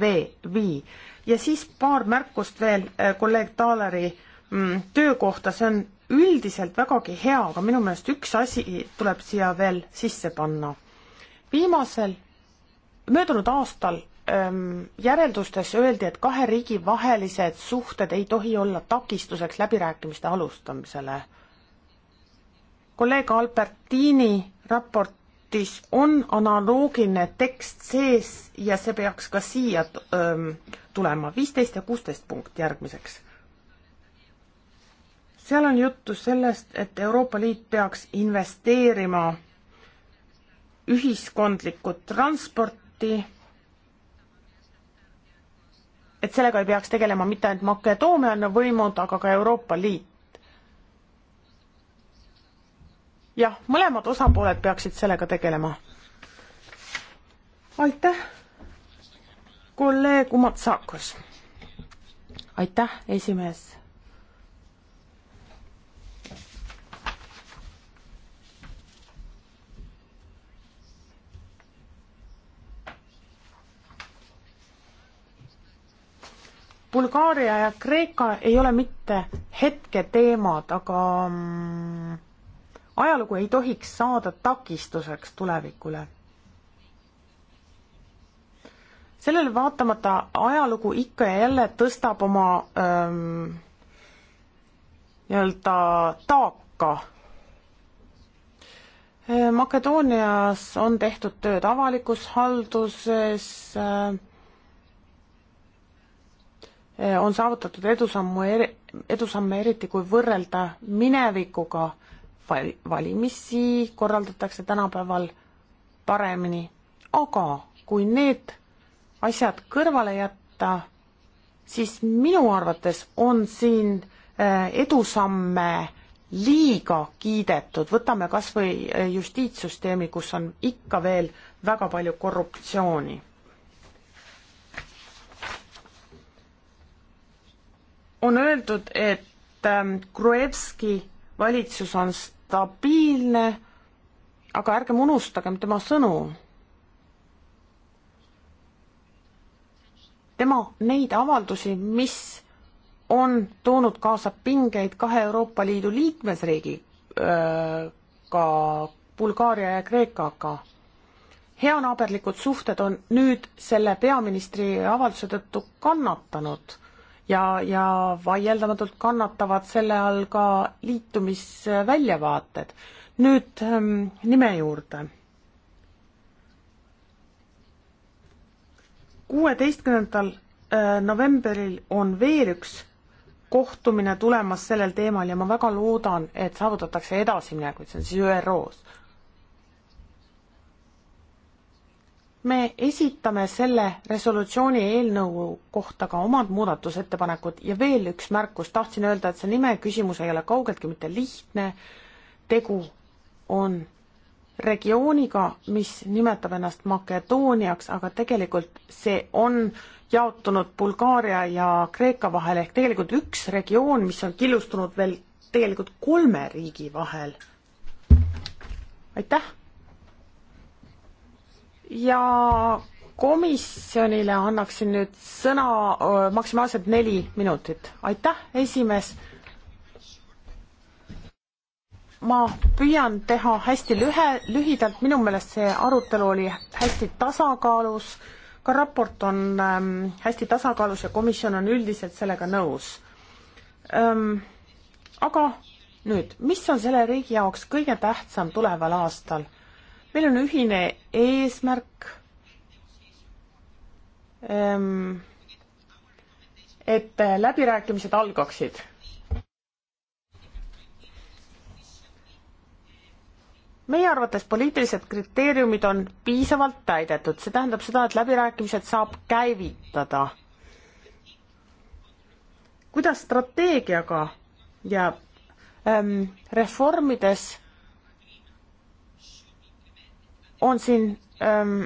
vii. ja siis paar märkust veel äh, kolleeg Taaleri mm, töö kohta, see on üldiselt vägagi hea, aga minu meelest üks asi tuleb siia veel sisse panna. viimasel, möödunud aastal ähm, järeldustes öeldi, et kahe riigi vahelised suhted ei tohi olla takistuseks läbirääkimiste alustamisele. kolleeg Albertini raport raportis on analoogiline tekst sees ja see peaks ka siia öö, ähm, tulema, viisteist ja kuusteist punkt järgmiseks. seal on juttu sellest, et Euroopa Liit peaks investeerima ühiskondlikku transporti, et sellega ei peaks tegelema mitte ainult Makedoonia võimud, aga ka Euroopa Liit jah, mõlemad osapooled peaksid sellega tegelema. aitäh, kolleeg Umatsakos. aitäh, esimees Bulgaaria ja Kreeka ei ole mitte hetketeemad, aga mm, ajalugu ei tohiks saada takistuseks tulevikule. sellele vaatamata ajalugu ikka ja jälle tõstab oma ähm, nii-öelda taaka äh, Makedoonias on tehtud tööd avalikus halduses, äh, äh, on saavutatud edusammu, edusamme eriti, kui võrrelda minevikuga val-, valimisi korraldatakse tänapäeval paremini, aga kui need asjad kõrvale jätta, siis minu arvates on siin äh, edusamme liiga kiidetud, võtame kas või äh, justiitssüsteemi, kus on ikka veel väga palju korruptsiooni. on öeldud, et ähm, Gruevski valitsus on stabiilne, aga ärgem unustagem tema sõnu. tema neid avaldusi, mis on toonud kaasa pingeid kahe Euroopa Liidu liikmesriigiga, Bulgaaria ja Kreekaga. heanaaberlikud suhted on nüüd selle peaministri avalduse tõttu kannatanud ja, ja vaieldamatult kannatavad selle all ka liitumisväljavaated. nüüd ähm, nime juurde. kuueteistkümnendal äh, novembril on veel üks kohtumine tulemas sellel teemal ja ma väga loodan, et saavutatakse edasiminekuid, see on siis ÜRO-s me esitame selle resolutsiooni eelnõu kohta ka omad muudatusettepanekud ja veel üks märkus, tahtsin öelda, et see nime küsimus ei ole kaugeltki mitte lihtne, tegu on regiooniga, mis nimetab ennast Makedooniaks, aga tegelikult see on jaotunud Bulgaaria ja Kreeka vahel ehk tegelikult üks regioon, mis on killustunud veel tegelikult kolme riigi vahel. aitäh! ja komisjonile annaksin nüüd sõna maksimaalselt neli minutit. aitäh, esimees. ma püüan teha hästi lühe, lühidalt, minu meelest see arutelu oli hästi tasakaalus, ka raport on ähm, hästi tasakaalus ja komisjon on üldiselt sellega nõus ähm,. aga nüüd, mis on selle riigi jaoks kõige tähtsam tuleval aastal? meil on ühine eesmärk ähm,, et läbirääkimised algaksid. meie arvates poliitilised kriteeriumid on piisavalt täidetud, see tähendab seda, et läbirääkimised saab käivitada. kuidas strateegiaga jääb ähm,? reformides on siin ähm,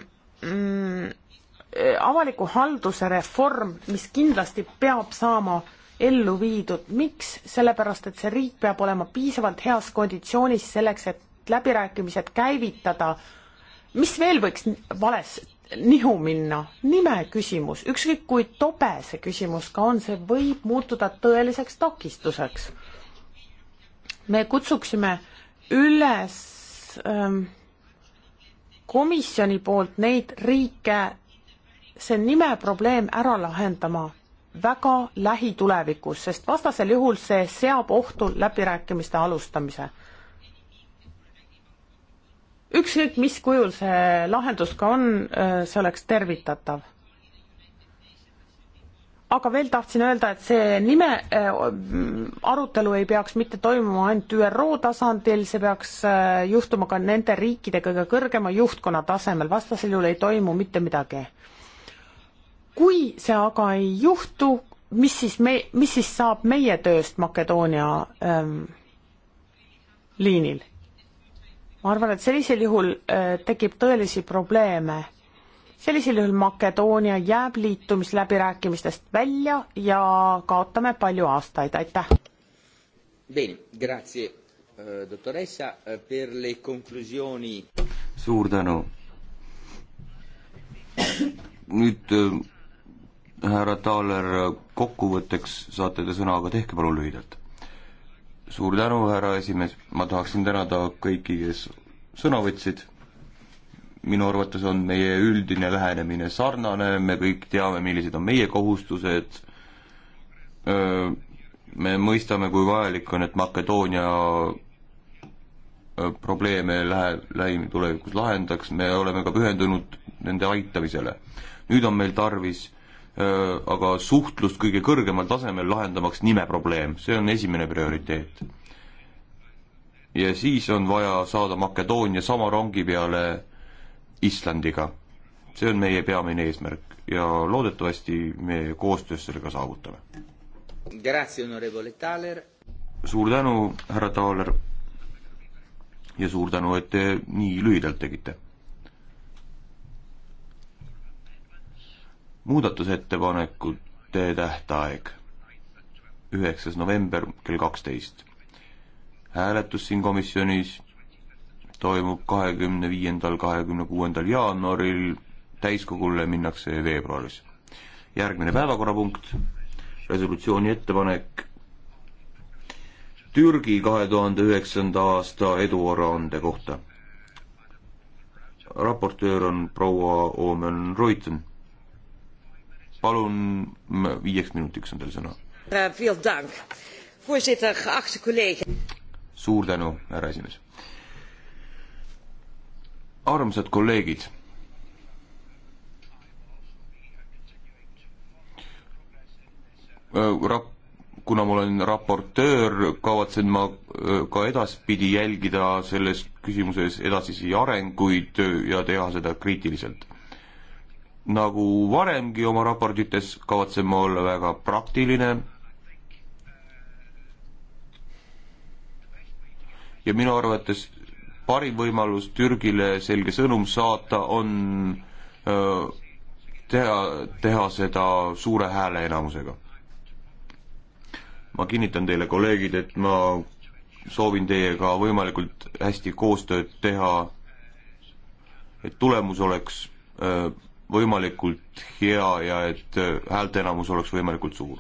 ähm, avaliku halduse reform, mis kindlasti peab saama ellu viidud, miks? sellepärast, et see riik peab olema piisavalt heas konditsioonis selleks, et läbirääkimised käivitada. mis veel võiks vales nihu minna? nime küsimus, ükskõik kui tobe see küsimus ka on, see võib muutuda tõeliseks takistuseks. me kutsuksime üles ähm, komisjoni poolt neid riike see nimeprobleem ära lahendama väga lähitulevikus, sest vastasel juhul see seab ohtu läbirääkimiste alustamise. ükskõik, mis kujul see lahendus ka on, see oleks tervitatav aga veel tahtsin öelda, et see nime äh, arutelu ei peaks mitte toimuma ainult ÜRO tasandil, see peaks äh, juhtuma ka nende riikide kõige kõrgema juhtkonna tasemel, vastasel juhul ei toimu mitte midagi. kui see aga ei juhtu, mis siis me, mis siis saab meie tööst Makedoonia ähm, liinil? ma arvan, et sellisel juhul äh, tekib tõelisi probleeme sellisel juhul Makedoonia jääb liitumisläbirääkimistest välja ja kaotame palju aastaid, aitäh. Bene, grazie eh, dottoressa eh, per le conclusioni. suur tänu. nüüd eh, härra Taaler, kokkuvõtteks saate te sõna, aga tehke palun lühidalt. suur tänu, härra esimees, ma tahaksin tänada kõiki, kes sõna võtsid minu arvates on meie üldine lähenemine sarnane, me kõik teame, millised on meie kohustused, me mõistame, kui vajalik on, et Makedoonia probleeme lähe, lähitulevikus lahendaks, me oleme ka pühendunud nende aitamisele. nüüd on meil tarvis aga suhtlust kõige kõrgemal tasemel lahendamaks nimeprobleem, see on esimene prioriteet. ja siis on vaja saada Makedoonia sama rongi peale Islandiga. see on meie peamine eesmärk ja loodetavasti me koostöös selle ka saavutame. suur tänu, härra Taaler. ja suur tänu, et te nii lühidalt tegite. muudatusettepanekute tähtaeg üheksas november kell kaksteist. hääletus siin komisjonis toimub kahekümne viiendal, kahekümne kuuendal jaanuaril, täiskogule minnakse veebruaris. järgmine päevakorrapunkt, resolutsiooni ettepanek Türgi kahe tuhande üheksanda aasta eduaruande kohta. raportöör on proua Oomen Reuten. palun, viieks minutiks on teil sõna uh,. suur tänu, härra esimees armsad kolleegid. Äh, rap-, kuna ma olen raportöör, kavatsen ma äh, ka edaspidi jälgida selles küsimuses edasisi arenguid ja teha seda kriitiliselt. nagu varemgi oma raportites, kavatsen ma olla väga praktiline ja minu arvates parim võimalus Türgile selge sõnum saata on öö, teha, teha seda suure hääle enamusega. ma kinnitan teile, kolleegid, et ma soovin teiega võimalikult hästi koostööd teha, et tulemus oleks öö, võimalikult hea ja et häälteenamus oleks võimalikult suur.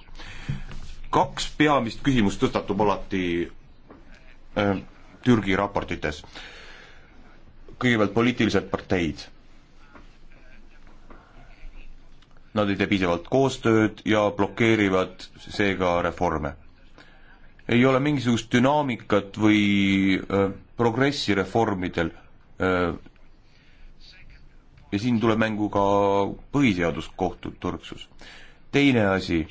kaks peamist küsimust tõstatub alati öö, Türgi raportites kõigepealt poliitilised parteid. Nad ei tee piisavalt koostööd ja blokeerivad seega reforme. ei ole mingisugust dünaamikat või öö, progressi reformidel. ja siin tuleb mängu ka põhiseaduskohtu turgsus. teine asi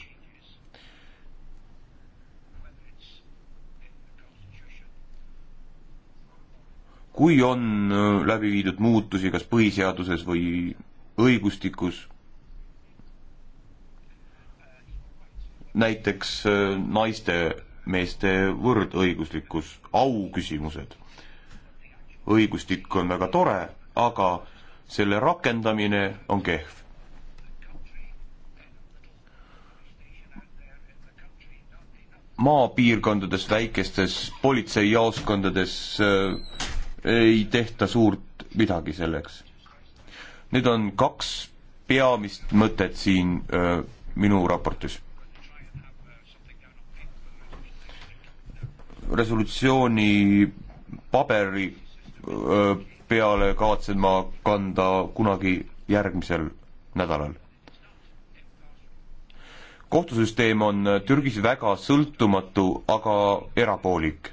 kui on äh, läbi viidud muutusi kas põhiseaduses või õigustikus, näiteks äh, naiste, meeste võrdõiguslikkus, auküsimused. õigustik on väga tore, aga selle rakendamine on kehv. maapiirkondades, väikestes politseijaoskondades äh, ei tehta suurt midagi selleks. Need on kaks peamist mõtet siin öö, minu raportis. resolutsiooni paberi öö, peale kavatsen ma kanda kunagi järgmisel nädalal. kohtusüsteem on Türgis väga sõltumatu, aga erapoolik.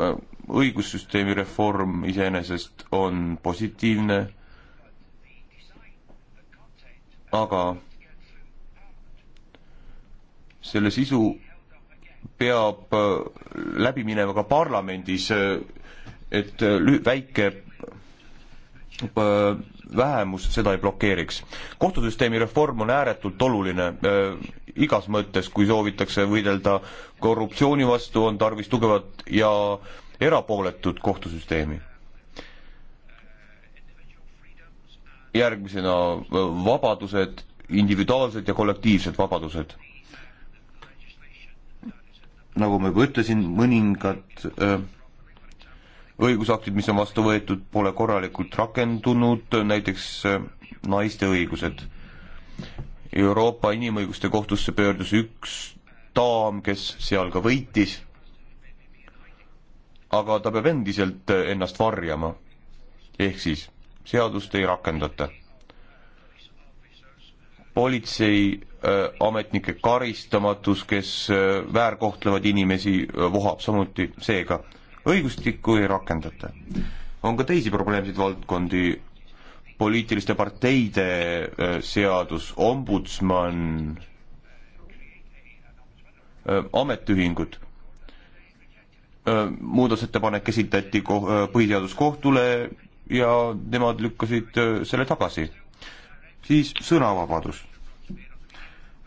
Äh, õigussüsteemi reform iseenesest on positiivne, aga selle sisu peab äh, läbi minema ka parlamendis, äh, et väike Äh, vähemus seda ei blokeeriks. kohtusüsteemi reform on ääretult oluline äh, igas mõttes, kui soovitakse võidelda korruptsiooni vastu, on tarvis tugevat ja erapooletut kohtusüsteemi. järgmisena äh, vabadused, individuaalsed ja kollektiivsed vabadused. nagu ma juba ütlesin, mõningad öö, õigusaktid, mis on vastu võetud, pole korralikult rakendunud, näiteks äh, naiste õigused. Euroopa Inimõiguste Kohtusse pöördus üks daam, kes seal ka võitis, aga ta peab endiselt äh, ennast varjama. ehk siis seadust ei rakendata. politseiametnike äh, karistamatus, kes väärkohtlevad inimesi, vohab samuti seega õigustikku ei rakendata. on ka teisi probleemseid valdkondi, poliitiliste parteide äh, seadus, ombudsman, äh, ametiühingud. Äh, muudatusettepanek esitati ko-, põhiseaduskohtule ja nemad lükkasid selle tagasi. siis sõnavabadus.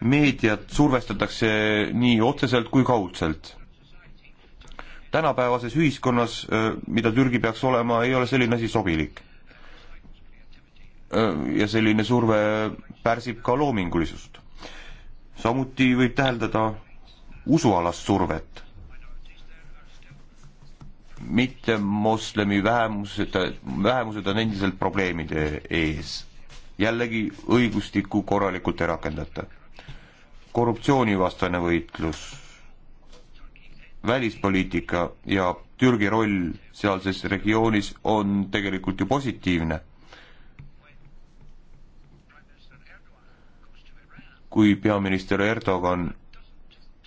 meediat survestatakse nii otseselt kui kaudselt tänapäevases ühiskonnas, äh, mida Türgi peaks olema, ei ole selline asi sobilik. Äh, ja selline surve pärsib ka loomingulisust. samuti võib täheldada usualast survet. mitte moslemi vähemused, vähemused on endiselt probleemide ees. jällegi õigustikku korralikult ei rakendata. korruptsioonivastane võitlus välispoliitika ja Türgi roll sealses regioonis on tegelikult ju positiivne. kui peaminister Erdogan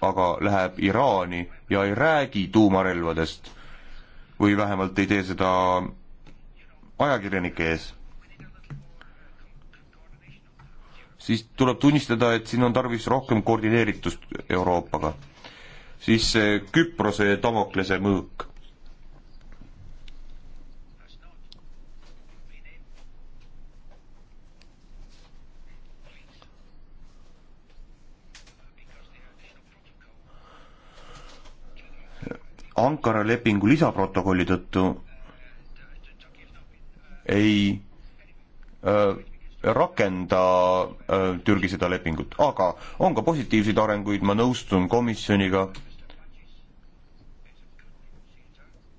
aga läheb Iraani ja ei räägi tuumarelvadest või vähemalt ei tee seda ajakirjanike ees, siis tuleb tunnistada, et siin on tarvis rohkem koordineeritust Euroopaga siis see Küprose Damoklese mõõk. Ankara lepingu lisaprotokolli tõttu ei äh, rakenda äh, Türgi seda lepingut, aga on ka positiivseid arenguid, ma nõustun komisjoniga äh,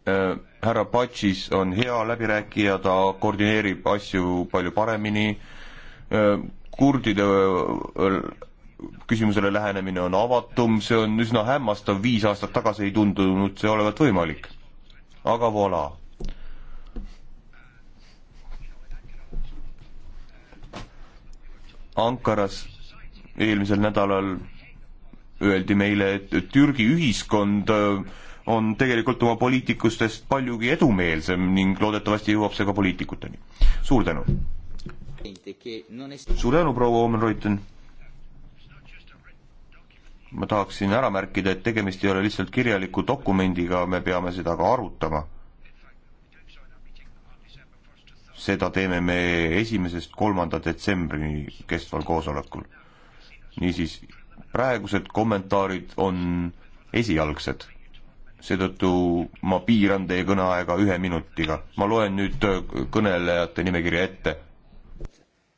Äh, härra Patsis on hea läbirääkija, ta koordineerib asju palju paremini, äh, kurdide äh, küsimusele lähenemine on avatum, see on üsna hämmastav, viis aastat tagasi ei tundunud see olevat võimalik. aga voilà. Ankaras eelmisel nädalal öeldi meile, et Türgi ühiskond äh, on tegelikult oma poliitikustest paljugi edumeelsem ning loodetavasti jõuab see ka poliitikuteni. suur tänu! suur tänu, proua Omen-Reuten! ma tahaksin ära märkida, et tegemist ei ole lihtsalt kirjaliku dokumendiga, me peame seda ka arutama. seda teeme me esimesest kolmanda detsembrini kestval koosolekul. niisiis, praegused kommentaarid on esialgsed seetõttu ma piiran teie kõneaega ühe minutiga. ma loen nüüd äh, kõnelejate nimekirja ette.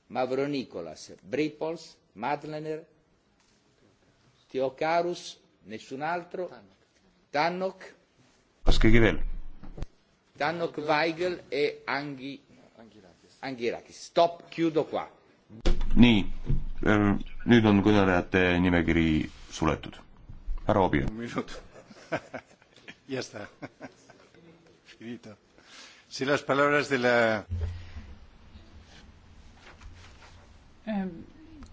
Mavro Nikolas, Bripols, Madlener, Theocarus, nessun altro, Tannok. kas keegi veel? Tannok, Weigel e Angi, Angirakis. Stop, chiudo qua. nii, äh, nüüd on kõnelejate nimekiri suletud. härra Obi. minut [LAUGHS] Ya está. [LAUGHS] Finito. Si las palabras de la.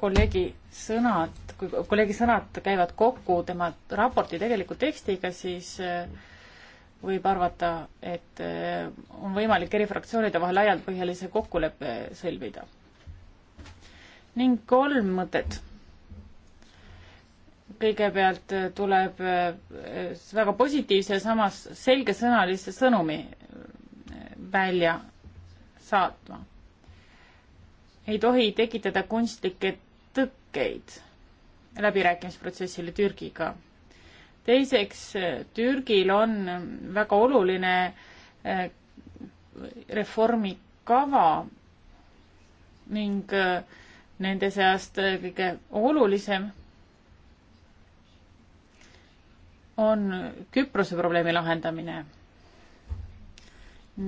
kolleegi sõnad, kui kolleegi sõnad käivad kokku tema raporti tegeliku tekstiga, siis eh, võib arvata, et eh, on võimalik eri fraktsioonide vahel laialdpõhjalise kokkuleppe sõlmida. ning kolm mõtet kõigepealt äh, tuleb äh, äh, väga positiivse ja samas selgesõnalise sõnumi välja saatma. ei tohi tekitada kunstlikke tõkkeid läbirääkimisprotsessile Türgiga. teiseks, Türgil on väga oluline reformikava ning nende seast kõige olulisem on Küprose probleemi lahendamine.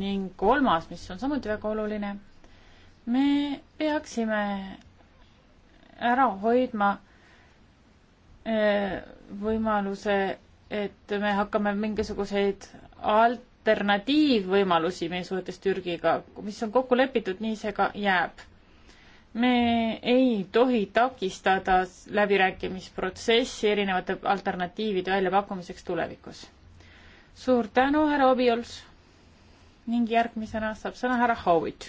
ning kolmas, mis on samuti väga oluline, me peaksime ära hoidma eh, võimaluse, et me hakkame mingisuguseid alternatiivvõimalusi meie suhetes Türgiga, mis on kokku lepitud, nii see ka jääb me ei tohi takistada läbirääkimisprotsessi erinevate alternatiivide väljapakkumiseks tulevikus. suur tänu, härra Obiols ning järgmisena saab sõna härra Howitt.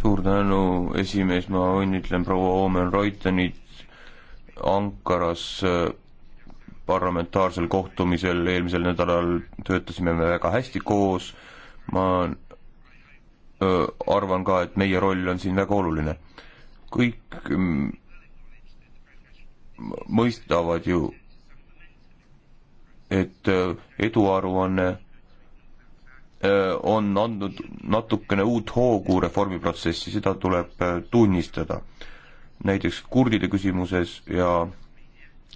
suur tänu, esimees, ma õnnitlen proua Omen Reutenit Ankaras äh, parlamentaarsel kohtumisel eelmisel nädalal töötasime me väga hästi koos, ma arvan ka, et meie roll on siin väga oluline. kõik mm, mõistavad ju, et eduaruanne on andnud natukene uut hoogu reformiprotsessi, seda tuleb tunnistada. näiteks kurdide küsimuses ja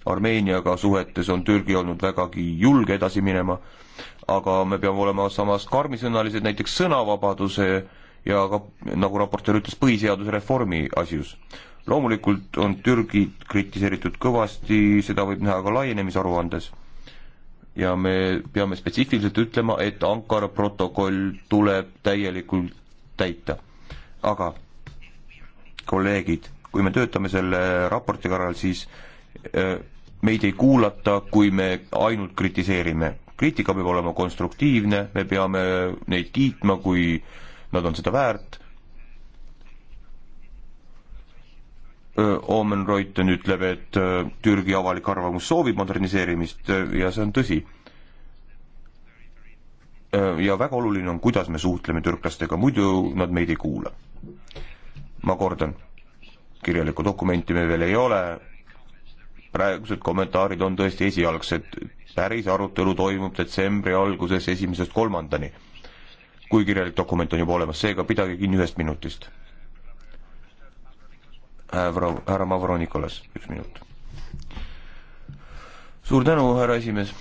Armeeniaga suhetes on Türgi olnud vägagi julge edasi minema, aga me peame olema samas karmisõnalised näiteks sõnavabaduse ja ka, nagu raportöör ütles, põhiseaduse reformi asjus. loomulikult on Türgit kritiseeritud kõvasti, seda võib näha ka laienemisaruandes. ja me peame spetsiifiliselt ütlema, et Ankara protokoll tuleb täielikult täita. aga kolleegid, kui me töötame selle raporti kallal, siis äh, meid ei kuulata, kui me ainult kritiseerime. kriitika peab olema konstruktiivne, me peame neid kiitma, kui nad on seda väärt. Omen Reuten ütleb, et Türgi avalik arvamus soovib moderniseerimist ja see on tõsi. ja väga oluline on, kuidas me suhtleme türklastega, muidu nad meid ei kuula. ma kordan, kirjalikku dokumenti meil veel ei ole, praegused kommentaarid on tõesti esialgsed, päris arutelu toimub detsembri alguses esimesest kolmandani. kui kirjalik dokument on juba olemas, seega pidage kinni ühest minutist. härra, härra Mavronikolas, üks minut. suur tänu, härra esimees.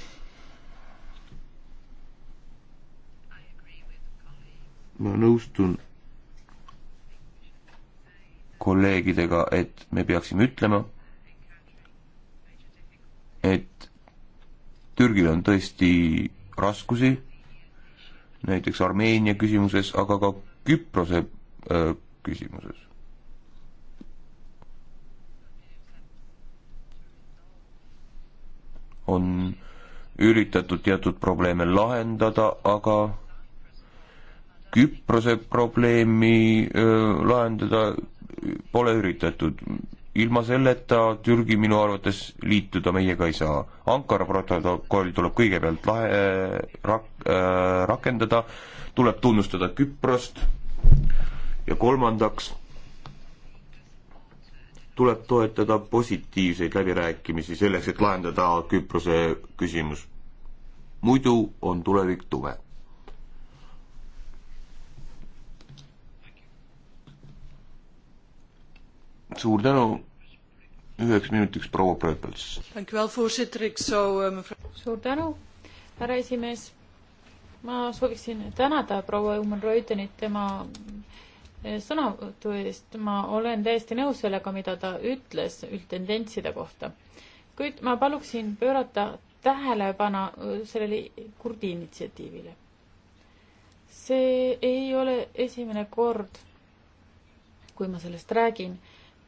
ma nõustun kolleegidega, et me peaksime ütlema, et Türgil on tõesti raskusi, näiteks Armeenia küsimuses, aga ka Küprose öö, äh, küsimuses. on üritatud teatud probleeme lahendada, aga Küprose probleemi öö, äh, lahendada pole üritatud ilma selleta Türgi minu arvates liituda meiega ei saa. Ankara protokoll tuleb kõigepealt lahe, äh, rak- äh,, rakendada, tuleb tunnustada Küprost ja kolmandaks tuleb toetada positiivseid läbirääkimisi selleks, et lahendada Küprose küsimus. muidu on tulevik tume suur tänu, üheks minutiks proua Prööpels. Eh, suur tänu, härra esimees. ma sooviksin tänada proua Juman Reutenit tema eh, sõnavõtu eest. ma olen täiesti nõus sellega, mida ta ütles üldtendentside kohta. kuid ma paluksin pöörata tähelepanu eh, sellele kurdi initsiatiivile. see ei ole esimene kord, kui ma sellest räägin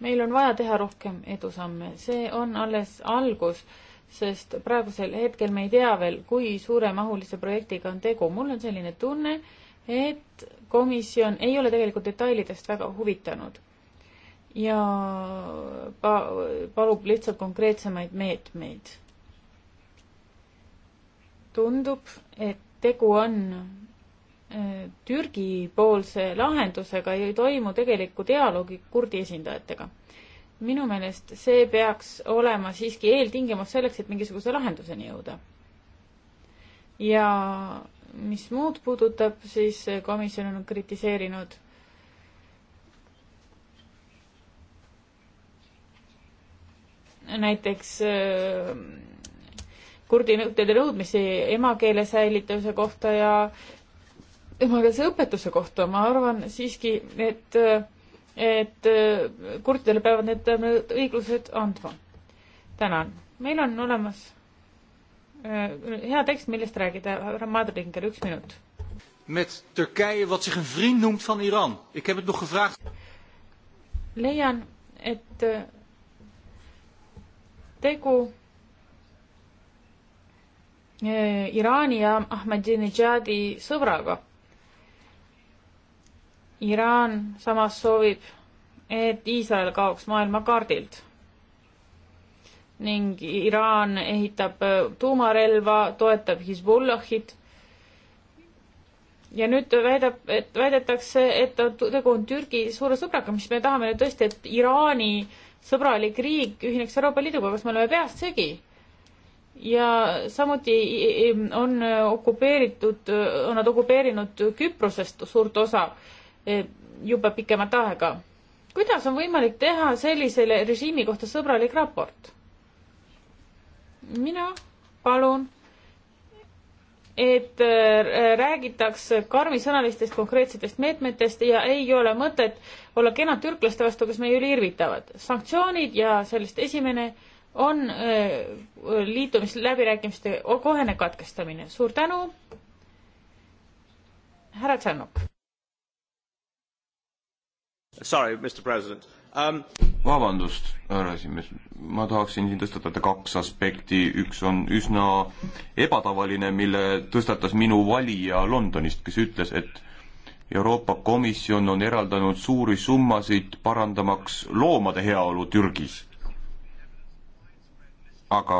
meil on vaja teha rohkem edusamme, see on alles algus, sest praegusel hetkel me ei tea veel, kui suuremahulise projektiga on tegu. mul on selline tunne, et komisjon ei ole tegelikult detailidest väga huvitanud ja pa-, palub lihtsalt konkreetsemaid meetmeid. tundub, et tegu on Türgi poolse lahendusega ei toimu tegelikku dialoogi kurdi esindajatega. minu meelest see peaks olema siiski eeltingimus selleks, et mingisuguse lahenduseni jõuda. ja mis muud puudutab, siis komisjon on kritiseerinud näiteks äh, kurdi nõudmisi emakeele säilituse kohta ja ma ei tea, see õpetuse kohta, ma arvan siiski, et, et kurtidele peavad need õiglused andma. tänan. meil on olemas äh, hea tekst, millest rääkida, härra Madringer, üks minut. Met Turkije, wat zich een vriend noemt van Iran. Ik heb het nog gevraagd. leian, et äh, tegu äh, Iraani ja Ahmadinejadi sõbraga Iraan samas soovib, et Iisrael kaoks maailmakaardilt ning Iraan ehitab äh, tuumarelva, toetab Hezbollahit. ja nüüd väidab, et väidetakse, et tegu on Türgi suure sõbraga, mis me tahame nüüd tõesti, et Iraani sõbralik riik ühineks Euroopa Liiduga, kas me oleme peast segi? ja samuti on okupeeritud, on nad okupeerinud Küprosest suurt osa Eh, juba pikemat aega. kuidas on võimalik teha sellisele režiimi kohta sõbralik raport? mina palun, et eh, räägitaks karmisõnalistest konkreetsetest meetmetest ja ei ole mõtet olla kenad türklaste vastu, kes meie üle irvitavad. sanktsioonid ja sellest esimene on eh, liitumisläbirääkimiste kohene katkestamine. suur tänu, härra Tšernok. Sorry, Mr President um.... vabandust, härra esimees, ma tahaksin siin tõstatada kaks aspekti, üks on üsna ebatavaline, mille tõstatas minu valija Londonist, kes ütles, et Euroopa Komisjon on eraldanud suuri summasid parandamaks loomade heaolu Türgis. aga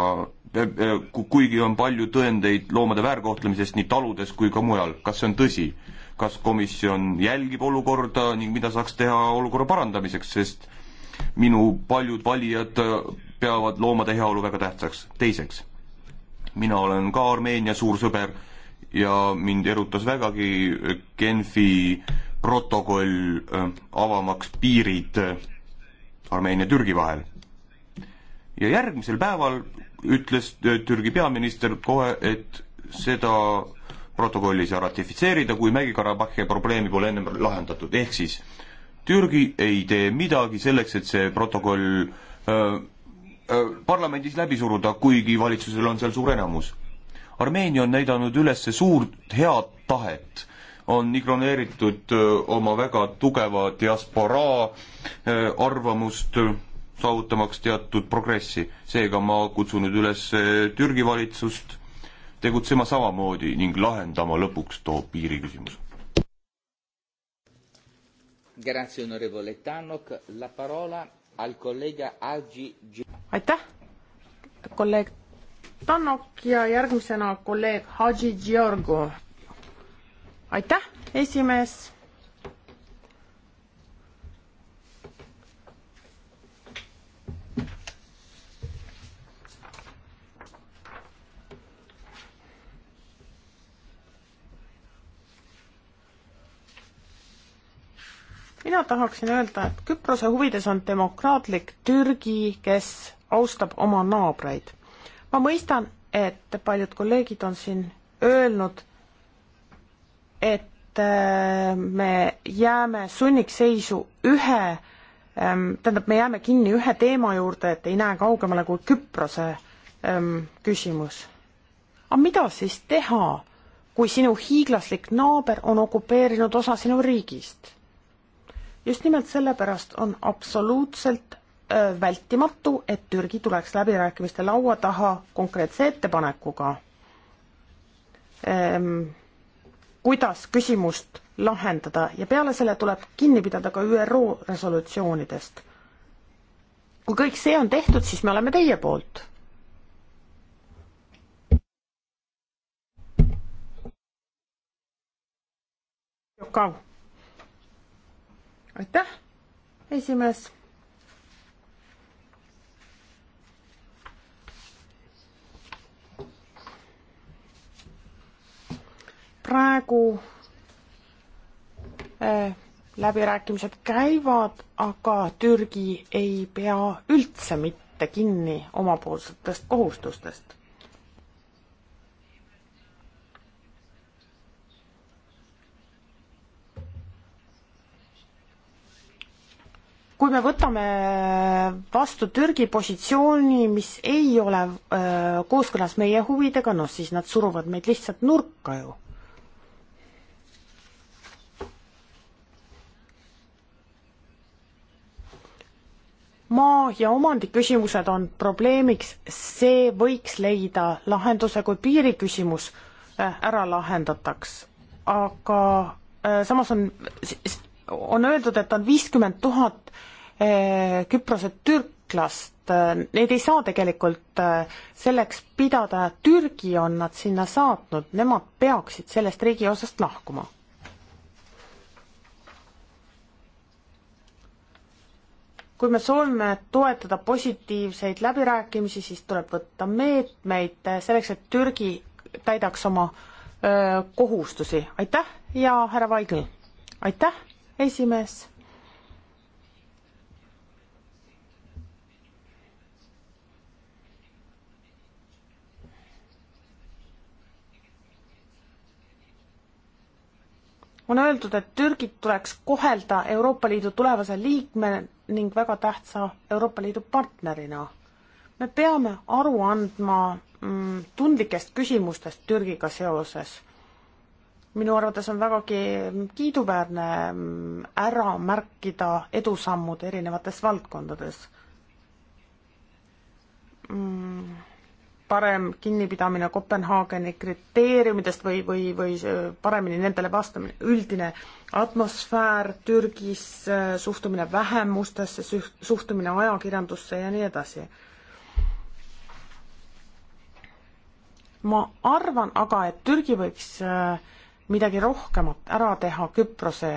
eh, eh, kuigi on palju tõendeid loomade väärkohtlemisest nii taludes kui ka mujal, kas see on tõsi? kas komisjon jälgib olukorda ning mida saaks teha olukorra parandamiseks, sest minu paljud valijad peavad loomade heaolu väga tähtsaks. teiseks, mina olen ka Armeenia suur sõber ja mind erutas vägagi Genfi protokoll äh, avamaks piirid äh, Armeenia-Türgi vahel. ja järgmisel päeval ütles äh, Türgi peaminister kohe, et seda protokollis ja ratifitseerida, kui Mägi-Karabahhi probleemi pole ennem lahendatud, ehk siis Türgi ei tee midagi selleks, et see protokoll äh, äh, parlamendis läbi suruda, kuigi valitsusel on seal suur enamus. Armeenia on näidanud üles suurt head tahet, on ignoreeritud äh, oma väga tugeva diasporaa äh, arvamust äh,, saavutamaks teatud progressi. seega ma kutsun nüüd üles äh, Türgi valitsust tegutsema samamoodi ning lahendama lõpuks too piiriküsimus. aitäh, kolleeg Tannok ja järgmisena kolleeg Hadži Georgu. aitäh, esimees mina tahaksin öelda, et Küprose huvides on demokraatlik Türgi, kes austab oma naabreid. ma mõistan, et paljud kolleegid on siin öelnud, et äh, me jääme sunnikseisu ühe, ähm, tähendab, me jääme kinni ühe teema juurde, et ei näe kaugemale kui Küprose ähm, küsimus. aga mida siis teha, kui sinu hiiglaslik naaber on okupeerinud osa sinu riigist? just nimelt sellepärast on absoluutselt vältimatu, et Türgi tuleks läbirääkimiste laua taha konkreetse ettepanekuga, ehm, kuidas küsimust lahendada ja peale selle tuleb kinni pidada ka ÜRO resolutsioonidest. kui kõik see on tehtud, siis me oleme teie poolt. Jokau aitäh, esimees. praegu äh, läbirääkimised käivad, aga Türgi ei pea üldse mitte kinni omapoolsetest kohustustest kui me võtame vastu Türgi positsiooni, mis ei ole äh, kooskõlas meie huvidega, noh siis nad suruvad meid lihtsalt nurka ju. maa ja omandiküsimused on probleemiks, see võiks leida lahenduse, kui piiriküsimus äh, ära lahendataks, aga äh, samas on on öeldud, et on viiskümmend tuhat Äh, Küprose türklast, äh, neid ei saa tegelikult äh, selleks pidada, Türgi on nad sinna saatnud, nemad peaksid sellest riigi osast lahkuma. kui me soovime toetada positiivseid läbirääkimisi, siis tuleb võtta meetmeid selleks, et Türgi täidaks oma öö, kohustusi. aitäh ja härra Vaigel! aitäh, esimees! on öeldud, et Türgit tuleks kohelda Euroopa Liidu tulevase liikme ning väga tähtsa Euroopa Liidu partnerina. me peame aru andma mm, tundlikest küsimustest Türgiga seoses. minu arvates on vägagi kiiduväärne mm, ära märkida edusammud erinevates valdkondades mm parem kinnipidamine Kopenhaageni kriteeriumidest või, või, või paremini nendele vastamine, üldine atmosfäär Türgis, suhtumine vähemustesse, suhtumine ajakirjandusse ja nii edasi. ma arvan aga, et Türgi võiks midagi rohkemat ära teha Küprose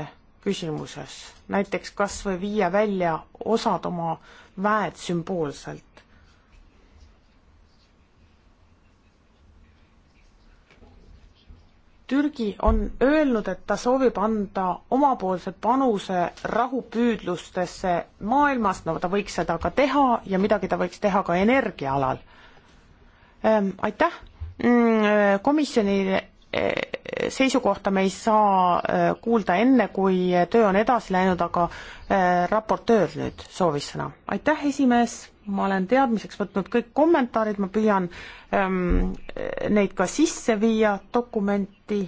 küsimuses, näiteks kas või viia välja osad oma väed sümboolselt. Türgi on öelnud, et ta soovib anda omapoolse panuse rahupüüdlustesse maailmas, no ta võiks seda ka teha ja midagi ta võiks teha ka energia alal ähm,. aitäh mm, komisjonile Eh, seisukohta me ei saa eh, kuulda enne, kui töö on edasi läinud, aga eh, raportöör nüüd soovis sõna. aitäh, esimees, ma olen teadmiseks võtnud kõik kommentaarid, ma püüan ähm, neid ka sisse viia dokumenti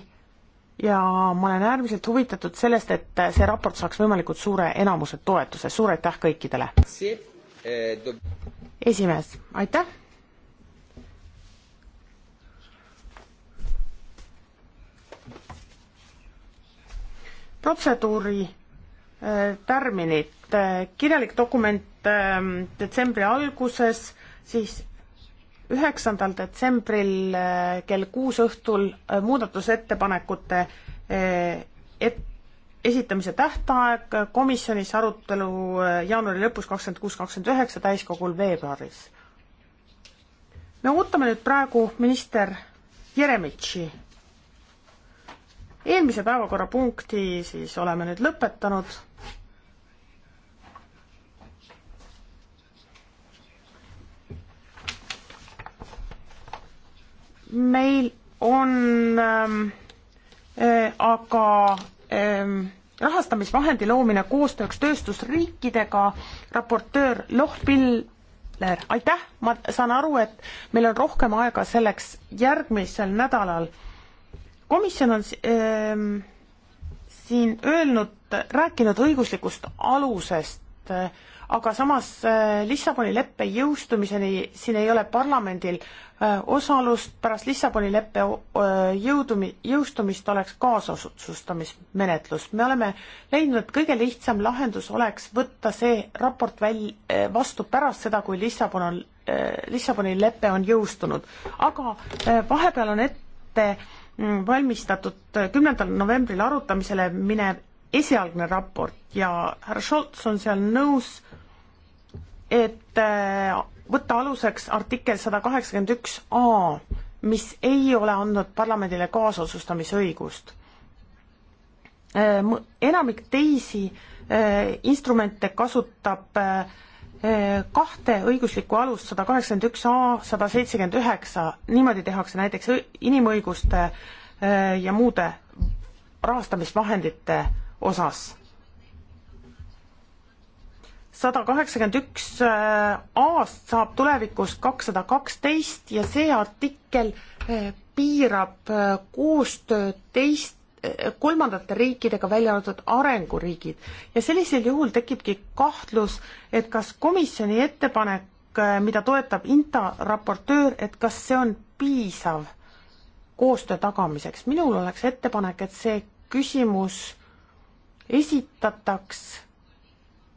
ja ma olen äärmiselt huvitatud sellest, et see raport saaks võimalikult suure enamuse toetuse, suur aitäh kõikidele! esimees, aitäh! protseduuri äh, tärminit. Äh, kirjalik dokument ähm, detsembri alguses, siis üheksandal detsembril äh, kell kuus õhtul muudatusettepanekute et-, esitamise tähtaeg, komisjonis arutelu jaanuari lõpus kakskümmend kuus, kakskümmend üheksa, täiskogul veebruaris. me ootame nüüd praegu minister Jeremitši eelmise päevakorrapunkti siis oleme nüüd lõpetanud. meil on ähm, äh, aga ähm, rahastamisvahendi loomine koostööks tööstusriikidega, raportöör Lohpill Ler, aitäh, ma saan aru, et meil on rohkem aega selleks järgmisel nädalal komisjon on ähm, siin öelnud, rääkinud õiguslikust alusest äh,, aga samas äh, Lissaboni leppe jõustumiseni siin ei ole parlamendil äh, osalust, pärast Lissaboni leppe jõudumi, jõustumist oleks kaasotsustamismenetlus. me oleme leidnud, et kõige lihtsam lahendus oleks võtta see raport väl-, vastu pärast seda, kui Lissabon on, Lissaboni lepe on jõustunud. aga vahepeal on ette Mm, valmistatud kümnendal novembril arutamisele minev esialgne raport ja härra Scholz on seal nõus, et äh, võtta aluseks artikkel sada kaheksakümmend üks A, mis ei ole andnud parlamendile kaasotsustamisõigust. Äh, enamik teisi äh, instrumente kasutab äh, kahte õiguslikku alust, sada kaheksakümmend üks A, sada seitsekümmend üheksa, niimoodi tehakse näiteks inimõiguste äh, ja muude rahastamisvahendite osas. sada kaheksakümmend üks äh, A-st saab tulevikus kakssada kaksteist ja see artikkel äh, piirab koostööd teiste kolmandate riikidega, välja arvatud arenguriigid. ja sellisel juhul tekibki kahtlus, et kas komisjoni ettepanek, äh, mida toetab INTA raportöör, et kas see on piisav koostöö tagamiseks. minul oleks ettepanek, et see küsimus esitataks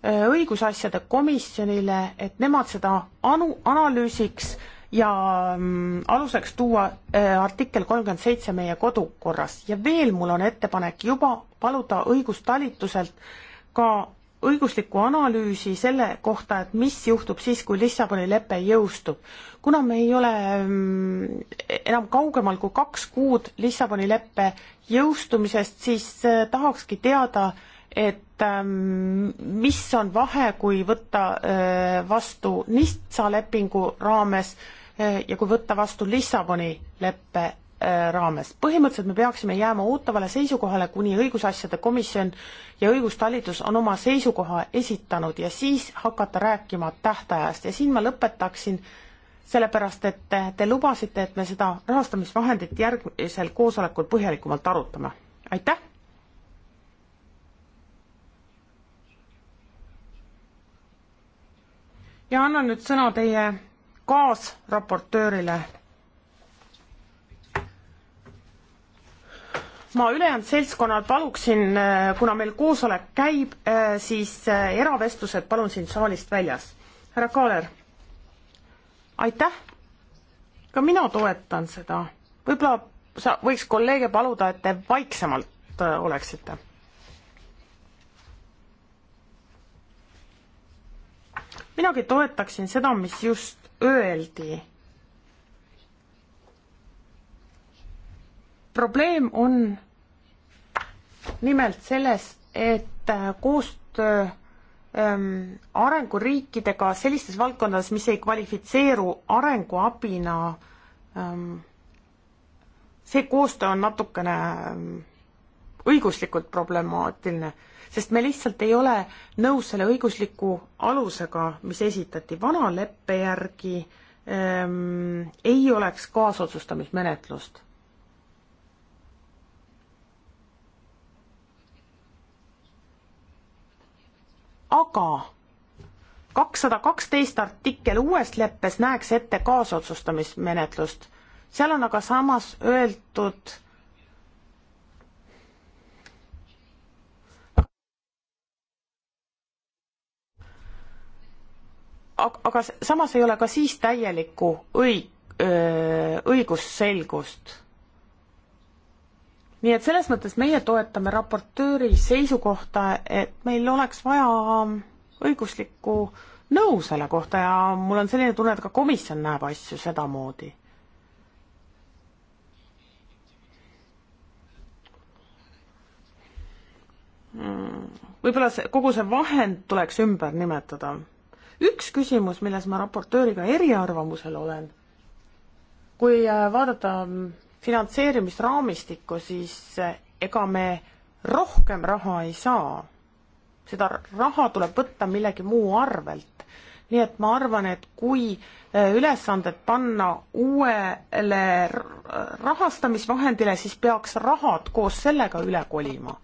äh, õigusasjade komisjonile, et nemad seda anu-, analüüsiks ja mm, aluseks tuua äh, artikkel kolmkümmend seitse meie kodukorras ja veel mul on ettepanek juba paluda õigustalituselt ka õiguslikku analüüsi selle kohta, et mis juhtub siis, kui Lissaboni lepe jõustub. kuna me ei ole mm, enam kaugemal kui kaks kuud Lissaboni leppe jõustumisest, siis äh, tahakski teada, et ähm, mis on vahe, kui võtta äh, vastu NISTSA lepingu raames Eh, ja kui võtta vastu Lissaboni leppe eh, raames. põhimõtteliselt me peaksime jääma ootavale seisukohale, kuni õigusasjade komisjon ja õigustalitus on oma seisukoha esitanud ja siis hakata rääkima tähtajast ja siin ma lõpetaksin sellepärast, et te, te lubasite, et me seda rahastamisvahendit järgmisel koosolekul põhjalikumalt arutame. aitäh! ja annan nüüd sõna teie kaasraportöörile. ma ülejäänud seltskonnal paluksin, äh, kuna meil koosolek käib, äh, siis äh, eravestlused palun siin saalist väljas. härra Kaaler, aitäh. ka mina toetan seda. võib-olla sa võiks kolleege paluda, et te vaiksemalt oleksite minagi toetaksin seda, mis just öeldi. probleem on nimelt selles, et koostöö ähm, arenguriikidega sellistes valdkondades, mis ei kvalifitseeru arenguabina ähm,, see koostöö on natukene ähm, õiguslikult problemaatiline sest me lihtsalt ei ole nõus selle õigusliku alusega, mis esitati vana leppe järgi ähm,, ei oleks kaasotsustamismenetlust. aga kakssada kaksteist artikkel uues leppes näeks ette kaasotsustamismenetlust seal on aga samas öeldud, aga samas ei ole ka siis täielikku õig-, õigusselgust. nii et selles mõttes meie toetame raportööri seisukohta, et meil oleks vaja õiguslikku nõu selle kohta ja mul on selline tunne, et ka komisjon näeb asju sedamoodi. Hmm. võib-olla see, kogu see vahend tuleks ümber nimetada üks küsimus, milles ma raportööriga eriarvamusel olen, kui äh, vaadata mm, finantseerimisraamistikku, siis äh, ega me rohkem raha ei saa. seda raha tuleb võtta millegi muu arvelt. nii et ma arvan, et kui äh, ülesanded panna uuele rahastamisvahendile, siis peaks rahad koos sellega üle kolima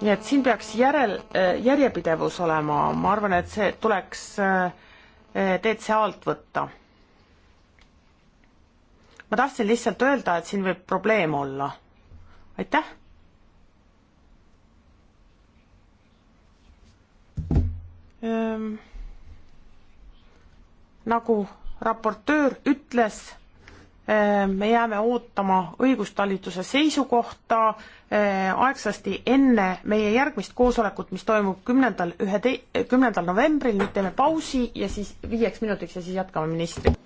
nii et siin peaks järel, äh, järjepidevus olema, ma arvan, et see tuleks DCA äh, äh, alt võtta. ma tahtsin lihtsalt öelda, et siin võib probleem olla. aitäh! nagu raportöör ütles me jääme ootama õigustalituse seisukohta eh, aegsasti enne meie järgmist koosolekut, mis toimub kümnendal, ühete-, kümnendal novembril, nüüd teeme pausi ja siis viieks minutiks ja siis jätkame ministriga.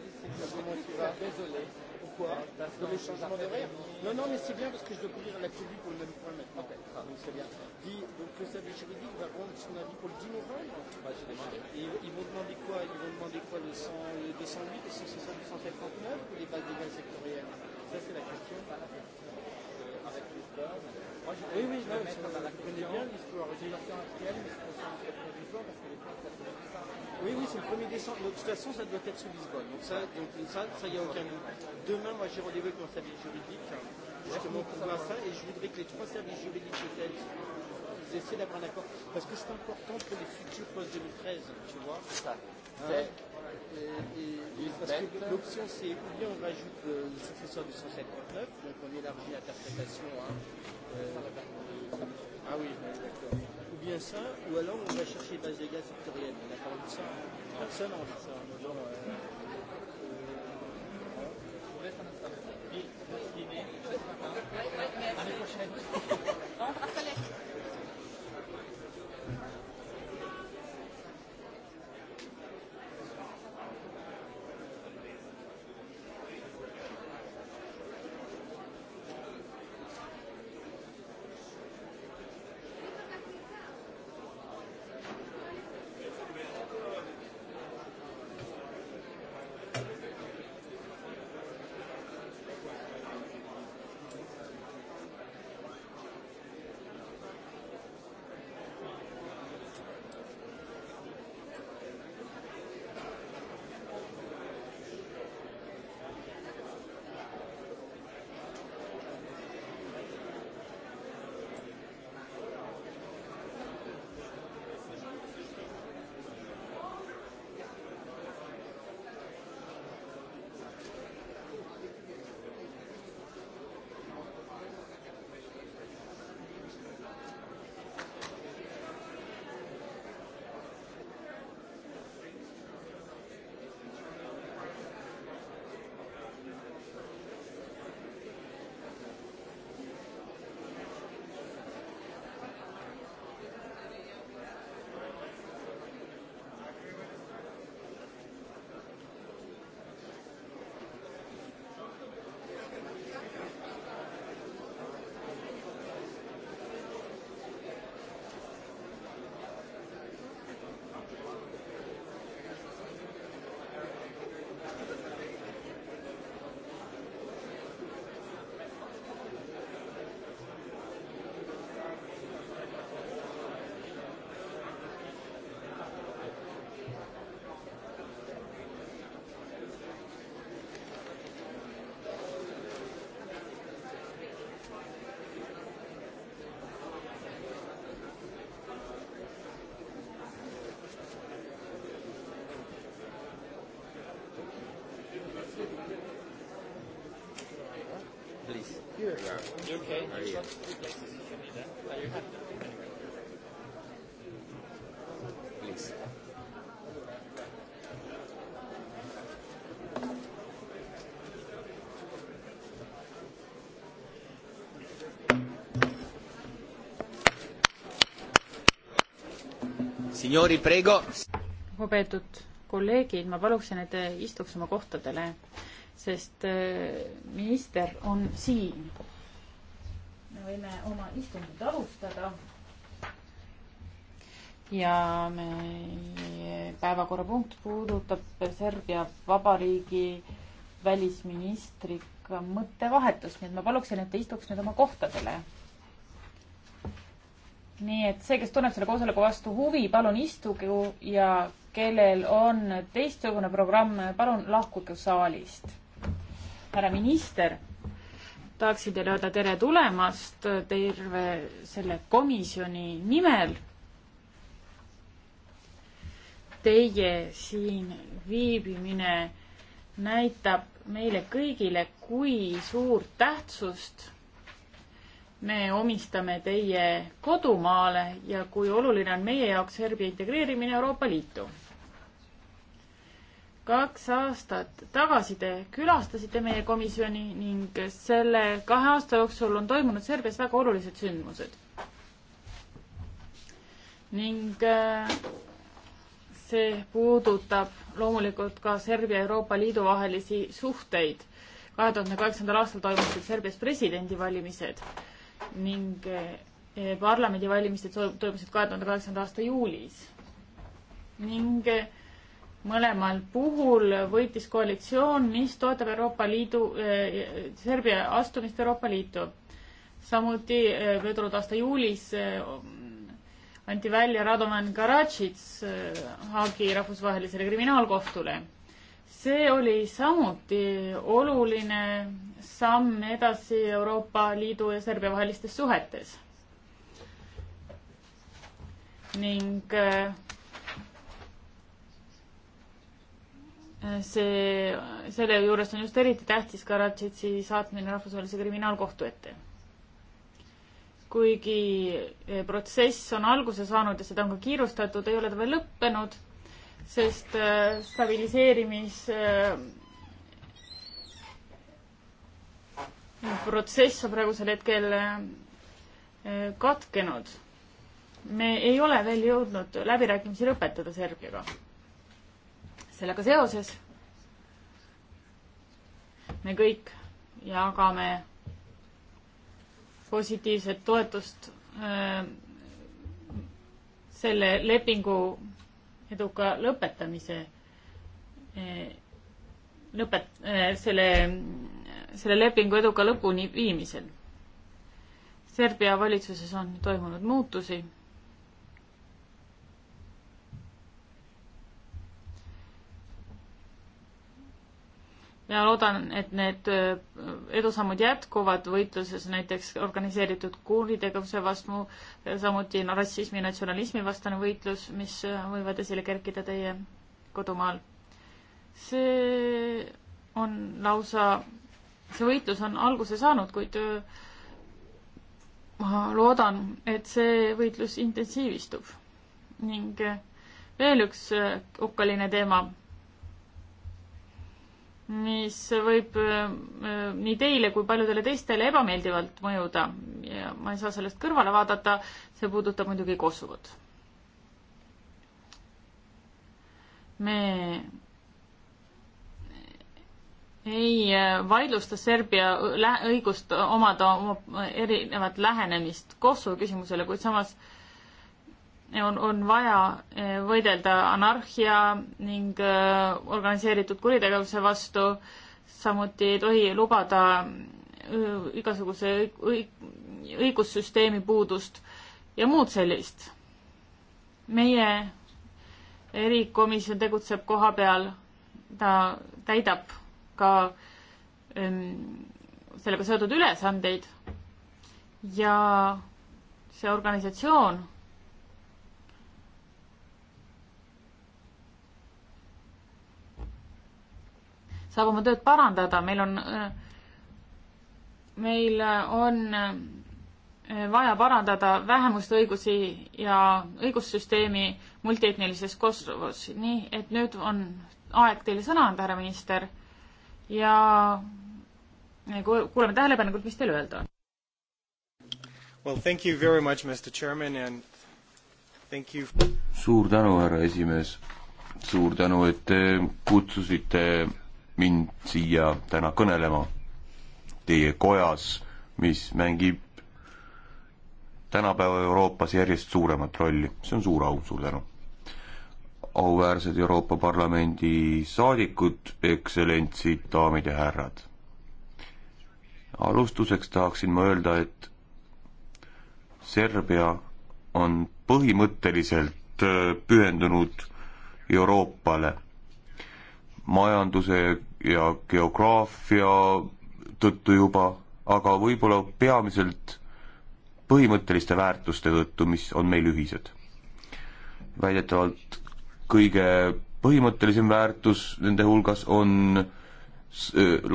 service, c'est que comment tu vas Désolé. Pourquoi Parce que les changements d'horaire. Non, non, mais c'est bien parce que je dois courir à la tribu pour le même point maintenant. Ok, ah, donc c'est bien. Dis, donc le service juridique va rendre son avis pour le 10 novembre Bah, j'ai demandé. Et ils vont demander quoi Ils vont demander quoi le, 100, le 208, le 160, le 159 ou les bases légales sectorielles Ça, c'est la question. Euh, avec l'histoire. Moi, je oui, oui, je non, mettre je, dans la je connais bien l'histoire. J'ai l'histoire actuelle, mais je pense que c'est provisoire parce que les plans, ça se fait pas. Oui, oui, c'est le 1er décembre. Donc, de toute façon, ça doit être sous Lisbonne. Donc, ça, donc, ça, ça y a aucun doute. Demain, moi, j'ai rendez-vous avec mon service juridique, justement, pour voir ça, et je voudrais que les trois services juridiques étaient ils essaient d'avoir un accord. Parce que c'est important pour les futurs post-2013, tu vois. C'est ça. Ouais. Et, et, et parce que l'option, c'est ou bien on rajoute le, le successeur du 159, donc on élargit l'interprétation. Hein, euh, ah oui, d'accord bien ça, ou alors on va chercher base des gaz victorienne. On a pas envie de ça. Hein. Personne n'a envie de ça. Hein. Genre, euh, euh, voilà. L'année prochaine. Here. You okay? How are you? Are you happy? Please. Signori, prego. lugupeetud kolleegid, ma paluksin, et te istuks oma kohtadele sest äh, minister on siin. me võime oma istungit alustada. ja meie päevakorrapunkt puudutab Serbia Vabariigi välisministriga mõttevahetust, nii et ma paluksin, et te istuks nüüd oma kohtadele. nii et see, kes tunneb selle koosoleku vastu huvi, palun istuge ja kellel on teistsugune programm, palun lahkuge saalist härra minister, tahaksin teile öelda tere tulemast terve selle komisjoni nimel. Teie siin viibimine näitab meile kõigile, kui suurt tähtsust me omistame teie kodumaale ja kui oluline on meie jaoks Serbia integreerimine Euroopa Liitu kaks aastat tagasi te külastasite meie komisjoni ning selle kahe aasta jooksul on toimunud Serbias väga olulised sündmused. ning äh, see puudutab loomulikult ka Serbia Euroopa Liidu vahelisi suhteid. kahe tuhande kaheksandal aastal toimusid Serbias presidendivalimised ning äh, parlamendivalimised toimusid kahe tuhande kaheksanda aasta juulis ning äh, mõlemal puhul võitis koalitsioon, mis toetab Euroopa Liidu eh,, Serbia astumist Euroopa Liitu. samuti eh, möödunud aasta juulis eh, anti välja Radovan Karadžits Haagi eh, rahvusvahelisele kriminaalkohtule. see oli samuti oluline samm edasi Euroopa Liidu ja Serbia vahelistes suhetes. ning eh, see, selle juures on just eriti tähtis Karadžitsi saatmine rahvusvahelise kriminaalkohtu ette. kuigi eh, protsess on alguse saanud ja seda on ka kiirustatud, ei ole ta veel lõppenud, sest eh, stabiliseerimis eh, protsess on praegusel hetkel katkenud. me ei ole veel jõudnud läbirääkimisi lõpetada Serbiaga sellega seoses me kõik jagame positiivset toetust öö, äh, selle lepingu eduka lõpetamise, äh, lõpet-, äh, selle, selle lepingu eduka lõpuni viimisel. Serbia valitsuses on toimunud muutusi ja loodan, et need äh, edusammud jätkuvad võitluses näiteks organiseeritud kuritegevuse vastu, samuti no, rassismi, natsionalismi vastane võitlus, mis äh, võivad esile kerkida teie kodumaal. see on lausa, see võitlus on alguse saanud, kuid äh, ma loodan, et see võitlus intensiivistub ning veel üks hukkaline teema mis võib äh, nii teile kui paljudele teistele ebameeldivalt mõjuda ja ma ei saa sellest kõrvale vaadata, see puudutab muidugi Kosovot. me ei äh, vaidlusta Serbia õigust omada oma erinevat lähenemist Kosovo küsimusele, kuid samas äh, on, on vaja eh, võidelda anarhia ning eh, organiseeritud kuritegevuse vastu, samuti ei tohi lubada eh, igasuguse õig-, õigussüsteemi puudust ja muud sellist. meie erikomisjon tegutseb koha peal, ta täidab ka ähm, sellega seotud ülesandeid ja see organisatsioon saab oma tööd parandada, meil on, meil on vaja parandada vähemuste õigusi ja õigussüsteemi multietnilises Kosovos, nii et nüüd on aeg teile sõna anda, härra minister, ja kuulame tähelepanelikult, mis teil öelda on. Well, thank you very much, Mr Chairman and thank you suur tänu, härra esimees, suur tänu, et te kutsusite mind siia täna kõnelema teie kojas, mis mängib tänapäeva Euroopas järjest suuremat rolli. see on suur au, suur tänu. auväärsed Euroopa Parlamendi saadikud, ekstsellentsid, daamid ja härrad. alustuseks tahaksin ma öelda, et Serbia on põhimõtteliselt äh, pühendunud Euroopale majanduse ja geograafia tõttu juba, aga võib-olla peamiselt põhimõtteliste väärtuste tõttu, mis on meil ühised. väidetavalt kõige põhimõttelisem väärtus nende hulgas on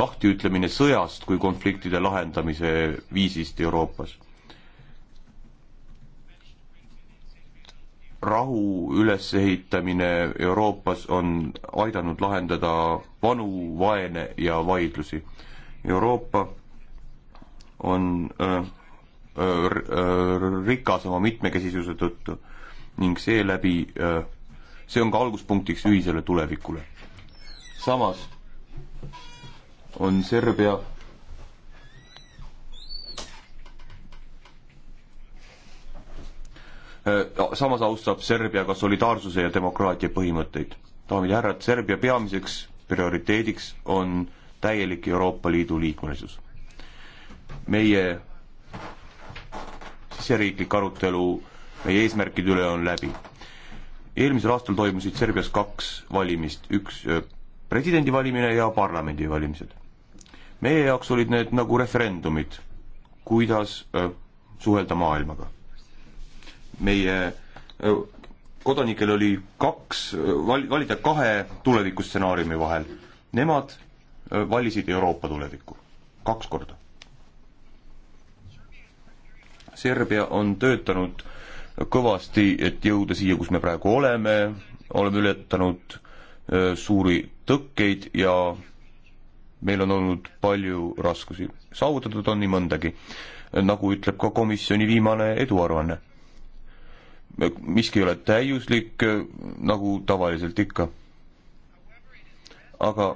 lahtiütlemine sõjast kui konfliktide lahendamise viisist Euroopas. rahu ülesehitamine Euroopas on aidanud lahendada vanu vaene ja vaidlusi. Euroopa on öö, äh, öö, äh, äh, rikas oma mitmekesisuse tõttu ning seeläbi, see on ka alguspunktiks ühisele tulevikule. samas on Serbia Äh, samas austab Serbia ka solidaarsuse ja demokraatia põhimõtteid. daamid ja härrad, Serbia peamiseks prioriteediks on täielik Euroopa Liidu liikmelisus. meie siseriiklik arutelu meie eesmärkide üle on läbi. eelmisel aastal toimusid Serbias kaks valimist, üks äh, presidendi valimine ja parlamendi valimised. meie jaoks olid need nagu referendumid, kuidas äh, suhelda maailmaga meie kodanikel oli kaks, val-, valida kahe tulevikustsenaariumi vahel. Nemad valisid Euroopa tulevikku, kaks korda. Serbia on töötanud kõvasti, et jõuda siia, kus me praegu oleme, oleme ületanud suuri tõkkeid ja meil on olnud palju raskusi. saavutatud on nii mõndagi, nagu ütleb ka komisjoni viimane eduaruanne miski ei ole täiuslik, äh, nagu tavaliselt ikka. aga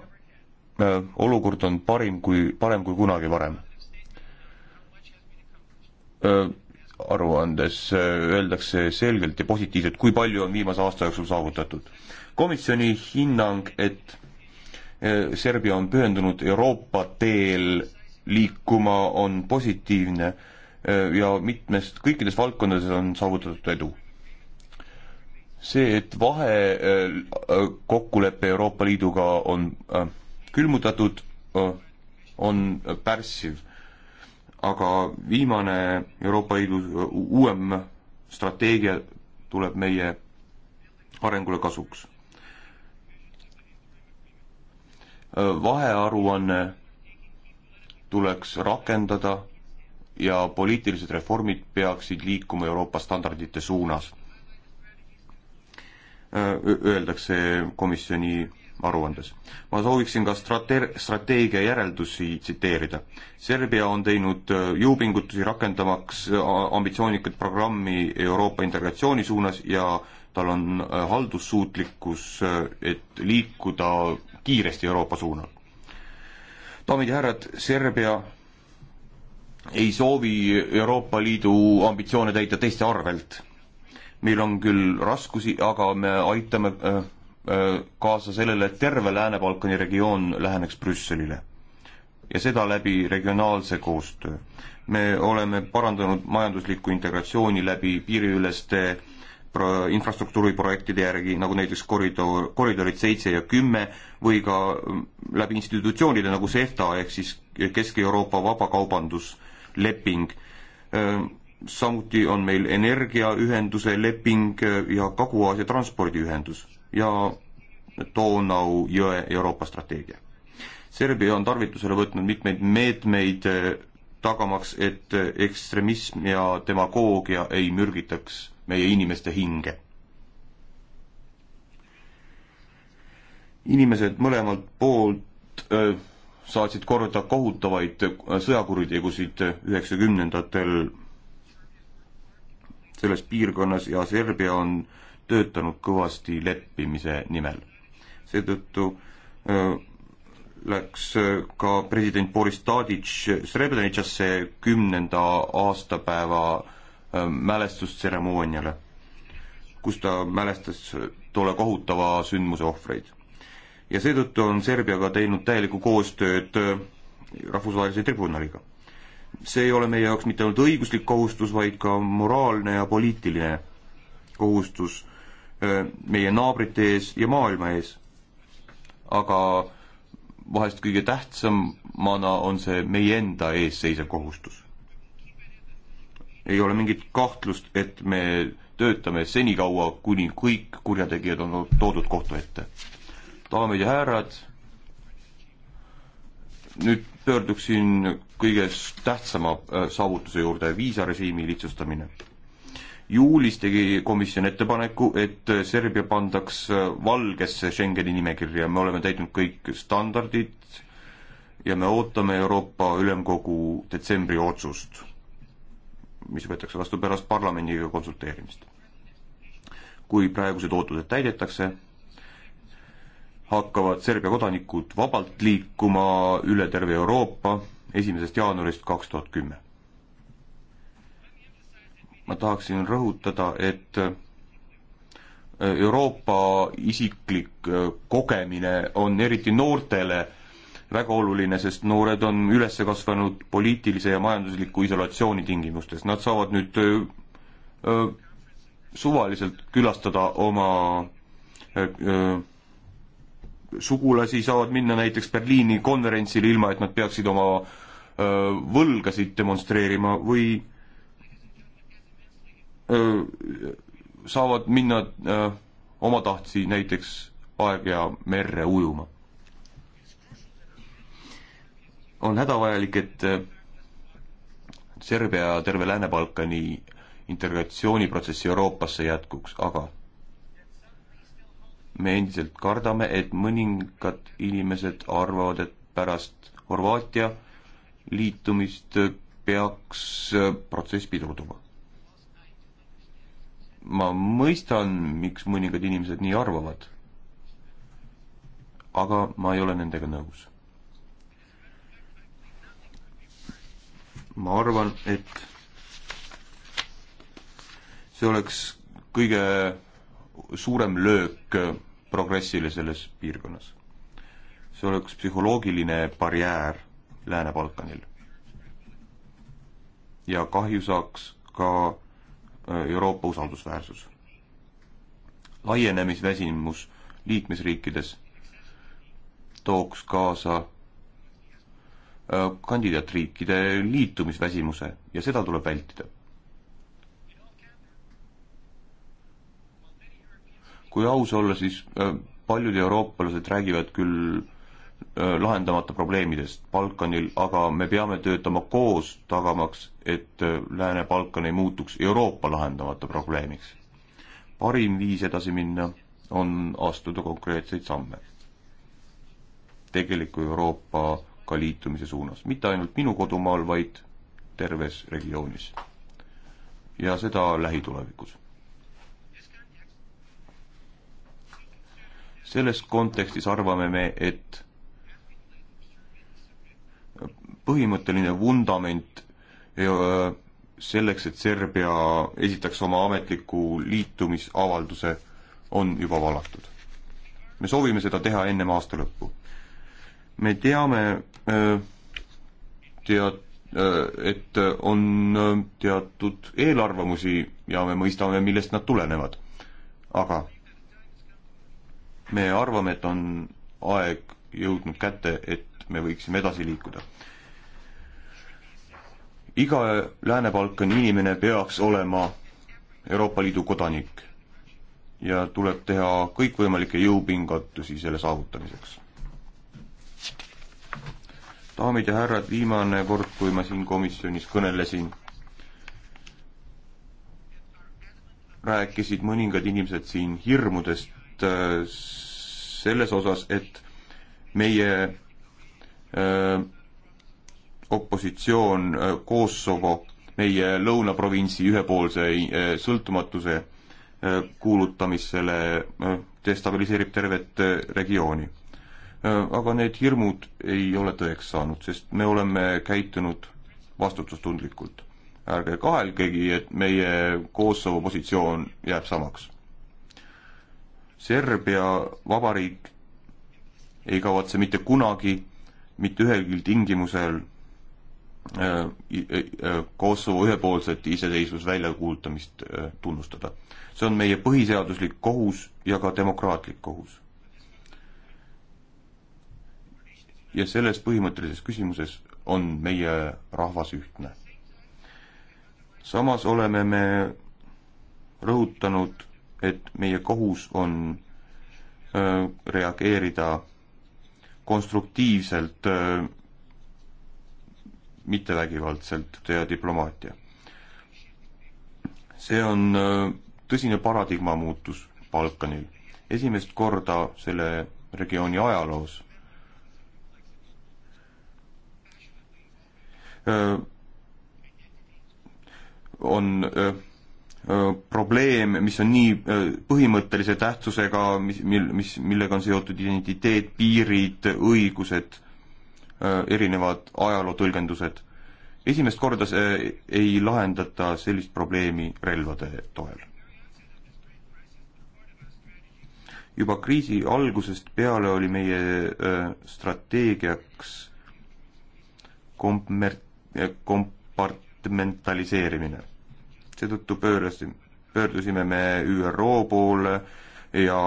äh, olukord on parim kui, parem kui kunagi varem. Äh, aruandes öeldakse selgelt ja positiivselt, kui palju on viimase aasta jooksul saavutatud. komisjoni hinnang, et Serbia on pühendunud Euroopa teel liikuma, on positiivne ja mitmest, kõikides valdkondades on saavutatud edu see, et vahekokkulepe äh, äh, Euroopa Liiduga on äh, külmutatud, on pärssiv. aga viimane Euroopa Liidu uuem strateegia tuleb meie arengule kasuks. vahearuanne tuleks rakendada ja poliitilised reformid peaksid liikuma Euroopa standardite suunas Äh, öeldakse komisjoni aruandes. ma sooviksin ka strate-, strateegia järeldusi tsiteerida. Serbia on teinud äh, jõupingutusi rakendamaks äh, ambitsioonikat programmi Euroopa integratsiooni suunas ja tal on haldussuutlikkus, et liikuda kiiresti Euroopa suunal. daamid ja härrad, Serbia ei soovi Euroopa Liidu ambitsioone täita teiste arvelt meil on küll raskusi, aga me aitame äh, äh, kaasa sellele, et terve Lääne-Balkani regioon läheneks Brüsselile. ja seda läbi regionaalse koostöö. me oleme parandanud majanduslikku integratsiooni läbi piiriüleste pro-, infrastruktuuriprojektide järgi, nagu näiteks koridor, koridorid seitse ja kümme, või ka mm, läbi institutsioonide nagu CEFTA ehk siis Kesk-Euroopa vabakaubandusleping äh,, samuti on meil energiaühenduse leping ja Kagu-Aasia transpordiühendus ja Donau jõe Euroopa strateegia. Serbia on tarvitusele võtnud mitmeid meetmeid eh, tagamaks, et ekstremism ja demagoogia ei mürgitaks meie inimeste hinge. inimesed mõlemalt poolt öö, eh, saatsid korda kohutavaid eh, sõjakuritegusid üheksakümnendatel selles piirkonnas ja Serbia on töötanud kõvasti leppimise nimel. seetõttu läks ka president Boris Tadic Srebrenitšasse kümnenda aastapäeva mälestustseremooniale, kus ta mälestas tolle kohutava sündmuse ohvreid. ja seetõttu on Serbia ka teinud täielikku koostööd rahvusvahelise tribunaliga see ei ole meie jaoks mitte ainult õiguslik kohustus, vaid ka moraalne ja poliitiline kohustus meie naabrite ees ja maailma ees. aga vahest kõige tähtsamana on see meie enda ees seisev kohustus. ei ole mingit kahtlust, et me töötame senikaua, kuni kõik kurjategijad on toodud kohtu ette. daamid ja härrad, nüüd pöörduksin kõige tähtsama äh, saavutuse juurde, viisarežiimi lihtsustamine. juulis tegi komisjon ettepaneku, et äh, Serbia pandaks äh, valgesse Schengeni nimekirja, me oleme täitnud kõik standardid ja me ootame Euroopa Ülemkogu detsembri otsust, mis võetakse vastu pärast parlamendiga konsulteerimist. kui praegused ootused täidetakse, hakkavad Serbia kodanikud vabalt liikuma üle terve Euroopa esimesest jaanuarist kaks tuhat kümme. ma tahaksin rõhutada, et äh, Euroopa isiklik äh, kogemine on eriti noortele väga oluline, sest noored on üles kasvanud poliitilise ja majandusliku isolatsiooni tingimustes, nad saavad nüüd öö, äh, öö, suvaliselt külastada oma öö, sugulasi saavad minna näiteks Berliini konverentsile, ilma et nad peaksid oma võlgasid demonstreerima või saavad minna omatahtsi näiteks aeg-ja merre ujuma. on hädavajalik, et Serbia terve Lääne-Balkani integratsiooniprotsess Euroopasse jätkuks, aga me endiselt kardame, et mõningad inimesed arvavad, et pärast Horvaatia liitumist peaks protsess pidurduma. ma mõistan, miks mõningad inimesed nii arvavad. aga ma ei ole nendega nõus. ma arvan, et see oleks kõige suurem löök progressile selles piirkonnas. see oleks psühholoogiline barjäär Lääne-Balkanil. ja kahju saaks ka äh, Euroopa usaldusväärsus. laienemisväsimus liikmesriikides tooks kaasa äh, kandidaatriikide liitumisväsimuse ja seda tuleb vältida kui aus olla, siis äh, paljud eurooplased räägivad küll äh, lahendamata probleemidest Balkanil, aga me peame töötama koos, tagamaks, et äh, Lääne-Balkan ei muutuks Euroopa lahendamata probleemiks. parim viis edasi minna on astuda konkreetseid samme tegeliku Euroopaga liitumise suunas, mitte ainult minu kodumaal, vaid terves regioonis. ja seda lähitulevikus selles kontekstis arvame me, et põhimõtteline vundament selleks, et Serbia esitaks oma ametliku liitumisavalduse, on juba valatud. me soovime seda teha ennem aasta lõppu. me teame, äh, tead, äh, et on äh, teatud eelarvamusi ja me mõistame, millest nad tulenevad. aga me arvame, et on aeg jõudnud kätte, et me võiksime edasi liikuda. iga Lääne-Balkani inimene peaks olema Euroopa Liidu kodanik ja tuleb teha kõikvõimalikke jõupingutusi selle saavutamiseks. daamid ja härrad, viimane kord, kui ma siin komisjonis kõnelesin, rääkisid mõningad inimesed siin hirmudest, Äh, selles osas, et meie öö, äh, opositsioon äh, Kosovo meie lõunaprovintsi ühepoolse sõltumatuse kuulutamisele destabiliseerib tervet regiooni. aga need hirmud ei ole tõeks saanud, sest me oleme käitunud vastutustundlikult. ärge kahelgegi, et meie Kosovo positsioon jääb samaks. Serbia Vabariik ei kavatse mitte kunagi mitte ühelgi tingimusel äh, äh, Kosovo ühepoolset iseseisvusvälja kuulutamist äh, tunnustada. see on meie põhiseaduslik kohus ja ka demokraatlik kohus. ja selles põhimõttelises küsimuses on meie rahvas ühtne. samas oleme me rõhutanud et meie kohus on reageerida konstruktiivselt, mittevägivaldselt ja diplomaatia. see on tõsine paradigma muutus Balkanil. esimest korda selle regiooni ajaloos on öö, probleem, mis on nii põhimõttelise tähtsusega, mis, mil, mis, millega on seotud identiteet, piirid, õigused, erinevad ajaloo tõlgendused. esimest korda see e, ei lahendata sellist probleemi relvade toel. juba kriisi algusest peale oli meie strateegiaks kommer-, kompartimentaliseerimine seetõttu pöörasin, pöördusime me ÜRO poole ja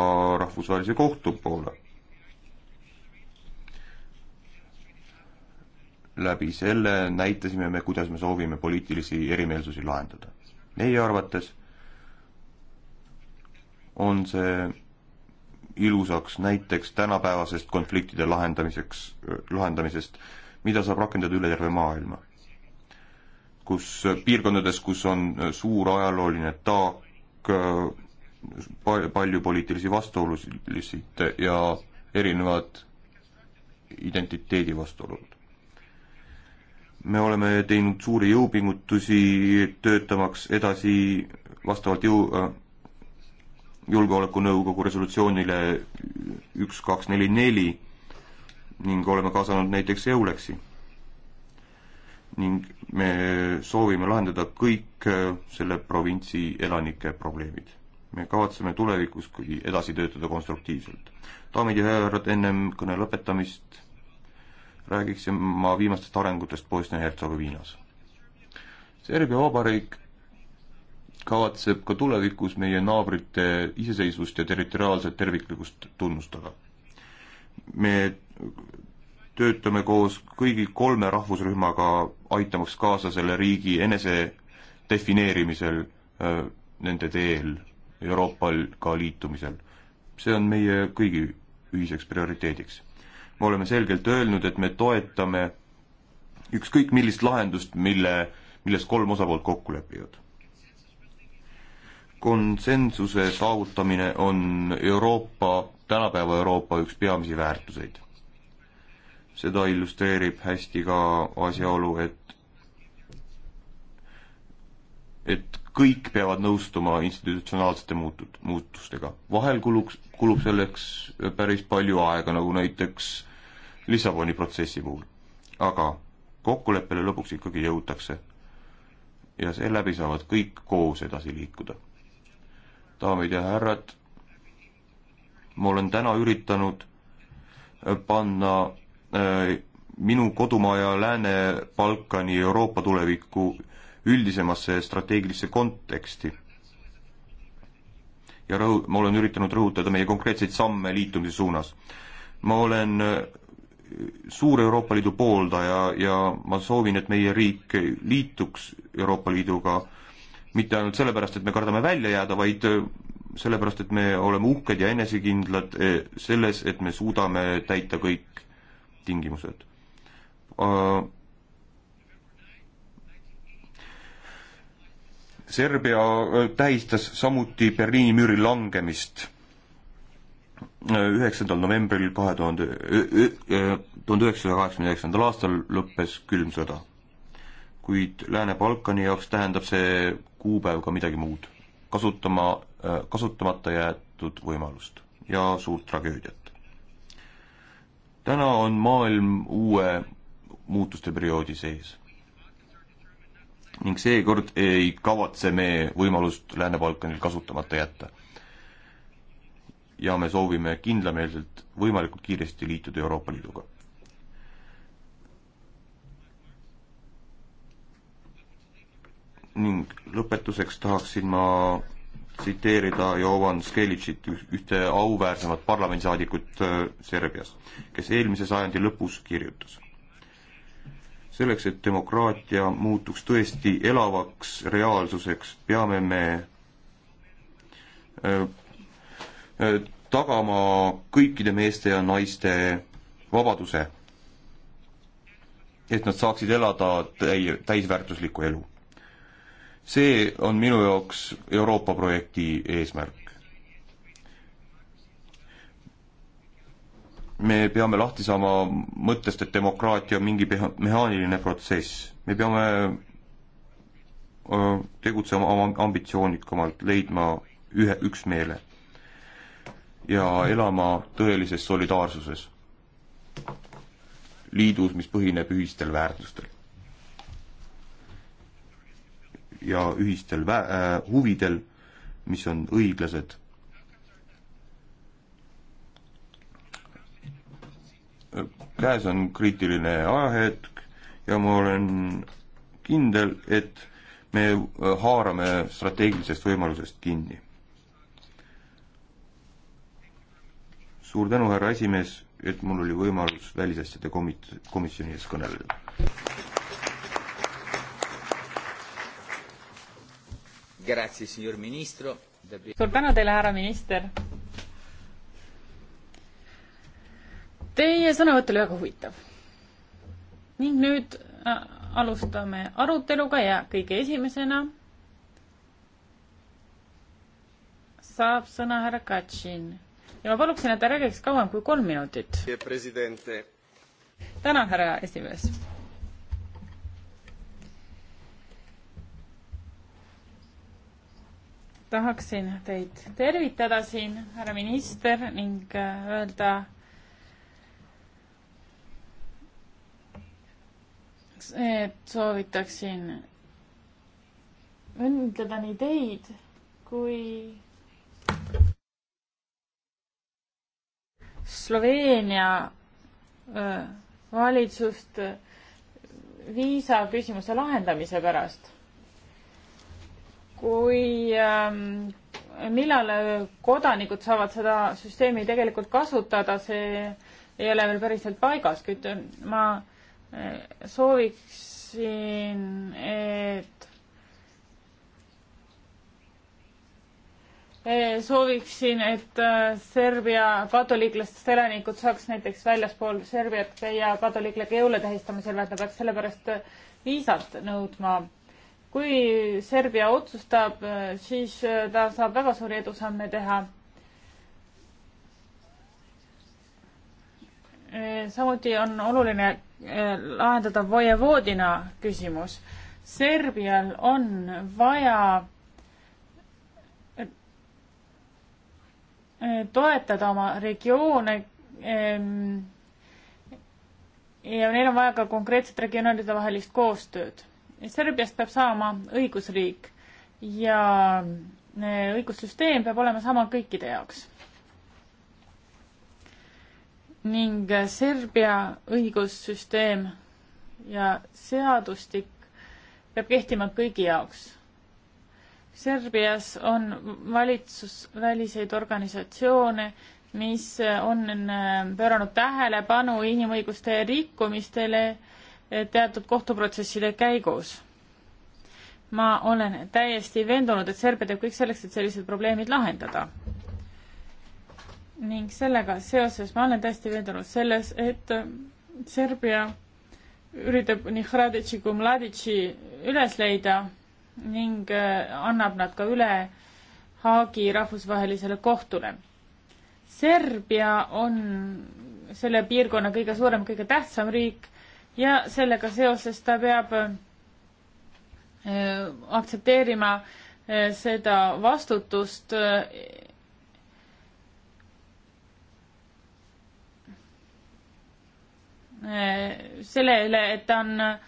Rahvusvahelise Kohtu poole. läbi selle näitasime me, kuidas me soovime poliitilisi erimeelsusi lahendada. meie arvates on see ilusaks näiteks tänapäevasest konfliktide lahendamiseks, lahendamisest, mida saab rakendada üle terve maailma kus, piirkondades, kus on äh, suur ajalooline taak, äh, palju poliitilisi vastuolusid ja erinevad identiteedi vastuolud. me oleme teinud suuri jõupingutusi, töötamaks edasi vastavalt jõu, äh, julgeolekunõukogu resolutsioonile üks, kaks, neli, neli ning oleme kaasanud näiteks EULEX-i ning me soovime lahendada kõik äh, selle provintsi elanike probleemid. me kavatseme tulevikus edasi töötada konstruktiivselt. daamid ja härrad, ennem kõne lõpetamist räägiksin ma viimastest arengutest Bosnia-Hertsegoviinas. Serbia Vabariik kavatseb ka tulevikus meie naabrite iseseisvust ja territoriaalset terviklikkust tunnustada. me töötame koos kõigi kolme rahvusrühmaga aitamaks kaasa selle riigi enese defineerimisel äh, nende teel Euroopaga liitumisel. see on meie kõigi ühiseks prioriteediks. me oleme selgelt öelnud, et me toetame ükskõik millist lahendust, mille, milles kolm osapoolt kokku lepivad. konsensuse saavutamine on Euroopa, tänapäeva Euroopa üks peamisi väärtuseid seda illustreerib hästi ka asjaolu, et et kõik peavad nõustuma institutsionaalsete muutud, muutustega. vahel kuluks, kulub selleks päris palju aega, nagu näiteks Lissaboni protsessi puhul. aga kokkuleppele lõpuks ikkagi jõutakse. ja seeläbi saavad kõik koos edasi liikuda. daamid ja härrad, ma olen täna üritanud äh, panna äh, minu kodumaa ja Lääne-Balkani Euroopa tulevikku üldisemasse strateegilisse konteksti. ja rõhu-, ma olen üritanud rõhutada meie konkreetseid samme liitumise suunas. ma olen äh, suur Euroopa Liidu pooldaja ja ma soovin, et meie riik liituks Euroopa Liiduga mitte ainult sellepärast, et me kardame välja jääda, vaid äh, sellepärast, et me oleme uhked ja enesekindlad äh, selles, et me suudame täita kõik tingimused Serbia äh, tähistas samuti Berliini müüri langemist äh, üheksandal novembril kahe tuhande, tuhande üheksasaja kaheksakümne üheksandal aastal lõppes külm sõda. kuid Lääne-Balkani jaoks tähendab see kuupäev ka midagi muud, kasutama, äh, kasutamata jäetud võimalust ja suurt tragöödiat. täna on maailm uue muutuste perioodi sees ning seekord ei kavatse me võimalust Lääne-Balkanil kasutamata jätta. ja me soovime kindlameelselt võimalikult kiiresti liituda Euroopa Liiduga. ning lõpetuseks tahaksin ma tsiteerida Jovan Skelitšit, ühte auväärsemat parlamendisaadikut äh, Serbias, kes eelmise sajandi lõpus kirjutas selleks, et demokraatia muutuks tõesti elavaks reaalsuseks, peame me äh, äh, tagama kõikide meeste ja naiste vabaduse, et nad saaksid elada täi-, täisväärtuslikku elu. see on minu jaoks Euroopa projekti eesmärk. me peame lahti saama mõttest, et demokraatia on mingi meha-, mehaaniline protsess. me peame tegutsema ambitsioonikamalt, leidma ühe, üksmeele ja elama tõelises solidaarsuses. liidus, mis põhineb ühistel väärtustel. ja ühistel vä-, äh, huvidel, mis on õiglased käes on kriitiline ajahetk ja ma olen kindel, et me äh, haarame strateegilisest võimalusest kinni. suur tänu, härra esimees, et mul oli võimalus välisasjade komit-, komisjoni ees kõneleda. suur tänu teile, härra minister! Teie sõnavõtt oli väga huvitav. ning nüüd äh, alustame aruteluga ja kõige esimesena saab sõna härra Katšin. ja ma paluksin, et ta räägiks kauem kui kolm minutit. tänan, härra esimees. tahaksin teid tervitada siin, härra minister, ning äh, öelda äh, et soovitaksin õnnitleda nii teid kui Sloveenia valitsust viisaküsimuse lahendamise pärast. kui ähm,, millal kodanikud saavad seda süsteemi tegelikult kasutada, see ei ole veel päriselt paigas, kuid ma sooviksin, et sooviksin, et äh, Serbia katoliiklastest elanikud saaks näiteks väljaspool Serbiat käia katoliiklike jõule tähistamisel, vaid nad peaks sellepärast äh, viisat nõudma. kui Serbia otsustab, äh, siis ta saab väga suuri edusamme teha. samuti on oluline Äh, lahendada Vojevodina küsimus. Serbial on vaja äh, toetada oma regioone ähm, ja neil on vaja ka konkreetset regionaalide vahelist koostööd. Serbiast peab saama õigusriik ja äh, õigussüsteem peab olema sama kõikide jaoks ning Serbia õigussüsteem ja seadustik peab kehtima kõigi jaoks. Serbias on valitsusväliseid organisatsioone, mis on pööranud tähelepanu inimõiguste rikkumistele teatud kohtuprotsesside käigus. ma olen täiesti veendunud, et Serbia teeb kõik selleks, et sellised probleemid lahendada ning sellega seoses ma olen täiesti veendunud selles, et Serbia üritab nii Hradici kui Mladici üles leida ning äh, annab nad ka üle Haagi rahvusvahelisele kohtule. Serbia on selle piirkonna kõige suurem, kõige tähtsam riik ja sellega seoses ta peab äh, aktsepteerima äh, seda vastutust Äh, sellele, et ta on äh,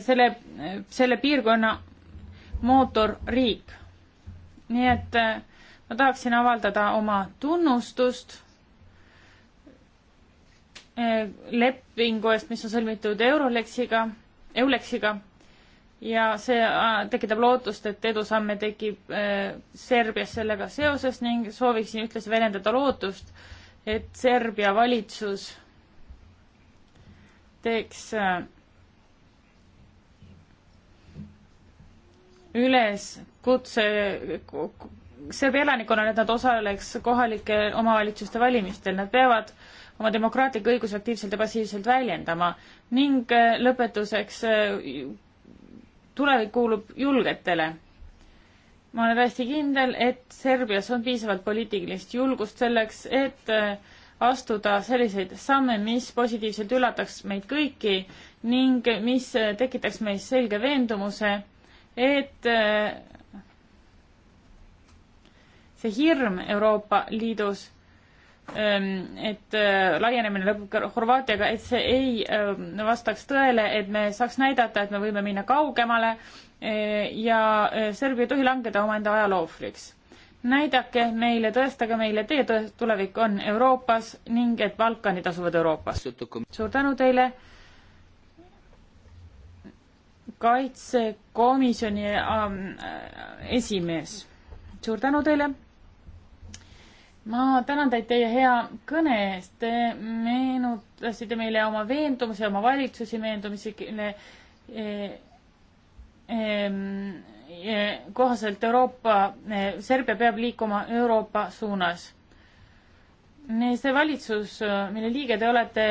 selle, selle piirkonna mootorriik. nii et äh, ma tahaksin avaldada oma tunnustust lepingu eest, mis on sõlmitud Eurolexiga, Eulexiga ja see tekitab lootust, et edusamme tekib Serbias sellega seoses ning sooviksin ühtlasi väljendada lootust, et Serbia valitsus teeks äh, üleskutse Serbia elanikkonnale, et nad osaleks kohalike omavalitsuste valimistel, nad peavad oma demokraatlikke õigusi aktiivselt ja passiivselt väljendama ning äh, lõpetuseks äh, tulevik kuulub julgetele. ma olen täiesti kindel, et Serbias on piisavalt poliitilist julgust selleks, et astuda selliseid samme, mis positiivselt üllataks meid kõiki ning mis tekitaks meis selge veendumuse, et äh, see hirm Euroopa Liidus, ähm, et äh, laienemine lõpeb Horvaatiaga, et see ei ähm, vastaks tõele, et me saaks näidata, et me võime minna kaugemale äh, ja Serbia ei tohi langeda omaenda ajaloo ohvriks näidake meile, tõestage meile, teie tulevik on Euroopas ning et Balkanid asuvad Euroopas. suur tänu teile. kaitsekomisjoni ähm, äh, esimees, suur tänu teile. ma tänan teid teie hea kõne eest. Te meenutasite meile oma veendumusi, oma valitsusi, veendumisi e, e, eh, ehm, kohaselt Euroopa, eh, Serbia peab liikuma Euroopa suunas. see valitsus, eh, mille liige te olete,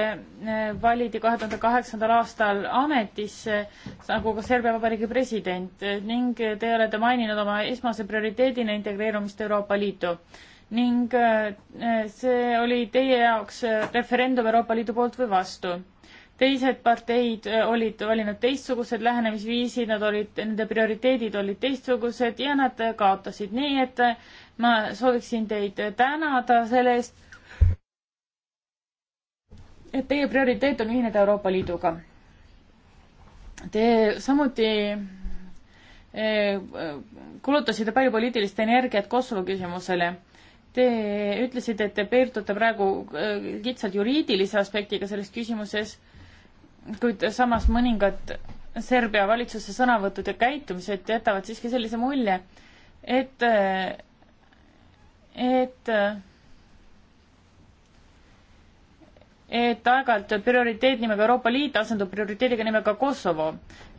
eh, valiti kahe tuhande kaheksandal aastal ametisse nagu ka Serbia Vabariigi president ning te olete maininud oma esmase prioriteedina integreerumist Euroopa Liitu ning see oli teie jaoks referendum Euroopa Liidu poolt või vastu teised parteid äh, olid valinud teistsugused lähenemisviisid, nad olid, nende prioriteedid olid teistsugused ja nad kaotasid, nii et äh, ma sooviksin teid tänada selle eest, et teie prioriteet on ühineda Euroopa Liiduga. Te samuti äh, kulutasite palju poliitilist energiat Kosovo küsimusele Te ütlesite, et te piirdute praegu kitsalt juriidilise aspektiga selles küsimuses kuid samas mõningad Serbia valitsuse sõnavõtud ja käitumised jätavad siiski sellise mulje, et, et, et aeg-ajalt prioriteet nimega Euroopa Liit asendub prioriteediga nimega Kosovo.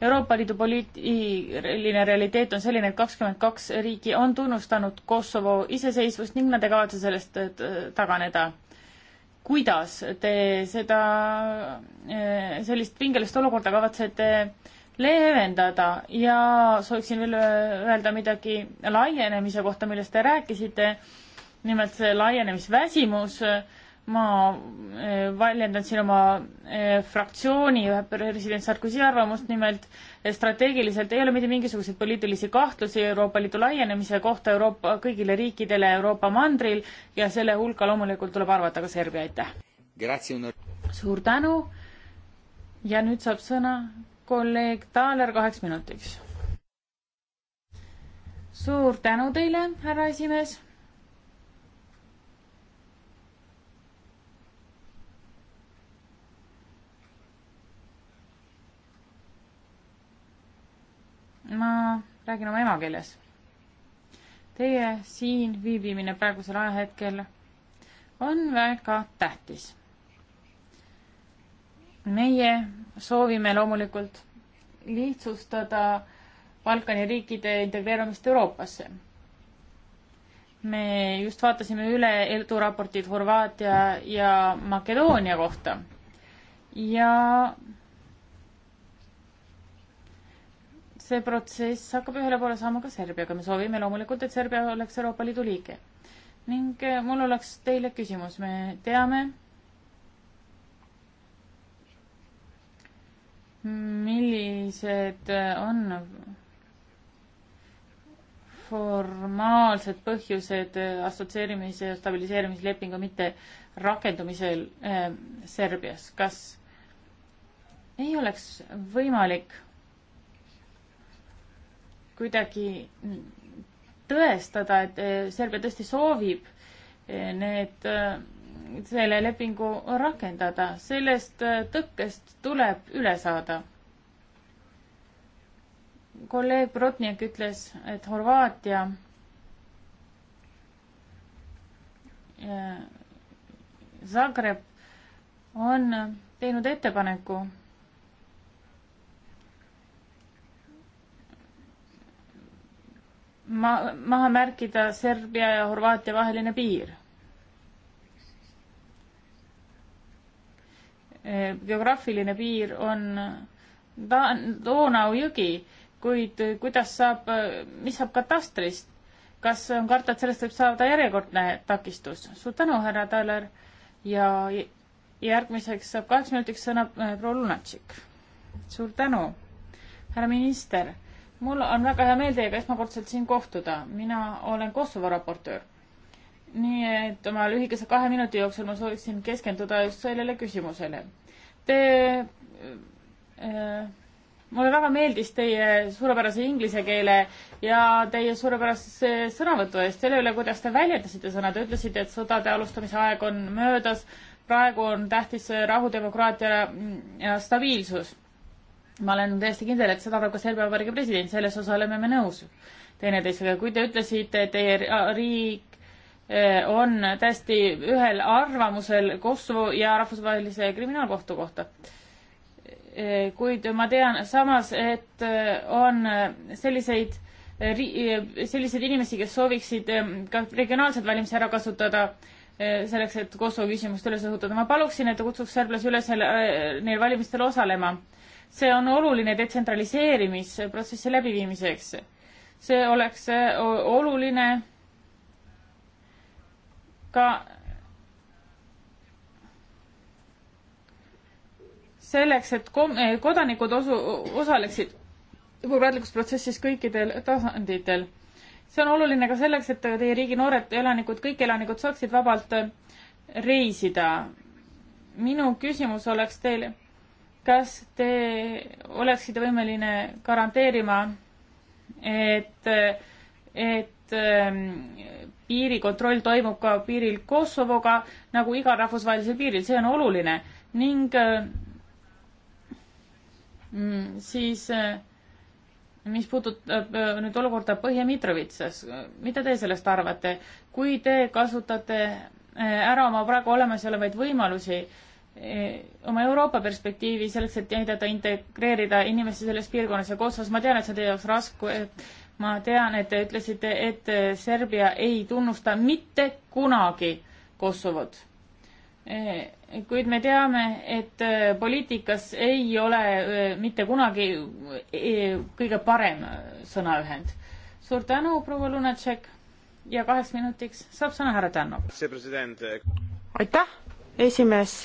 Euroopa Liidu poliitiline realiteet on selline, et kakskümmend kaks riiki on tunnustanud Kosovo iseseisvust ning nad ei kavatse sellest äh, taganeda kuidas te seda, eh, sellist pingelist olukorda kavatsete leevendada ja sooviksin veel öelda midagi laienemise kohta, millest te rääkisite. nimelt see laienemisväsimus ma eh, väljendan siin oma eh, fraktsiooni ühe president Sarkozy arvamust, nimelt eh, strateegiliselt ei ole mitte mingisuguseid poliitilisi kahtlusi Euroopa Liidu laienemise kohta Euroopa, kõigile riikidele Euroopa mandril ja selle hulka loomulikult tuleb arvata ka Serbia, aitäh! suur tänu ja nüüd saab sõna kolleeg Taaler kaheks minutiks. suur tänu teile, härra esimees ma räägin oma emakeeles. Teie siin viibimine praegusel ajahetkel on väga tähtis. meie soovime loomulikult lihtsustada Balkani riikide integreerumist Euroopasse. me just vaatasime üle eduraportid Horvaatia ja Makedoonia kohta ja see protsess hakkab ühele poole saama ka Serbiaga, me soovime loomulikult, et Serbia oleks Euroopa Liidu liige. ning eh, mul oleks teile küsimus, me teame, millised eh, on formaalsed põhjused eh, assotsieerimise ja stabiliseerimislepingu mitte rakendumisel äh, Serbias, kas ei oleks võimalik kuidagi tõestada, et eh, Serbia tõesti soovib eh, need, eh, selle lepingu rakendada, sellest tõkkest tuleb üle saada. kolleeg Brodnik ütles, et Horvaatia Zagreb on teinud ettepaneku ma-, maha märkida Serbia ja Horvaatia vaheline piir. geograafiline piir on ta-, Donau jõgi, kuid kuidas saab, mis saab katastrist? kas on karta, et sellest võib saada järjekordne takistus? suur tänu, härra Taler ja järgmiseks saab kaheks minutiks sõna äh, proua Lunatšik. suur tänu, härra minister mul on väga hea meel teiega esmakordselt siin kohtuda, mina olen Kosovo raportöör. nii et oma lühikese kahe minuti jooksul ma sooviksin keskenduda just sellele küsimusele. Te äh,, mulle väga meeldis teie suurepärase inglise keele ja teie suurepärase sõnavõtu eest selle üle, kuidas te väljendasite sõna, te ütlesite, et sõdade alustamise aeg on möödas, praegu on tähtis rahu, demokraatia ja stabiilsus ma olen täiesti kindel, et seda arvab ka Serbia Vabariigi president, selles osas oleme me nõus teineteisega. kui te ütlesite, et teie riik eh, on täiesti ühel arvamusel Kosovo ja Rahvusvahelise Kriminaalkohtu kohta, eh, kuid ma tean samas, et eh, on selliseid selliseid inimesi, kes sooviksid ka regionaalseid valimisi ära kasutada, selleks, et Kosovo küsimust üles õhutada. ma paluksin, et ta kutsuks serblasi üles neil valimistel osalema see on oluline detsentraliseerimisprotsessi läbiviimiseks. see oleks äh, oluline ka selleks, et eh, kodanikud osu, osaleksid demokraatlikus protsessis kõikidel tasanditel. see on oluline ka selleks, et teie riigi noored elanikud, kõik elanikud saaksid vabalt reisida. minu küsimus oleks teile kas te oleksite võimeline garanteerima, et, et ähm, piirikontroll toimub ka piiril Kosovoga nagu igal rahvusvahelisel piiril, see on oluline ning mm, siis äh, mis puudutab äh, nüüd olukorda Põhja-Mitrovitsas, mida te sellest arvate, kui te kasutate äh, ära oma praegu olemasolevaid võimalusi äh, Eh, oma Euroopa perspektiivi selleks, et aidata integreerida inimesi selles piirkonnas ja Kosovos, ma tean, et see on teie jaoks raske, et ma tean, et te ütlesite, et Serbia ei tunnusta mitte kunagi Kosovot. Eh, kuid me teame, et eh, poliitikas ei ole mitte kunagi kõige parem sõnaühend. suur tänu, proua Lunatšek ja kaheks minutiks saab sõna härra Tänno. aitäh, esimees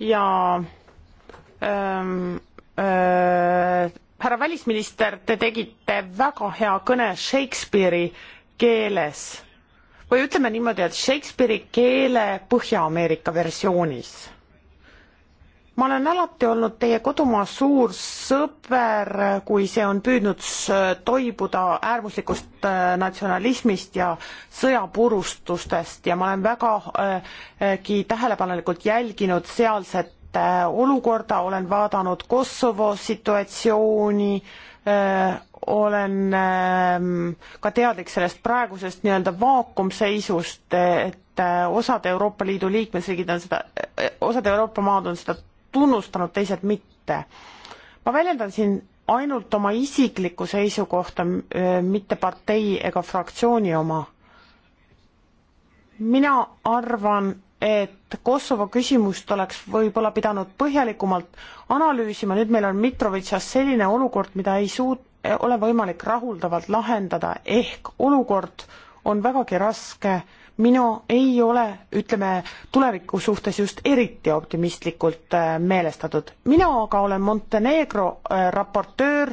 ja ähm, äh, härra välisminister, te tegite väga hea kõne Shakespeare'i keeles või ütleme niimoodi, et Shakespeare'i keele Põhja-Ameerika versioonis ma olen alati olnud teie kodumaa suur sõber, kui see on püüdnud toibuda äärmuslikust äh, natsionalismist ja sõjapurustustest ja ma olen vägagi äh, tähelepanelikult jälginud sealset äh, olukorda, olen vaadanud Kosovo situatsiooni, olen ähm, ka teadlik sellest praegusest nii-öelda vaakumseisust, et osad Euroopa Liidu liikmesriigid on seda, osad Euroopa maad on seda tunnustanud, teised mitte. ma väljendan siin ainult oma isiklikku seisukohta, äh, mitte partei ega fraktsiooni oma. mina arvan, et Kosovo küsimust oleks võib-olla pidanud põhjalikumalt analüüsima, nüüd meil on Mitrovitšas selline olukord, mida ei suut-, äh, ole võimalik rahuldavalt lahendada, ehk olukord on vägagi raske äh, mina ei ole, ütleme, tuleviku suhtes just eriti optimistlikult äh, meelestatud. mina aga olen Montenegro äh, raportöör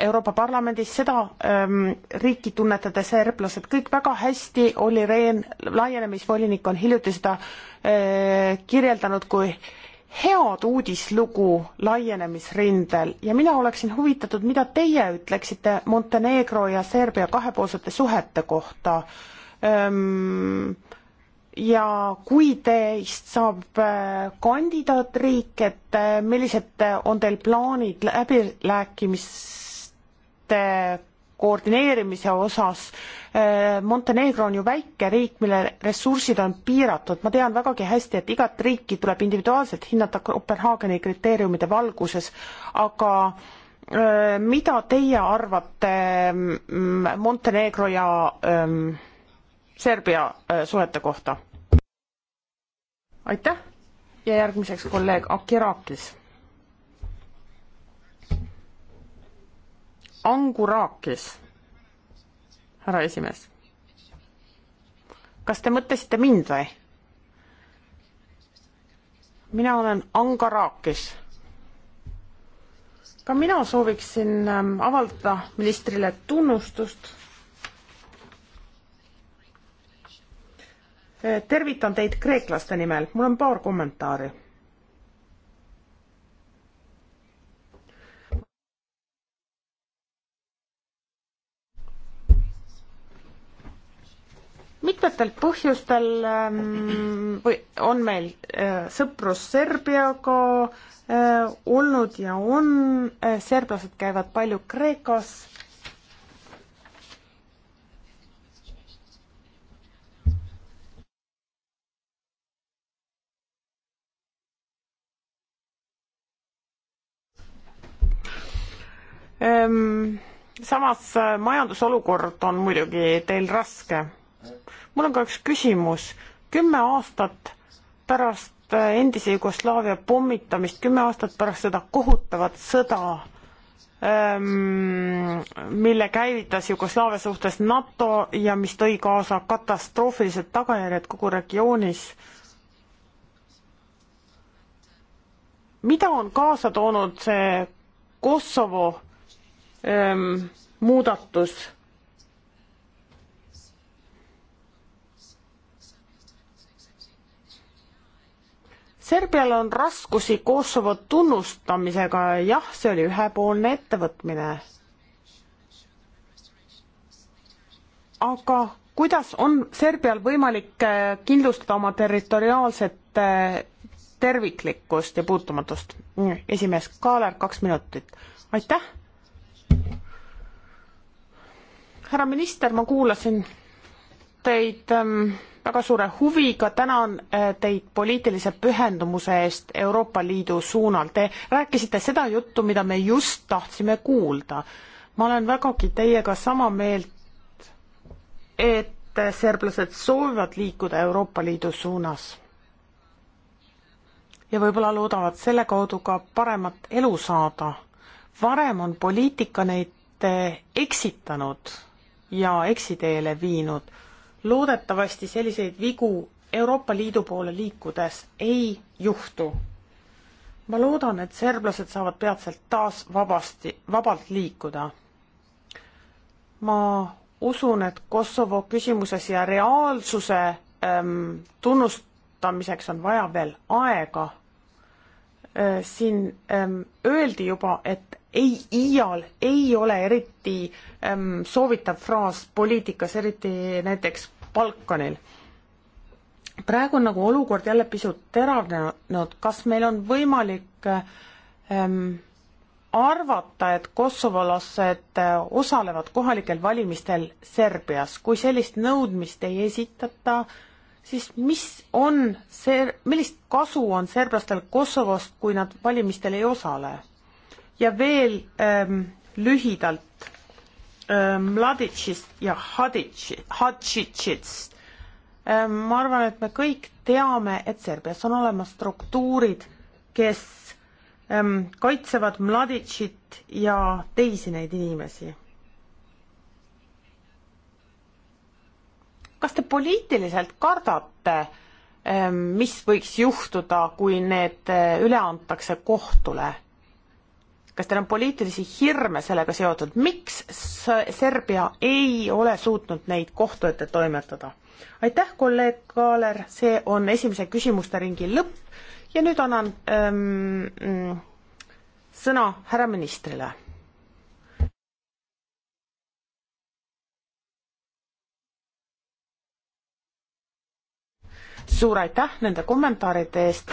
Euroopa Parlamendis, seda ähm, riiki tunnetada serblased kõik väga hästi, Olli Rehn, laienemisvolinik on hiljuti seda äh, kirjeldanud kui head uudislugu laienemisrindel ja mina oleksin huvitatud, mida teie ütleksite Montenegro ja Serbia kahepoolsete suhete kohta äh, ja kui teist saab äh, kandidaatriik, et äh, millised on teil plaanid läbirääkimiste koordineerimise osas. Äh, Montenegro on ju väike riik, mille ressursid on piiratud, ma tean vägagi hästi, et igat riiki tuleb individuaalselt hinnata Kopenhaageni kriteeriumide valguses, aga mida teie arvate mm, Montenegro ja öö, ähm, Serbia äh, suhete kohta. aitäh ja järgmiseks kolleeg Akirakis. Angurakis, härra esimees. kas te mõtlesite mind või? mina olen Angarakis. ka mina sooviksin ähm, avaldada ministrile tunnustust tervitan teid kreeklaste nimel, mul on paar kommentaari. mitmetel põhjustel ähm, või on meil äh, sõprus Serbiaga äh, olnud ja on, äh, serblased käivad palju Kreekas Ehm, samas äh, majandusolukord on muidugi teil raske. mul on ka üks küsimus. kümme aastat pärast äh, endise Jugoslaavia pommitamist, kümme aastat pärast seda kohutavat sõda, ehm, mille käivitas Jugoslaavia suhtes NATO ja mis tõi kaasa katastroofilised tagajärjed kogu regioonis. mida on kaasa toonud see Kosovo ähm, muudatus. Serbial on raskusi Kosovo tunnustamisega, jah, see oli ühepoolne ettevõtmine. aga kuidas on Serbial võimalik eh, kindlustada oma territoriaalset eh, terviklikkust ja puutumatust? Mm, esimees Kaaler, kaks minutit. aitäh härra minister, ma kuulasin teid ähm, väga suure huviga, tänan äh, teid poliitilise pühendumuse eest Euroopa Liidu suunal. Te rääkisite seda juttu, mida me just tahtsime kuulda. ma olen vägagi teiega sama meelt, et serblased soovivad liikuda Euroopa Liidu suunas. ja võib-olla loodavad selle kaudu ka paremat elu saada. varem on poliitika neid äh, eksitanud ja eksiteele viinud. loodetavasti selliseid vigu Euroopa Liidu poole liikudes ei juhtu. ma loodan, et serblased saavad peatselt taas vabasti, vabalt liikuda. ma usun, et Kosovo küsimuses ja reaalsuse ähm, tunnustamiseks on vaja veel aega äh, siin ähm, öeldi juba, et ei, iial ei ole eriti ähm, soovitav fraas poliitikas, eriti näiteks Balkanil. praegu on nagu olukord jälle pisut teravnenud, kas meil on võimalik ähm, arvata, et kosovolased äh, osalevad kohalikel valimistel Serbias, kui sellist nõudmist ei esitata, siis mis on see, millist kasu on serblastel Kosovost, kui nad valimistel ei osale? ja veel ähm, lühidalt ähm, Mladitšist ja Haditši, Hadžitšist ähm,. ma arvan, et me kõik teame, et Serbias on olemas struktuurid, kes ähm, kaitsevad Mladitšit ja teisi neid inimesi. kas te poliitiliselt kardate, ähm, mis võiks juhtuda, kui need äh, üle antakse kohtule? kas teil on poliitilisi hirme sellega seotud, miks Serbia ei ole suutnud neid kohtu ette toimetada? aitäh, kolleeg Kaaler, see on esimese küsimuste ringi lõpp ja nüüd annan ähm, sõna härra ministrile. suur aitäh nende kommentaaride eest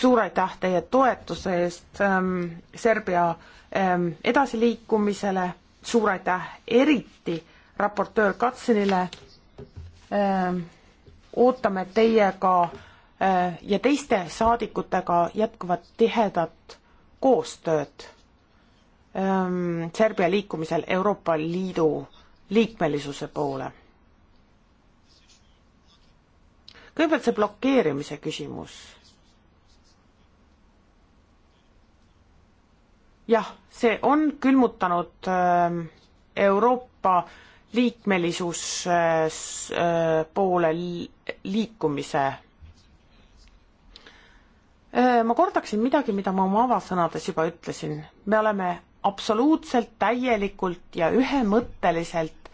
suur aitäh teie toetuse eest ähm, Serbia ähm, edasiliikumisele, suur aitäh eriti raportöör Katsenile ähm,. ootame teiega äh, ja teiste saadikutega jätkuvat tihedat koostööd ähm, Serbia liikumisel Euroopa Liidu liikmelisuse poole. kõigepealt see blokeerimise küsimus jah, see on külmutanud ähm, Euroopa liikmelisus äh, äh, poole liikumise. Äh, ma kordaksin midagi, mida ma oma avasõnades juba ütlesin. me oleme absoluutselt, täielikult ja ühemõtteliselt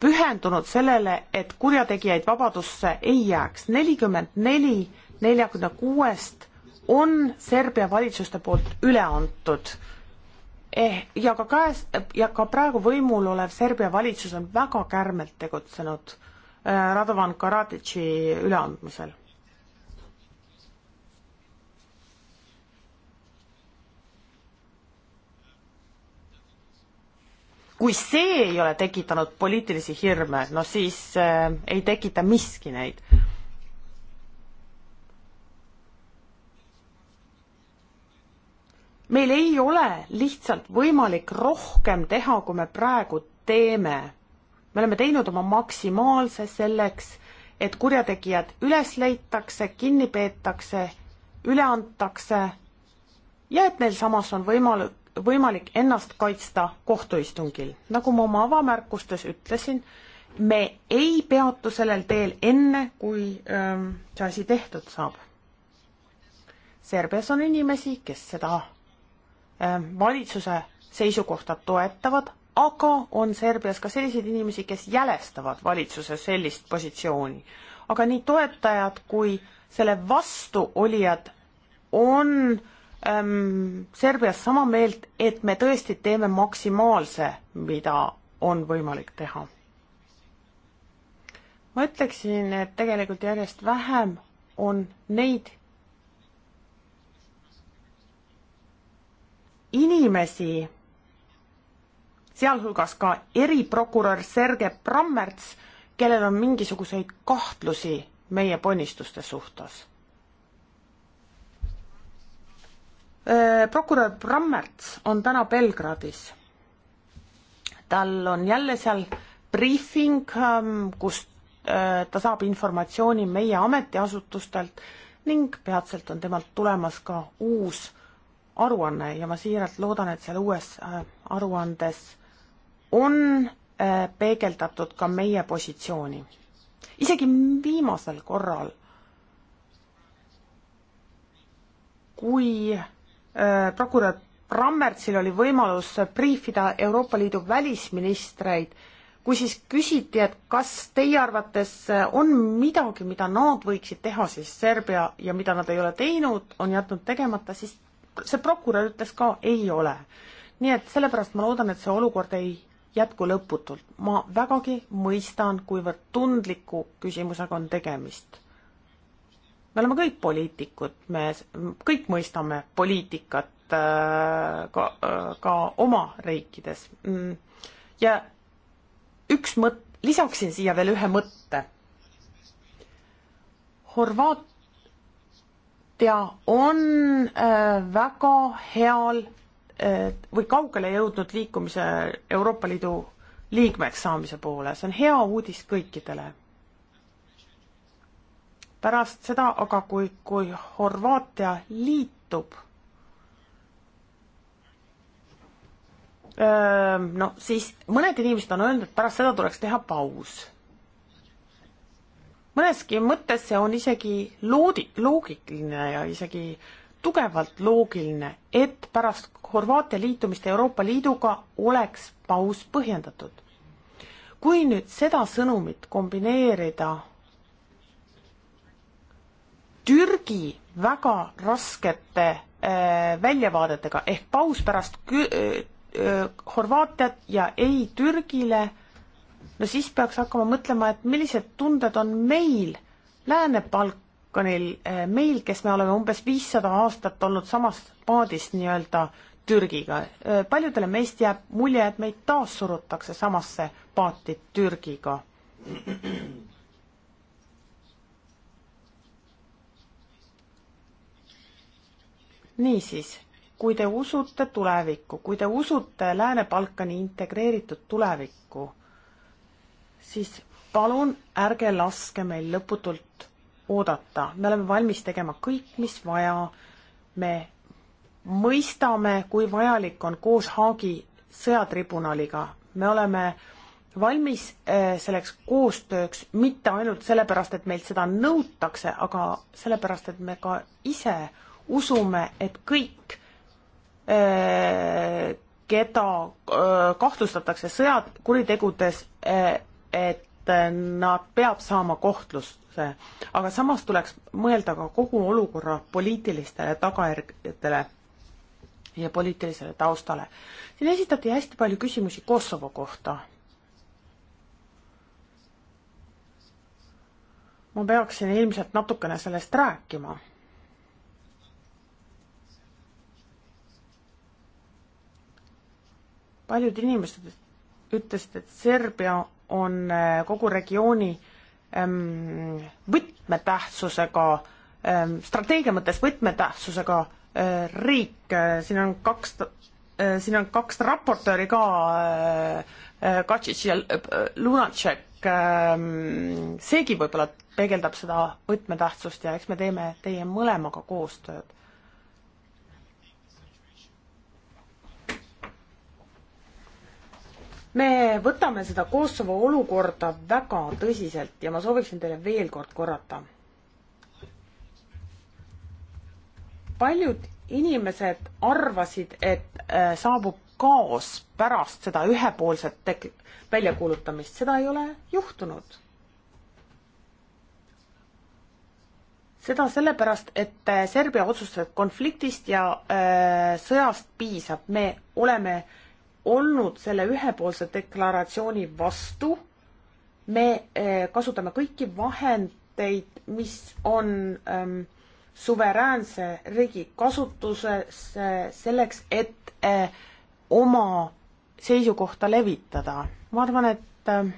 pühendunud sellele, et kurjategijaid vabadusse ei jääks. nelikümmend neli neljakümne kuuest on Serbia valitsuste poolt üle antud eh,. ja ka käes ja ka praegu võimul olev Serbia valitsus on väga kärmelt tegutsenud eh, Radovan Karadžiči üleandmisel. kui see ei ole tekitanud poliitilisi hirme, no siis äh, eh, ei tekita miski neid meil ei ole lihtsalt võimalik rohkem teha, kui me praegu teeme. me oleme teinud oma maksimaalse selleks, et kurjategijad üles leitakse, kinni peetakse, üle antakse ja et neil samas on võimalik, võimalik ennast kaitsta kohtuistungil. nagu ma oma avamärkustes ütlesin, me ei peatu sellel teel enne, kui öö, ähm, see asi tehtud saab. Serbias on inimesi, kes seda Äh, valitsuse seisukohta toetavad, aga on Serbias ka selliseid inimesi, kes jälestavad valitsuse sellist positsiooni. aga nii toetajad kui selle vastuolijad on ähm, Serbias sama meelt, et me tõesti teeme maksimaalse, mida on võimalik teha. ma ütleksin, et tegelikult järjest vähem on neid inimesi, sealhulgas ka eriprokurör Sergei Brammerts, kellel on mingisuguseid kahtlusi meie ponnistuste suhtes. prokurör Brammerts on täna Belgradis. tal on jälle seal briefing, ähm, kus ta saab informatsiooni meie ametiasutustelt ning peatselt on temalt tulemas ka uus aruanne ja ma siiralt loodan, et seal uues äh, aruandes on äh, peegeldatud ka meie positsiooni. isegi viimasel korral, kui äh, prokurör Brammertsil oli võimalus briifida Euroopa Liidu välisministreid, kui siis küsiti, et kas teie arvates on midagi, mida nad võiksid teha siis Serbia ja mida nad ei ole teinud, on jätnud tegemata, siis see prokurör ütles ka, ei ole. nii et sellepärast ma loodan, et see olukord ei jätku lõputult. ma vägagi mõistan, kuivõrd tundliku küsimusega on tegemist. me oleme kõik poliitikud, me kõik mõistame poliitikat äh, ka äh,, ka oma riikides mm.. ja üks mõte, lisaksin siia veel ühe mõtte. Horvaat Horvaatia on äh, väga heal äh, või kaugele jõudnud liikumise Euroopa Liidu liikmeks saamise poole, see on hea uudis kõikidele. pärast seda aga, kui, kui Horvaatia liitub, äh, no siis mõned inimesed on öelnud, et pärast seda tuleks teha paus mõneski mõttes see on isegi loodi-, loogiline ja isegi tugevalt loogiline, et pärast Horvaatia liitumist Euroopa Liiduga oleks paus põhjendatud. kui nüüd seda sõnumit kombineerida Türgi väga raskete äh, väljavaadetega ehk paus pärast kü- äh,, äh, Horvaatiat ja ei Türgile äh, no siis peaks hakkama mõtlema, et millised tunded on meil Lääne-Balkanil, eh, meil, kes me oleme umbes viissada aastat olnud samas paadis nii-öelda Türgiga. Eh, paljudele meist jääb mulje, et meid taassurutakse samasse paati Türgiga. niisiis, kui te usute tulevikku, kui te usute Lääne-Balkani integreeritud tulevikku siis palun ärge laske meil lõputult oodata, me oleme valmis tegema kõik, mis vaja. me mõistame, kui vajalik on koos Haagi sõjatribunaliga, me oleme valmis eh, selleks koostööks mitte ainult sellepärast, et meilt seda nõutakse, aga sellepärast, et me ka ise usume, et kõik, eh, keda eh, kahtlustatakse sõjakuritegudes, et äh, nad peab saama kohtlusse, aga samas tuleks mõelda ka kogu olukorra poliitilistele tagajärgedele ja poliitilisele taustale. siin esitati hästi palju küsimusi Kosovo kohta. ma peaksin ilmselt natukene sellest rääkima. paljud inimesed ütlesid, et Serbia on äh, kogu regiooni ähm, võtmetähtsusega, ähm, strateegia mõttes võtmetähtsusega äh, riik, äh, siin on kaks, siin on kaks raportööri ka, Katšitš ja Lunatšek, ähm, seegi võib-olla peegeldab seda võtmetähtsust ja eks me teeme teie mõlemaga koostööd. me võtame seda Kosovo olukorda väga tõsiselt ja ma sooviksin teile veel kord korrata. paljud inimesed arvasid, et äh, saabub kaos pärast seda ühepoolset tek-, väljakuulutamist, seda ei ole juhtunud. seda sellepärast, et äh, Serbia otsustas, et konfliktist ja öö, äh, sõjast piisab, me oleme öö, olnud selle ühepoolse deklaratsiooni vastu. me eh, kasutame kõiki vahendeid, mis on ähm, suveräänse riigi kasutuses äh, selleks, et äh, oma seisukohta levitada. ma arvan, et äh,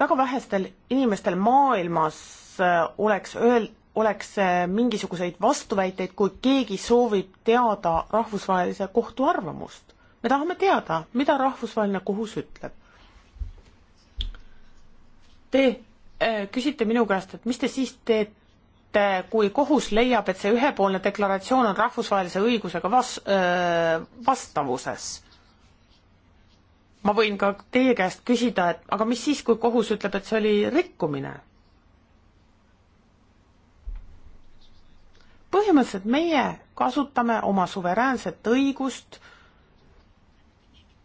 väga vähestel inimestel maailmas oleks öel-, oleks äh, mingisuguseid vastuväiteid, kui keegi soovib teada rahvusvahelise kohtu arvamust. me tahame teada, mida rahvusvaheline kohus ütleb. Te äh, küsite minu käest, et mis te siis teete, kui kohus leiab, et see ühepoolne deklaratsioon on rahvusvahelise õigusega vas- äh,, vastavuses ma võin ka teie käest küsida, et aga mis siis, kui kohus ütleb, et see oli rikkumine? põhimõtteliselt meie kasutame oma suveräänset õigust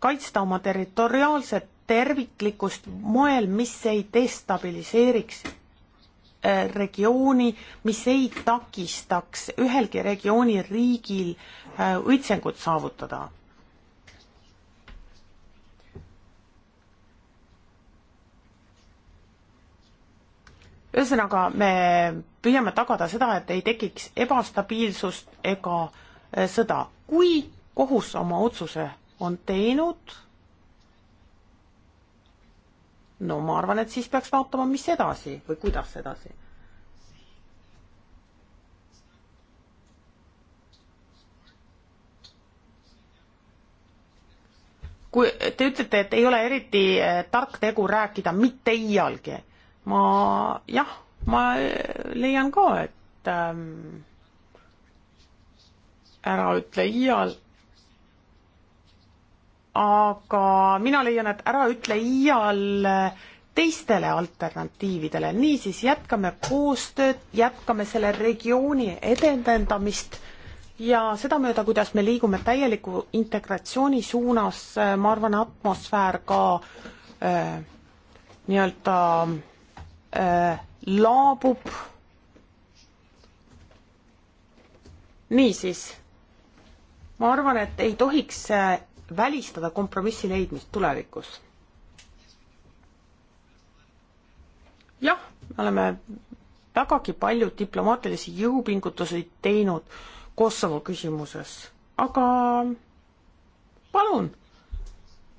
kaitsta oma territoriaalset terviklikkust moel, mis ei destabiliseeriks äh, regiooni, mis ei takistaks ühelgi regiooni riigil äh, õitsengut saavutada. ühesõnaga, me püüame tagada seda, et ei tekiks ebastabiilsust ega eh, sõda. kui kohus oma otsuse on teinud, no ma arvan, et siis peaks vaatama, mis edasi või kuidas edasi. kui te ütlete, et ei ole eriti eh, tark tegu rääkida mitte iialgi ma jah, ma leian ka, et ähm, ära ütle iial, aga mina leian, et ära ütle iial teistele alternatiividele, niisiis jätkame koostööd, jätkame selle regiooni edendamist ja sedamööda, kuidas me liigume täieliku integratsiooni suunas, äh, ma arvan, atmosfäär ka äh, nii-öelda äh, Äh, laabub. niisiis, ma arvan, et ei tohiks äh, välistada kompromissi leidmist tulevikus. jah, me oleme vägagi palju diplomaatilisi jõupingutusi teinud Kosovo küsimuses, aga palun,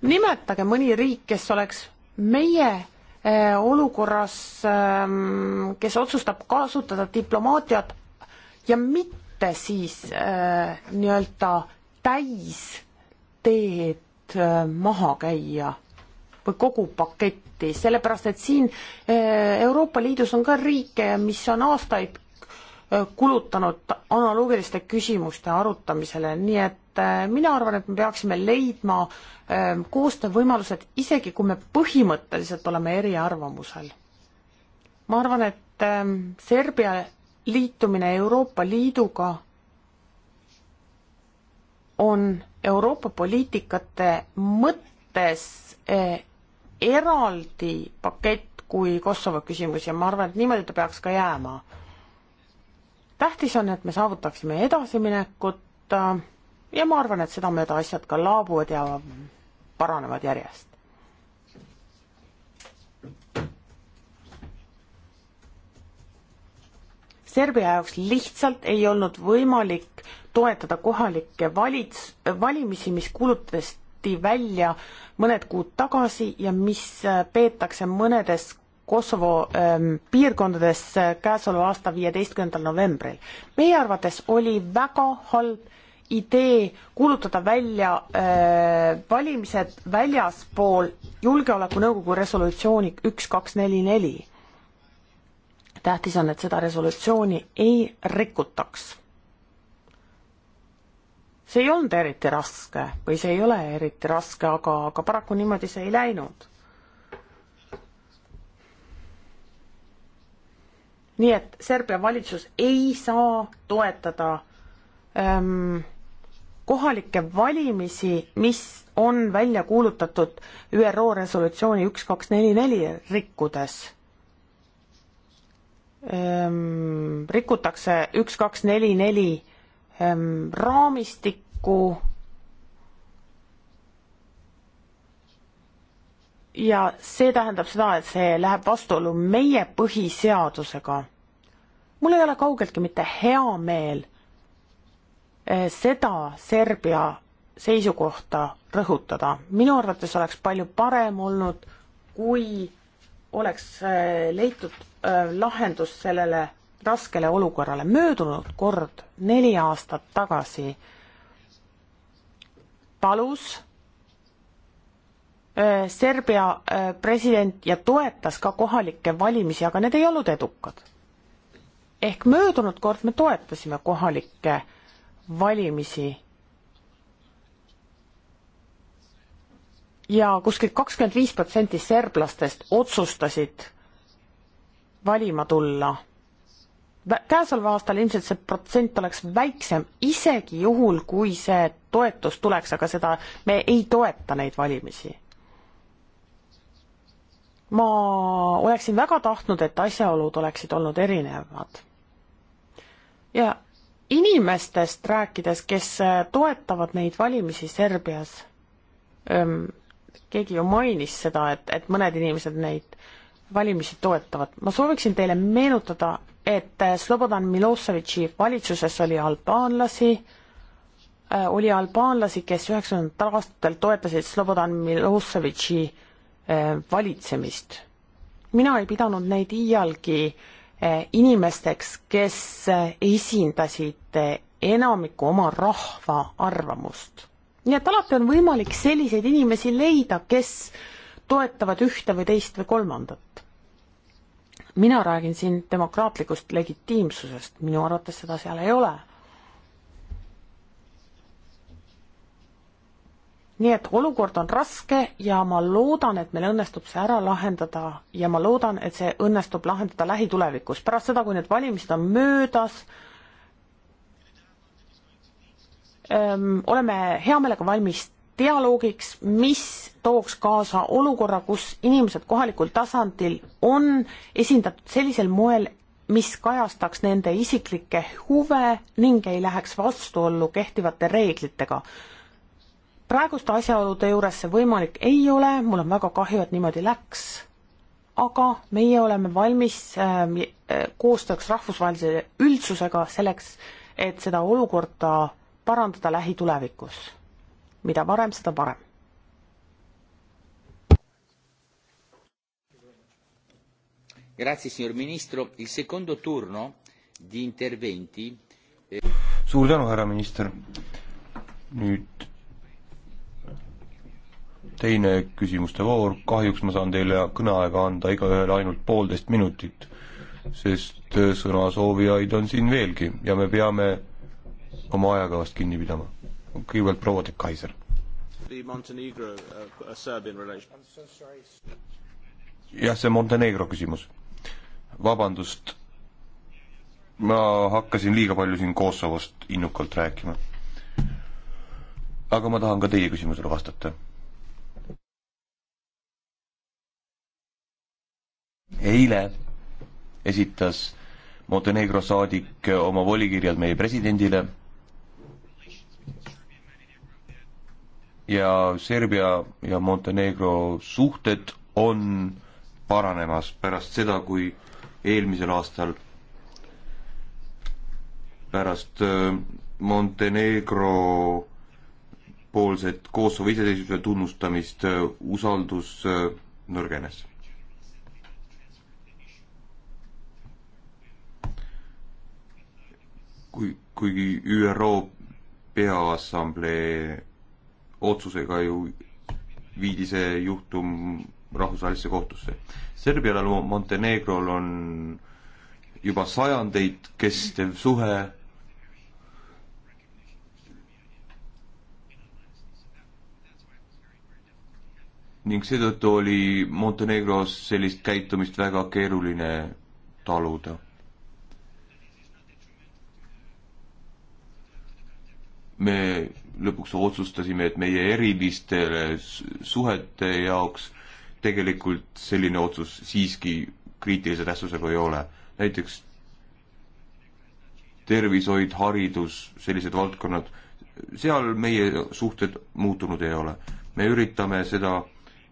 nimetage mõni riik, kes oleks meie Äh, olukorras, ähm, kes otsustab kasutada diplomaatiat ja mitte siis äh, nii-öelda täisteed äh, maha käia või kogu paketti, sellepärast et siin Euroopa Liidus on ka riike, mis on aastaid kulutanud analoogiliste küsimuste arutamisele, nii et Äh, mina arvan, et me peaksime leidma ähm, koostöövõimalused, isegi kui me põhimõtteliselt oleme eriarvamusel. ma arvan, et ähm, Serbia liitumine Euroopa Liiduga on Euroopa poliitikate mõttes äh, eraldi pakett kui Kosovo küsimus ja ma arvan, et niimoodi ta peaks ka jääma. tähtis on, et me saavutaksime edasiminekut äh, ja ma arvan, et sedamööda asjad ka laabuvad ja paranevad järjest. Serbia jaoks lihtsalt ei olnud võimalik toetada kohalikke valits-, valimisi, mis kuulutati välja mõned kuud tagasi ja mis äh, peetakse mõnedes Kosovo ähm, piirkondades äh, käesoleva aasta viieteistkümnendal novembril. meie arvates oli väga halb idee kuulutada välja äh, valimised väljaspool Julgeolekunõukogu resolutsiooni üks, kaks, neli, neli. tähtis on, et seda resolutsiooni ei rikutaks. see ei olnud eriti raske või see ei ole eriti raske, aga, aga paraku niimoodi see ei läinud. nii et Serbia valitsus ei saa toetada ähm, kohalikke valimisi, mis on välja kuulutatud ÜRO resolutsiooni üks, kaks, neli, neli rikkudes. Ehm, rikutakse üks, kaks, neli, neli ehm, raamistikku ja see tähendab seda, et see läheb vastuollu meie põhiseadusega. mul ei ole kaugeltki mitte hea meel Eh, seda Serbia seisukohta rõhutada. minu arvates oleks palju parem olnud, kui oleks eh, leitud eh, lahendus sellele raskele olukorrale. möödunud kord neli aastat tagasi palus Serbia president ja toetas ka kohalikke valimisi, aga need ei olnud edukad. ehk möödunud kord me toetasime kohalikke valimisi valimisi. ja kuskil kakskümmend viis protsenti serblastest otsustasid valima tulla. käesoleval aastal ilmselt see protsent oleks väiksem, isegi juhul, kui see toetus tuleks, aga seda, me ei toeta neid valimisi. ma oleksin väga tahtnud, et asjaolud oleksid olnud erinevad. ja inimestest rääkides, kes toetavad neid valimisi Serbias, keegi ju mainis seda, et, et mõned inimesed neid valimisi toetavad. ma sooviksin teile meenutada, et Slobodan Miloševitši valitsuses oli albaanlasi, äh, oli albaanlasi, kes üheksakümnendatel aastatel toetasid Slobodan Miloševitši äh, valitsemist. mina ei pidanud neid iialgi äh, inimesteks, kes esindasid enamiku oma rahva arvamust. nii et alati on võimalik selliseid inimesi leida, kes toetavad ühte või teist või kolmandat. mina räägin siin demokraatlikust legitiimsusest, minu arvates seda seal ei ole. nii et olukord on raske ja ma loodan, et meil õnnestub see ära lahendada ja ma loodan, et see õnnestub lahendada lähitulevikus, pärast seda, kui need valimised on möödas öö, ehm, oleme hea meelega valmis dialoogiks, mis tooks kaasa olukorra, kus inimesed kohalikul tasandil on esindatud sellisel moel, mis kajastaks nende isiklikke huve ning ei läheks vastuollu kehtivate reeglitega praeguste asjaolude juures see võimalik ei ole, mul on väga kahju, et niimoodi läks, aga meie oleme valmis ähm, äh, koostööks rahvusvahelise üldsusega selleks, et seda olukorda parandada lähitulevikus. mida varem, seda parem. Grazie signor Ministro. Il secondo turno di interventi. Eh, Suur tänu, härra minister. nüüd teine küsimuste voor, kahjuks ma saan teile kõneaega anda igaühele ainult poolteist minutit, sest äh, sõnasoovijaid on siin veelgi ja me peame oma ajakavast kinni pidama. kõigepealt proua de Kaiser. Uh, jah, see Montenegro küsimus. vabandust, ma hakkasin liiga palju siin Kosovost innukalt rääkima. aga ma tahan ka teie küsimusele vastata eile esitas Montenegro saadik oma volikirjad meie presidendile ja Serbia ja Montenegro suhted on paranemas pärast seda, kui eelmisel aastal pärast äh, Montenegro poolset Kosovo iseseisvuse tunnustamist äh, usaldus äh, nõrgenes kui, kuigi ÜRO Peaassamblee otsusega ju viidi see juhtum rahvusvahelisse kohtusse. Serbial ja Montenegrol on juba sajandeid kestev suhe ning seetõttu oli Montenegros sellist käitumist väga keeruline taluda me lõpuks otsustasime, et meie erilistele suhete jaoks tegelikult selline otsus siiski kriitilise tähtsusega ei ole. näiteks tervishoid, haridus, sellised valdkonnad, seal meie suhted muutunud ei ole. me üritame seda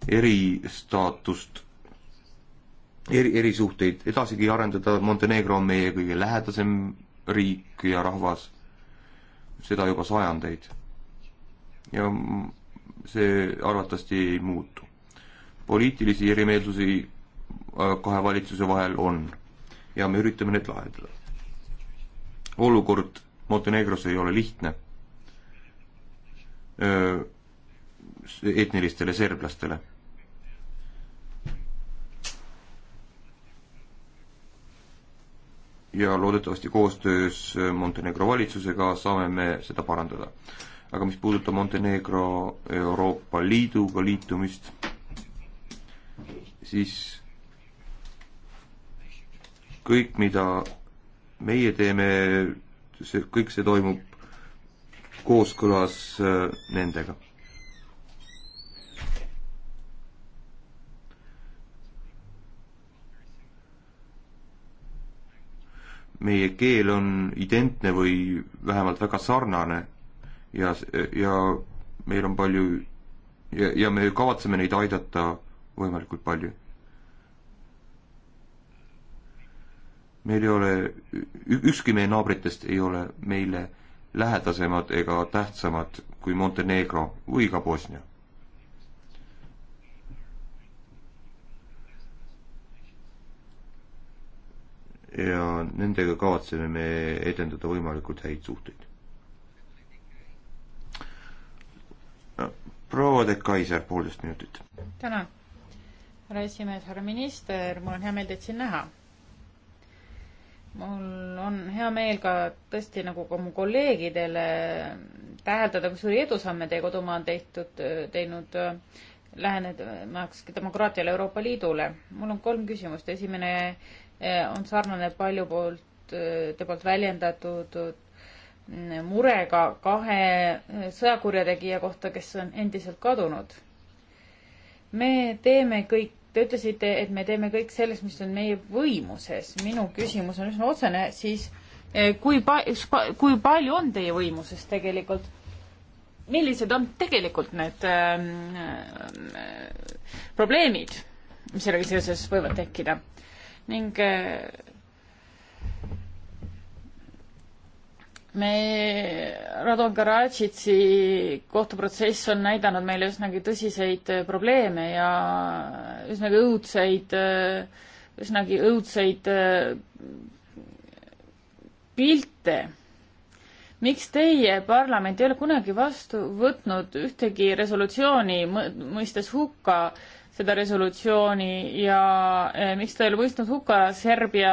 eristaatust, eri, erisuhteid edasigi arendada, Montenegro on meie kõige lähedasem riik ja rahvas seda juba sajandeid. ja see arvatavasti ei muutu. poliitilisi erimeelsusi äh, kahe valitsuse vahel on ja me üritame need lahendada. olukord Montenegros ei ole lihtne äh, etnilistele serblastele ja loodetavasti koostöös Montenegro valitsusega saame me seda parandada. aga mis puudutab Montenegro Euroopa Liiduga liitumist, siis kõik, mida meie teeme, see, kõik see toimub kooskõlas äh, nendega meie keel on identne või vähemalt väga sarnane ja, ja meil on palju ja, ja me kavatseme neid aidata võimalikult palju. meil ei ole, ükski meie naabritest ei ole meile lähedasemad ega tähtsamad kui Montenegro või ka Bosnia ja nendega kavatseme me edendada võimalikult häid suhteid. proua de Kaiser, poolteist minutit. tänan, härra esimees, härra minister, mul on hea meel teid siin näha. mul on hea meel ka tõesti nagu ka mu kolleegidele täheldada, kui suuri edusamme teie kodumaa on tehtud, teinud lähenemaks demokraatiale Euroopa Liidule. mul on kolm küsimust, esimene Eh, on sarnane palju poolt, eh, te poolt väljendatud mm, murega kahe eh, sõjakurjategija kohta, kes on endiselt kadunud. me teeme kõik, te ütlesite, et me teeme kõik selles, mis on meie võimuses. minu küsimus on üsna otsene, siis kui pa-, kui palju on teie võimuses tegelikult? millised on tegelikult need ähm, probleemid, mis sellega seoses võivad tekkida? ning eh, me, Radon Karadžitsi kohtuprotsess on näidanud meile üsnagi tõsiseid eh, probleeme ja üsnagi õudseid, eh, üsnagi õudseid pilte. miks teie parlament ei ole kunagi vastu võtnud ühtegi resolutsiooni, mõistes hukka äh, seda resolutsiooni ja eh, miks ta ei ole mõistnud hukka Serbia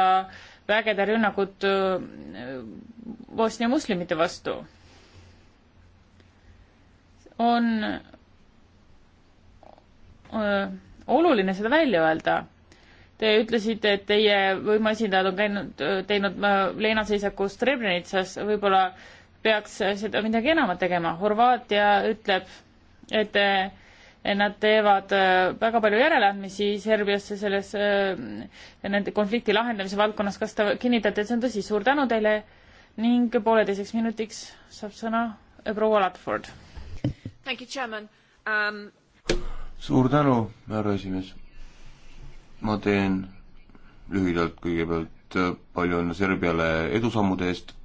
vägede rünnakut eh, Bosnia moslemite vastu? on öö, eh, oluline seda välja öelda. Te ütlesite, et teie võimuesindajad on käinud, teinud leinaseisaku Srebrenitsas, võib-olla peaks seda midagi enamat tegema. Horvaatia ütleb, et äh, nad teevad äh, väga palju järeleandmisi Serbiasse selles äh, nende konflikti lahendamise valdkonnas. kas te kinnitate, et see on tõsi? suur tänu teile ning pooleteiseks minutiks saab sõna äh, proua Ladford. Um... suur tänu, härra esimees. ma teen lühidalt kõigepealt palju õnne Serbiale edusammude eest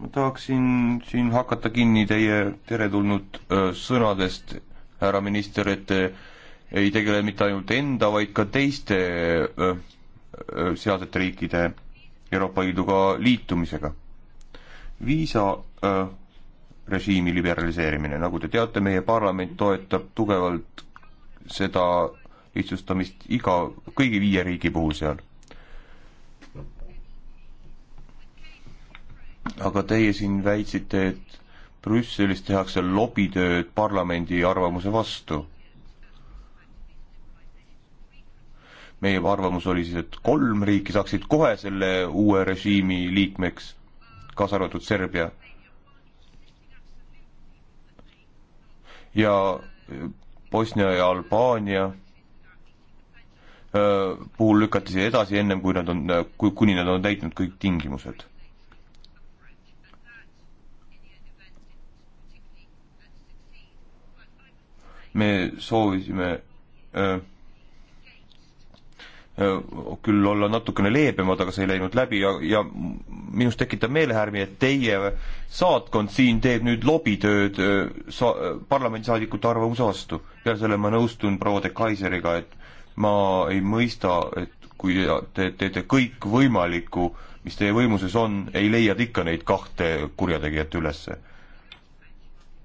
ma tahaksin siin hakata kinni teie teretulnud sõnadest, härra minister, et te ei tegele mitte ainult enda, vaid ka teiste sealsete riikide Euroopa Liiduga liitumisega. viisarežiimi liberaliseerimine, nagu te teate, meie parlament toetab tugevalt seda lihtsustamist iga, kõigi viie riigi puhul seal aga teie siin väitsite, et Brüsselis tehakse lobitööd parlamendi arvamuse vastu. meie arvamus oli siis, et kolm riiki saaksid kohe selle uue režiimi liikmeks, kaasa arvatud Serbia. ja eh, Bosnia ja Albaania eh, puhul lükati see edasi ennem, kui nad on, eh, kuni nad on täitnud kõik tingimused me soovisime öö, küll olla natukene leebemad, aga see ei läinud läbi ja, ja minus tekitab meelehärmi, et teie saatkond siin teeb nüüd lobitööd sa-, parlamendisaadikute arvamuse vastu. peale selle ma nõustun proua de Kaiseriga, et ma ei mõista, et kui te teete kõik võimalikku, mis teie võimuses on, ei leia te ikka neid kahte kurjategijat ülesse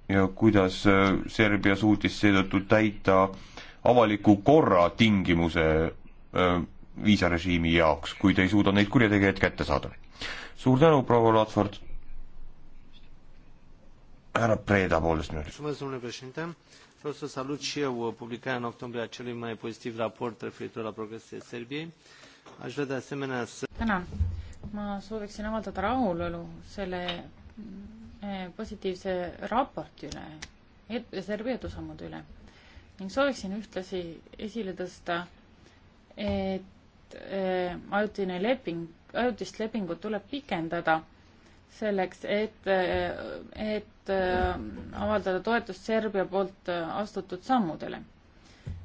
ja kuidas äh, Serbia suutis seetõttu täita avaliku korra tingimuse äh, viisarežiimi jaoks, kui te ei suuda neid kurjategijaid kätte saada. suur tänu, proua Latsvard. härra Preeda poolest nüüd. Vreau să salut și eu uh, publicarea în octombrie a celui mai pozitiv raport referitor la progresele Serbiei. Aș vrea de asemenea să... Tänan. Ma sooviksin avaldada rahulolu selle Eh, positiivse raporti üle, Serbia edusammude üle ning sooviksin ühtlasi esile tõsta, et eh, ajutine leping, ajutist lepingut tuleb pikendada selleks, et, eh, et avaldada toetust Serbia poolt astutud sammudele.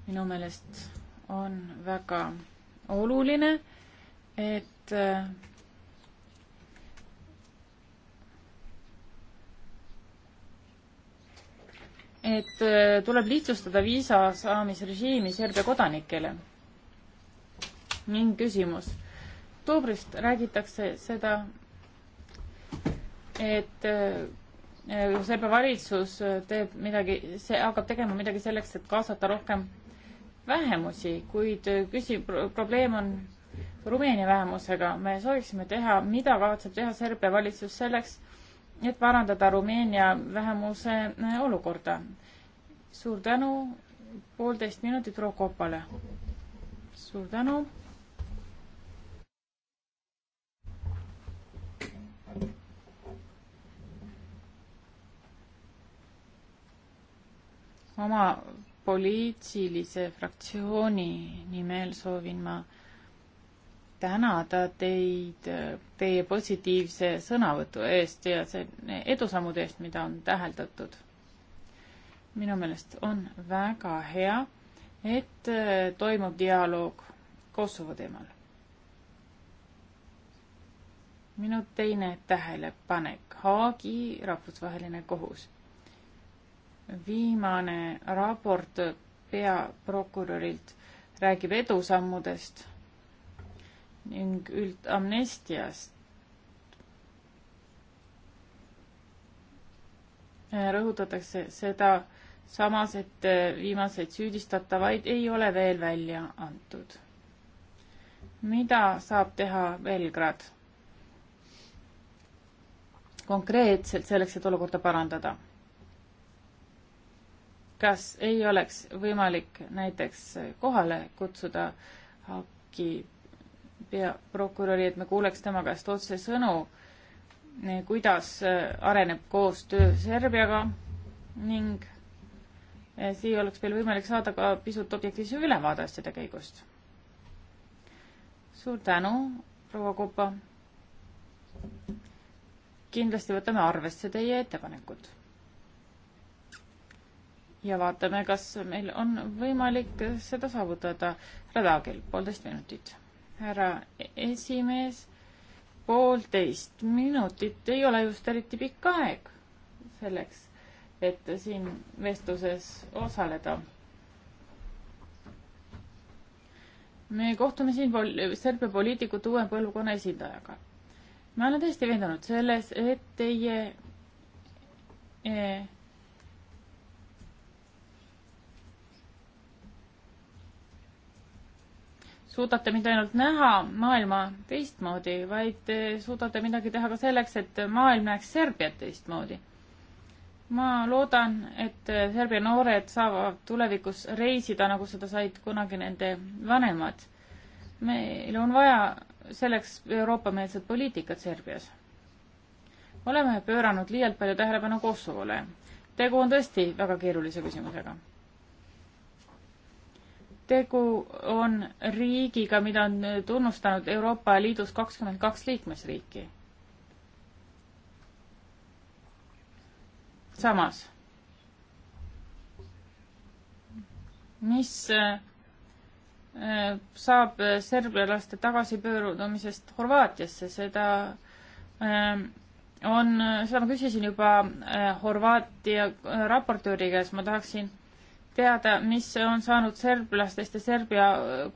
minu meelest on väga oluline, et et äh, tuleb lihtsustada viisa saamisrežiimi Serbia kodanikele. ning küsimus. oktoobrist räägitakse seda, et äh, Serbia valitsus äh, teeb midagi, see hakkab tegema midagi selleks, et kaasata rohkem vähemusi, kuid küsi-, probleem on Rumeenia vähemusega. me sooviksime teha, mida kavatseb teha Serbia valitsus selleks, et parandada Rumeenia vähemuse äh, olukorda. suur tänu, poolteist minutit Rokopale. suur tänu. oma poliitilise fraktsiooni nimel soovin ma tänada teid teie positiivse sõnavõtu eest ja selle edusammude eest, mida on täheldatud. minu meelest on väga hea, et äh, toimub dialoog Kosovo teemal. minu teine tähelepanek, Haagi rahvusvaheline kohus. viimane raport peaprokurörilt räägib edusammudest ning üldamnestiast. rõhutatakse seda samas, et viimaseid süüdistatavaid ei ole veel välja antud. mida saab teha Belgrad konkreetselt selleks, et olukorda parandada? kas ei oleks võimalik näiteks kohale kutsuda Haki peaprokuröri, et me kuuleks tema käest otsesõnu, eh, kuidas eh, areneb koostöö Serbiaga ning eh, siia oleks meil võimalik saada ka pisut objektiivsem ülevaade asjade käigust. suur tänu, proua Kopa. kindlasti võtame arvesse teie ettepanekud. ja vaatame, kas meil on võimalik seda saavutada. Radagel, poolteist minutit härra esimees, poolteist minutit ei ole just eriti pikk aeg selleks, et siin vestluses osaleda. me kohtume siin pol-, Serbia poliitikute uue põlvkonna esindajaga. ma olen tõesti veendunud selles, et teie e suudate mitte ainult näha maailma teistmoodi, vaid te suudate midagi teha ka selleks, et maailm näeks Serbiat teistmoodi. ma loodan, et Serbia noored saavad tulevikus reisida, nagu seda said kunagi nende vanemad. meil on vaja selleks Euroopa-meelset poliitikat Serbias. oleme pööranud liialt palju tähelepanu Kosovole. tegu on tõesti väga keerulise küsimusega tegu on riigiga, mida on tunnustanud Euroopa Liidus kakskümmend kaks liikmesriiki. samas, mis äh, saab serblialaste tagasipöördumisest Horvaatiasse, seda ähm, on, seda ma küsisin juba äh, Horvaatia äh, raportööri käest, ma tahaksin teada, mis on saanud serblastest ja Serbia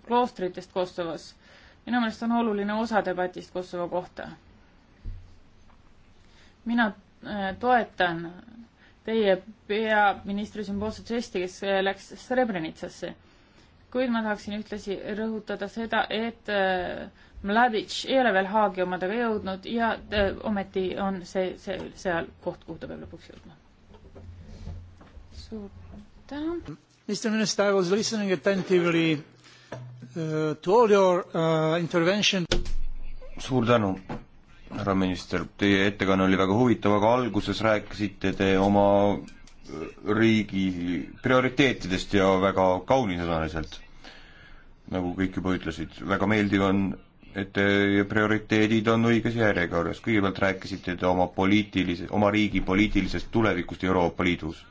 kloostritest Kosovos. minu meelest on oluline osa debatist Kosovo kohta. mina äh, toetan teie peaministri sümboolset žesti, kes äh, läks Srebrenitsasse. kuid ma tahaksin ühtlasi rõhutada seda, et äh, Mladic ei ole veel Haagi omadega jõudnud ja ometi on see, see seal koht, kuhu ta peab lõpuks jõudma. suur tänu. Mr Minister, I was listening attentively uh, to all your uh, intervention. suur tänu, härra minister, teie ettekanne oli väga huvitav, aga alguses rääkisite te oma uh, riigi prioriteetidest ja väga kaunisõnaliselt, nagu kõik juba ütlesid. väga meeldiv on, et teie prioriteedid on õiges järjekorras. kõigepealt rääkisite te oma poliitilise, oma riigi poliitilisest tulevikust Euroopa Liidus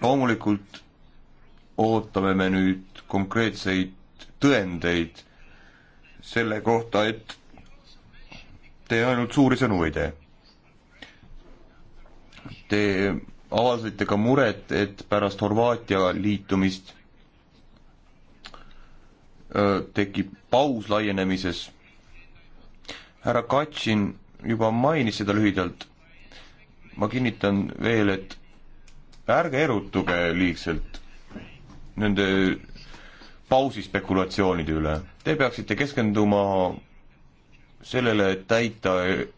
loomulikult ootame me nüüd konkreetseid tõendeid selle kohta, et te ainult suuri sõnu ei tee. Te avaldasite ka muret, et pärast Horvaatia liitumist tekib paus laienemises. härra Katšin juba mainis seda lühidalt. ma kinnitan veel, et ärge erutuge liigselt nende pausispekulatsioonide üle. Te peaksite keskenduma sellele, et täita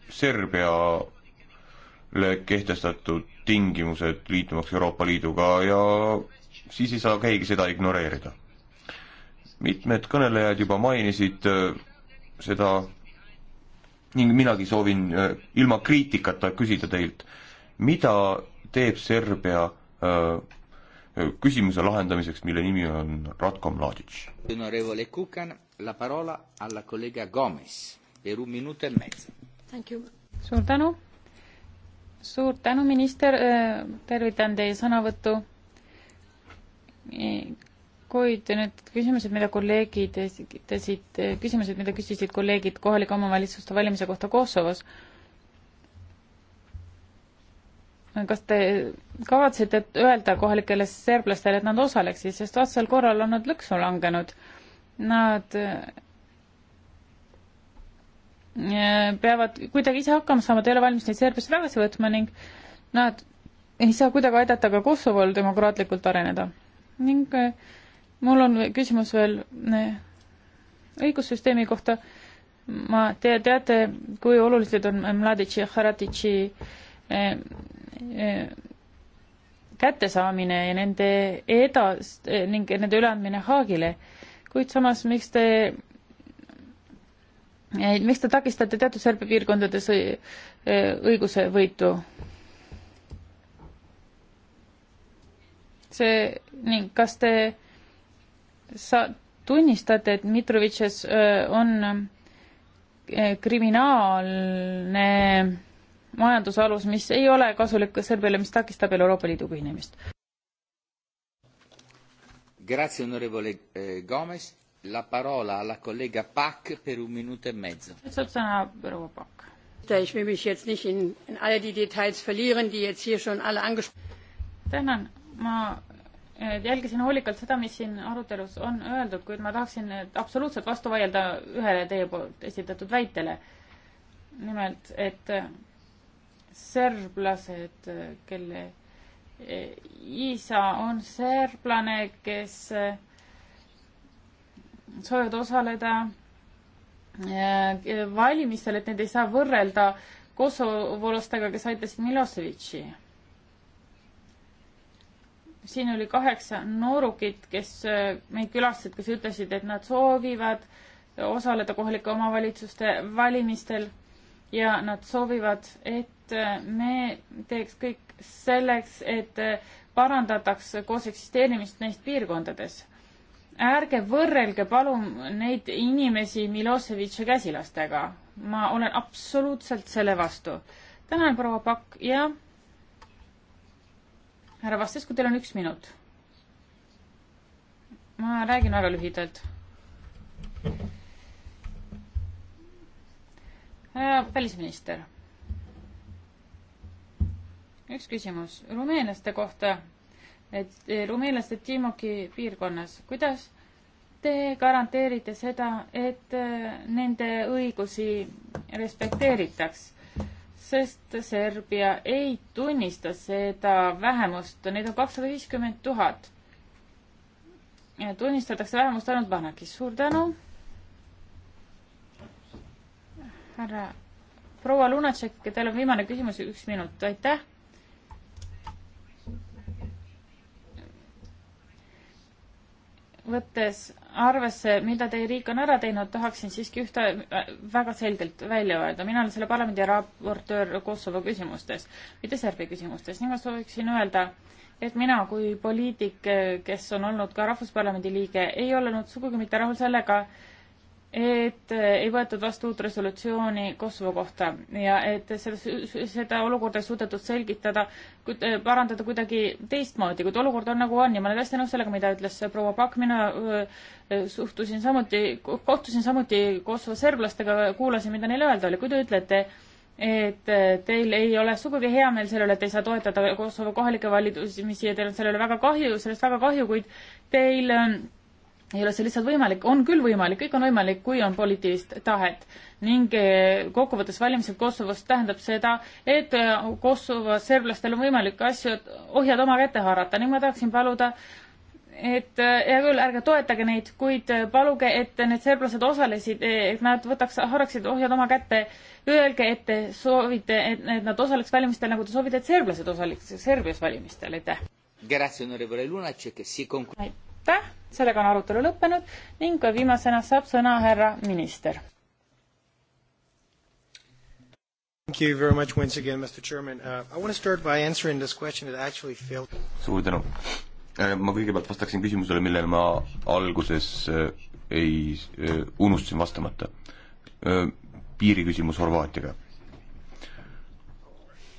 Serbiale kehtestatud tingimused liitumaks Euroopa Liiduga ja siis ei saa keegi seda ignoreerida. mitmed kõnelejad juba mainisid äh, seda ning minagi soovin äh, ilma kriitikata küsida teilt, mida teeb Serbia Äh, küsimuse lahendamiseks, mille nimi on Ratko Mladic. Onorevole Kukan, la parola alla kolleega Gomes, Peru minuto e mezzo. suur tänu. suur tänu, minister, äh, tervitan teie sõnavõttu. E, kuid need küsimused, mida kolleegid esitasid, küsimused, mida küsisid kolleegid kohalike omavalitsuste valimise kohta Kosovos kas te kavatsete öelda kohalikele serblastele, et nad osaleksid, sest vastasel korral on nad lõksu langenud. Nad äh, peavad kuidagi ise hakkama saama, te ei ole valmis neid Serbiasse tagasi võtma ning nad ei saa kuidagi aidata ka Kosovol demokraatlikult areneda. ning äh, mul on küsimus veel äh, õigussüsteemi kohta. ma, te teate, kui olulised on Mladici ja Haratitši äh, Äh, äh, kättesaamine ja nende edas- äh, ning nende üleandmine Haagile. kuid samas, miks te miks te takistate teatud Serbia piirkondades õiguse võitu? see ning kas te sa tunnistate, et Mitrovitšes on kriminaalne majandusalus, mis ei ole kasulik Serbiale, mis takistab Euroopa Liiduga ühinemist. Grazie onorevole eh, Gomes, la parola alla collega Pak per un minuto e mezzo. nüüd saab sõna proua Pak. Ich will mich jetzt nicht in, in all die Details verlieren, die jetzt hier schon alle angesprochen tänan, ma eh, jälgisin hoolikalt seda, mis siin arutelus on öeldud, kuid ma tahaksin eh, absoluutselt vastu vaielda ühele teie poolt esitatud väitele. nimelt, et serblased, kelle e, isa on serblane, kes e, soovivad osaleda e, valimistel, et neid ei saa võrrelda kosovolastega, kes aitasid Miloševitši. siin oli kaheksa noorukit, kes meid külastasid, kes ütlesid, et nad soovivad osaleda kohalike omavalitsuste valimistel ja nad soovivad, et äh, me teeks kõik selleks, et äh, parandataks koos eksisteerimist neis piirkondades. ärge võrrelge palun neid inimesi Milosevice käsilastega. ma olen absoluutselt selle vastu. tänan, proua Pakk ja härra Vastes, kui teil on üks minut. ma räägin väga lühidalt Äh, välisminister. üks küsimus rumeenlaste kohta, et äh, rumeenlaste Timoki piirkonnas, kuidas te garanteerite seda, et äh, nende õigusi respekteeritaks? sest Serbia ei tunnista seda vähemust, neid on kakssada viiskümmend tuhat. tunnistatakse vähemust ainult Vanakis, suur tänu härra proua Lunatšek, teil on viimane küsimus, üks minut, aitäh. võttes arvesse, mida teie riik on ära teinud, tahaksin siiski ühte äh, väga selgelt välja öelda. mina olen selle parlamendi raportöör Kosovo küsimustes, mitte Serbia küsimustes, nii ma sooviksin öelda, et mina kui poliitik, kes on olnud ka Rahvusparlamendi liige, ei olnud sugugi mitte rahul sellega, et ei võetud vastu uut resolutsiooni Kosovo kohta ja et seda, seda olukorda ei suudetud selgitada, äh, parandada kuidagi teistmoodi, kuid olukord on nagu on ja ma olen täiesti nõus sellega, mida ütles proua Pakk, mina äh, äh, suhtusin samuti, kohtusin samuti Kosovo serblastega, kuulasin, mida neil öelda oli, kui te ütlete, et teil ei ole sugugi hea meel selle üle, et ei saa toetada Kosovo kohalikke valimisi ja teil on selle üle väga kahju, sellest väga kahju, kuid teil ei ole see lihtsalt võimalik, on küll võimalik, kõik on võimalik, kui on poliitilist tahet. ning eh, kokkuvõttes valimised Kosovos tähendab seda, et eh, Kosovos serblastel on võimalik asju, ohjad oma kätte haarata ning ma tahaksin paluda, et eh, hea küll, ärge toetage neid, kuid paluge, et need serblased osalesid, et nad võtaks, haaraksid ohjad oma kätte. Öelge, et te soovite, et nad osaleks valimistel, nagu te soovite, et serblased osaleks Serbias valimistel, aitäh. aitäh aitäh, sellega on arutelu lõppenud ning viimasena saab sõna härra minister. Thank you very much once again, Mr Chairman uh,. I want to start by answering this question that actually failed. suur tänu. Äh, ma kõigepealt vastaksin küsimusele, millele ma alguses äh, ei, äh, unustasin vastamata. piiriküsimus Horvaatiaga.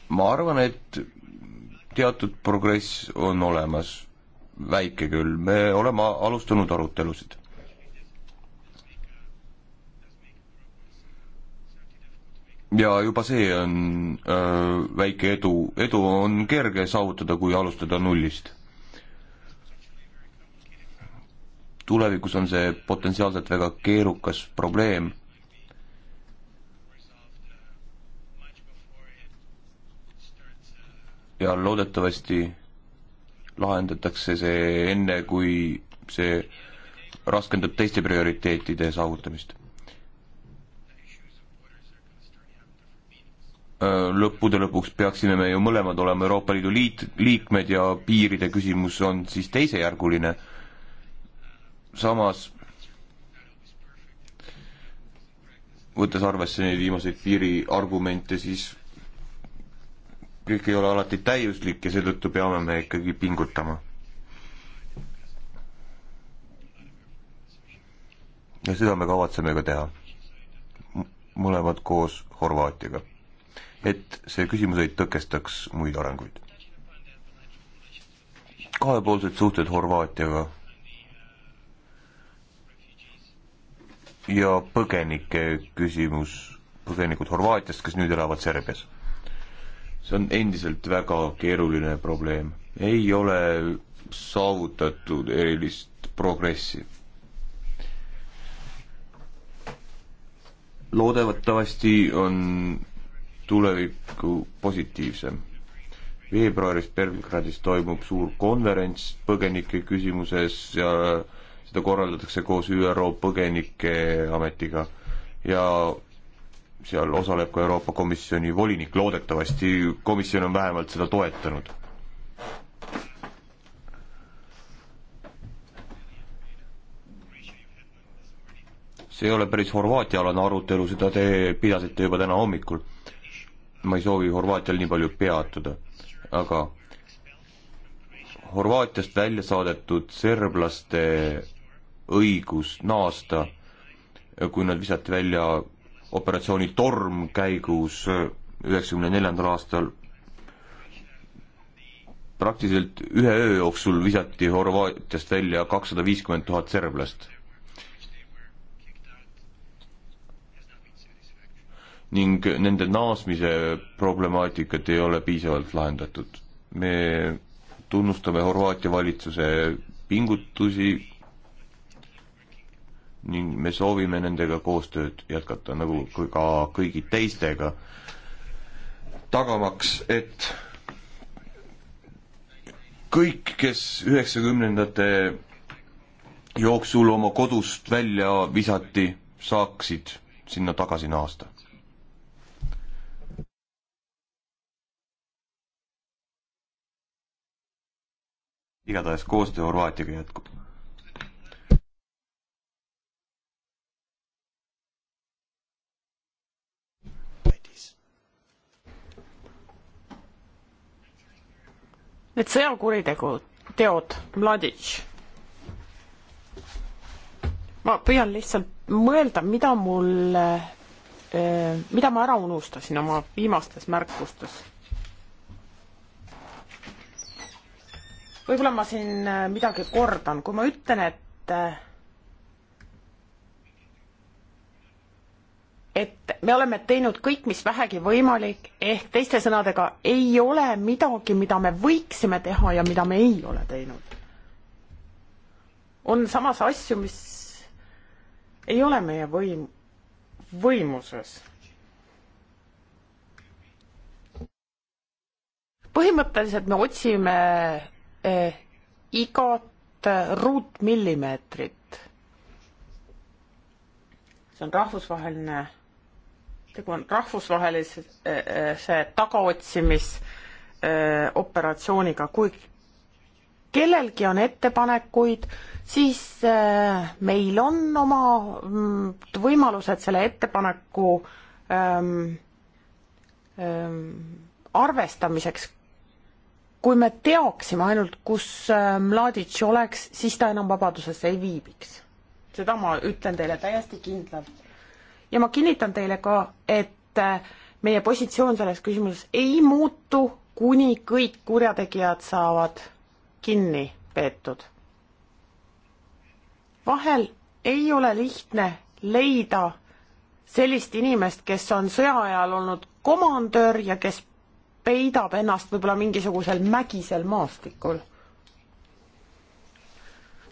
ma arvan, et teatud progress on olemas väike küll, me oleme alustanud arutelusid. ja juba see on öö, väike edu, edu on kerge saavutada, kui alustada nullist. tulevikus on see potentsiaalselt väga keerukas probleem ja loodetavasti lahendatakse see enne, kui see raskendab teiste prioriteetide saavutamist. Äh, lõppude lõpuks peaksime me ju mõlemad olema Euroopa Liidu liit, liikmed ja piiride küsimus on siis teisejärguline. samas võttes arvesse neid viimaseid piiriargumente, siis kõik ei ole alati täiuslik ja seetõttu peame me ikkagi pingutama. ja seda me kavatseme ka teha. mõlemad koos Horvaatiaga. et see küsimus ei tõkestaks muid arenguid. kahepoolsed suhted Horvaatiaga ja põgenike küsimus, põgenikud Horvaatiast, kes nüüd elavad Serbias see on endiselt väga keeruline probleem. ei ole saavutatud erilist progressi. loodetavasti on tulevikku positiivsem. veebruaris Belgradis toimub suur konverents põgenike küsimuses ja seda korraldatakse koos ÜRO põgenike ametiga ja seal osaleb ka Euroopa Komisjoni volinik, loodetavasti komisjon on vähemalt seda toetanud. see ei ole päris Horvaatia-alane arutelu, seda te pidasite juba täna hommikul. ma ei soovi Horvaatial nii palju peatuda, aga Horvaatiast välja saadetud serblaste õigus naasta, kui nad visati välja operatsiooni Torm käigus äh, üheksakümne neljandal aastal praktiliselt ühe öö jooksul visati Horvaatiast välja kakssada viiskümmend tuhat serblast. ning nende naasmise problemaatikat ei ole piisavalt lahendatud. me tunnustame Horvaatia valitsuse pingutusi ning me soovime nendega koostööd jätkata, nagu ka kõigi teistega, tagamaks, et kõik, kes üheksakümnendate jooksul oma kodust välja visati, saaksid sinna tagasi naasta. igatahes koostöö Horvaatiaga jätkub Need sõjakuriteod, teod, Mladic. ma püüan lihtsalt mõelda, mida mul, eh, mida ma ära unustasin oma viimastes märkustes. võib-olla ma siin eh, midagi kordan, kui ma ütlen, et eh, et me oleme teinud kõik, mis vähegi võimalik, ehk teiste sõnadega, ei ole midagi, mida me võiksime teha ja mida me ei ole teinud. on samas asju, mis ei ole meie võim, võimuses. põhimõtteliselt me otsime eh, igat eh, ruutmillimeetrit. see on rahvusvaheline tegu on rahvusvahelise äh, tagaotsimisoperatsiooniga äh,, kui kellelgi on ettepanekuid, siis äh, meil on oma mm, võimalused selle ettepaneku ähm, ähm, arvestamiseks. kui me teaksime ainult, kus äh, Mladic oleks, siis ta enam vabaduses ei viibiks. seda ma ütlen teile täiesti kindlalt ja ma kinnitan teile ka, et äh, meie positsioon selles küsimuses ei muutu, kuni kõik kurjategijad saavad kinni peetud. vahel ei ole lihtne leida sellist inimest, kes on sõja ajal olnud komandör ja kes peidab ennast võib-olla mingisugusel mägisel maastikul.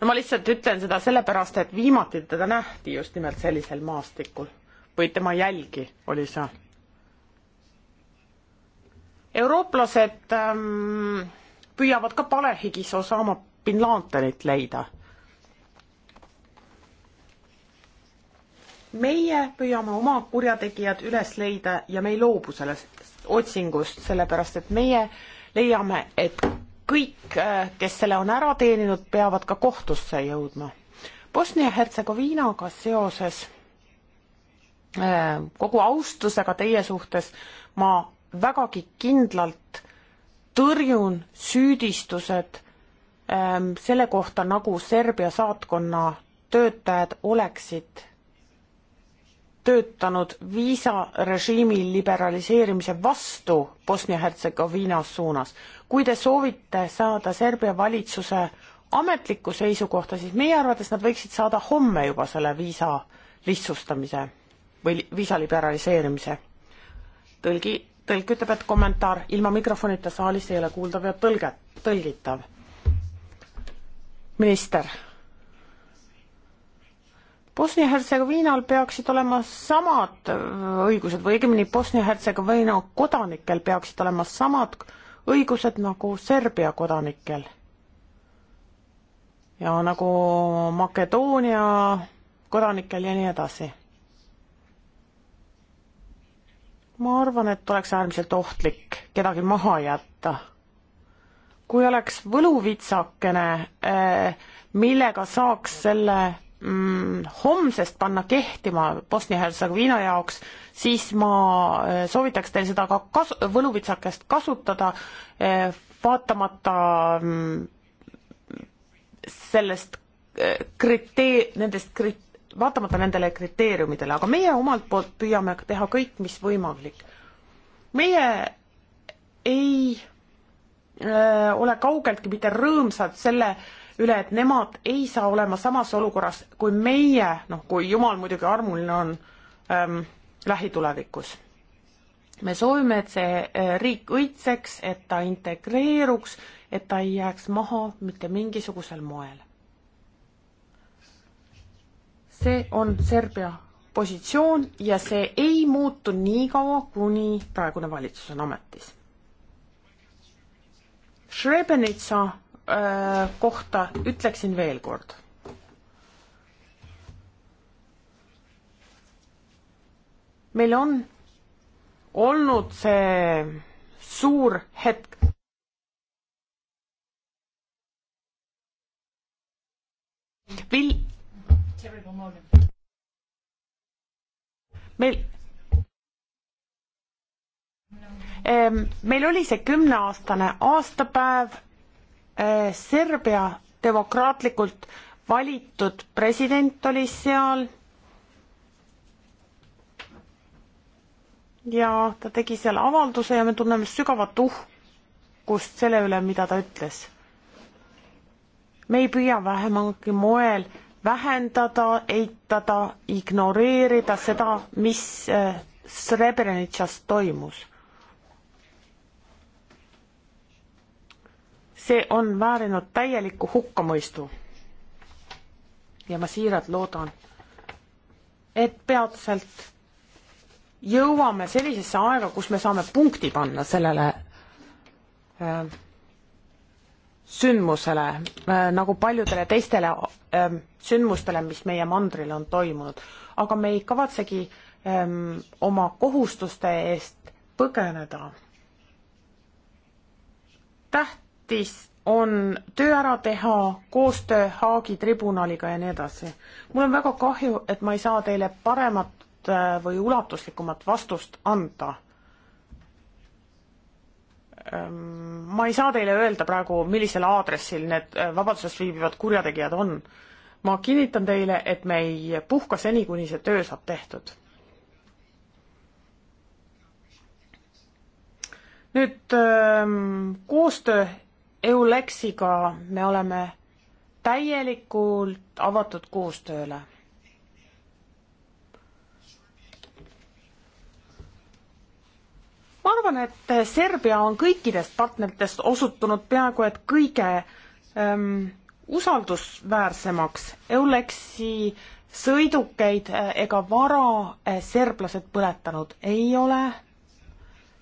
no ma lihtsalt ütlen seda sellepärast, et viimati teda nähti just nimelt sellisel maastikul või tema jälgi oli seal. eurooplased ähm, püüavad ka palehigis Osama bin Ladenit leida. meie püüame oma kurjategijad üles leida ja me ei loobu sellest otsingust, sellepärast et meie leiame, et kõik, äh, kes selle on ära teeninud, peavad ka kohtusse jõudma. Bosnia-Hertsegoviinaga seoses kogu austusega teie suhtes ma vägagi kindlalt tõrjun süüdistused ähm, selle kohta, nagu Serbia saatkonna töötajad oleksid töötanud viisarežiimi liberaliseerimise vastu Bosnia-Hertsegoviina suunas. kui te soovite saada Serbia valitsuse ametlikku seisukohta, siis meie arvates nad võiksid saada homme juba selle viisa lihtsustamise või viisa liberaliseerimise. tõlgi, tõlk ütleb, et kommentaar ilma mikrofonita saalis ei ole kuuldav ja tõlge, tõlgitav. minister. Bosnia-Hertsegoviinal peaksid olema samad äh, õigused või õigemini Bosnia-Hertsegoviina kodanikel peaksid olema samad õigused nagu Serbia kodanikel. ja nagu Makedoonia kodanikel ja nii edasi ma arvan, et oleks äärmiselt ohtlik kedagi maha jätta. kui oleks võluvitsakene, eh, millega saaks selle mm, homsest panna kehtima Bosnia-Hertsegoviina jaoks, siis ma eh, soovitaks teil seda ka kas-, võluvitsakest kasutada, eh, vaatamata mm, sellest kriteer-, nendest kriteeriumidest, vaatamata nendele kriteeriumidele, aga meie omalt poolt püüame teha kõik, mis võimalik. meie ei öö, äh, ole kaugeltki mitte rõõmsad selle üle, et nemad ei saa olema samas olukorras kui meie, noh, kui jumal muidugi armuline on ähm, lähitulevikus. me soovime, et see äh, riik õitseks, et ta integreeruks, et ta ei jääks maha mitte mingisugusel moel see on Serbia positsioon ja see ei muutu niikaua, kuni praegune valitsus on ametis. Srebrenica öö, äh, kohta ütleksin veel kord. meil on olnud see suur hetk Vil-, meil meil oli see kümneaastane aastapäev eh, Serbia demokraatlikult valitud president oli seal. ja ta tegi seal avalduse ja me tunneme sügavat uhkust selle üle, mida ta ütles. me ei püüa vähemalgi moel vähendada, eitada, ignoreerida seda, mis äh, Srebrenitšas toimus. see on väärinud täielikku hukkamõistu. ja ma siiralt loodan, et peatselt jõuame sellisesse aega, kus me saame punkti panna sellele äh, sündmusele äh, nagu paljudele teistele ähm, sündmustele, mis meie mandril on toimunud, aga me ei kavatsegi öö, ähm, oma kohustuste eest põgeneda. tähtis on töö ära teha, koostöö Haagi tribunaliga ja nii edasi. mul on väga kahju, et ma ei saa teile paremat äh, või ulatuslikumat vastust anda Ehm, ma ei saa teile öelda praegu, millisel aadressil need äh, vabaduses viibivad kurjategijad on. ma kinnitan teile, et me ei puhka seni, kuni see töö saab tehtud. nüüd ehm, koostöö EULEX-iga me oleme täielikult avatud koostööle ma arvan, et Serbia on kõikidest partneritest osutunud peaaegu et kõige ähm, usaldusväärsemaks. Eulexi sõidukeid äh, ega vara äh, serblased põletanud ei ole,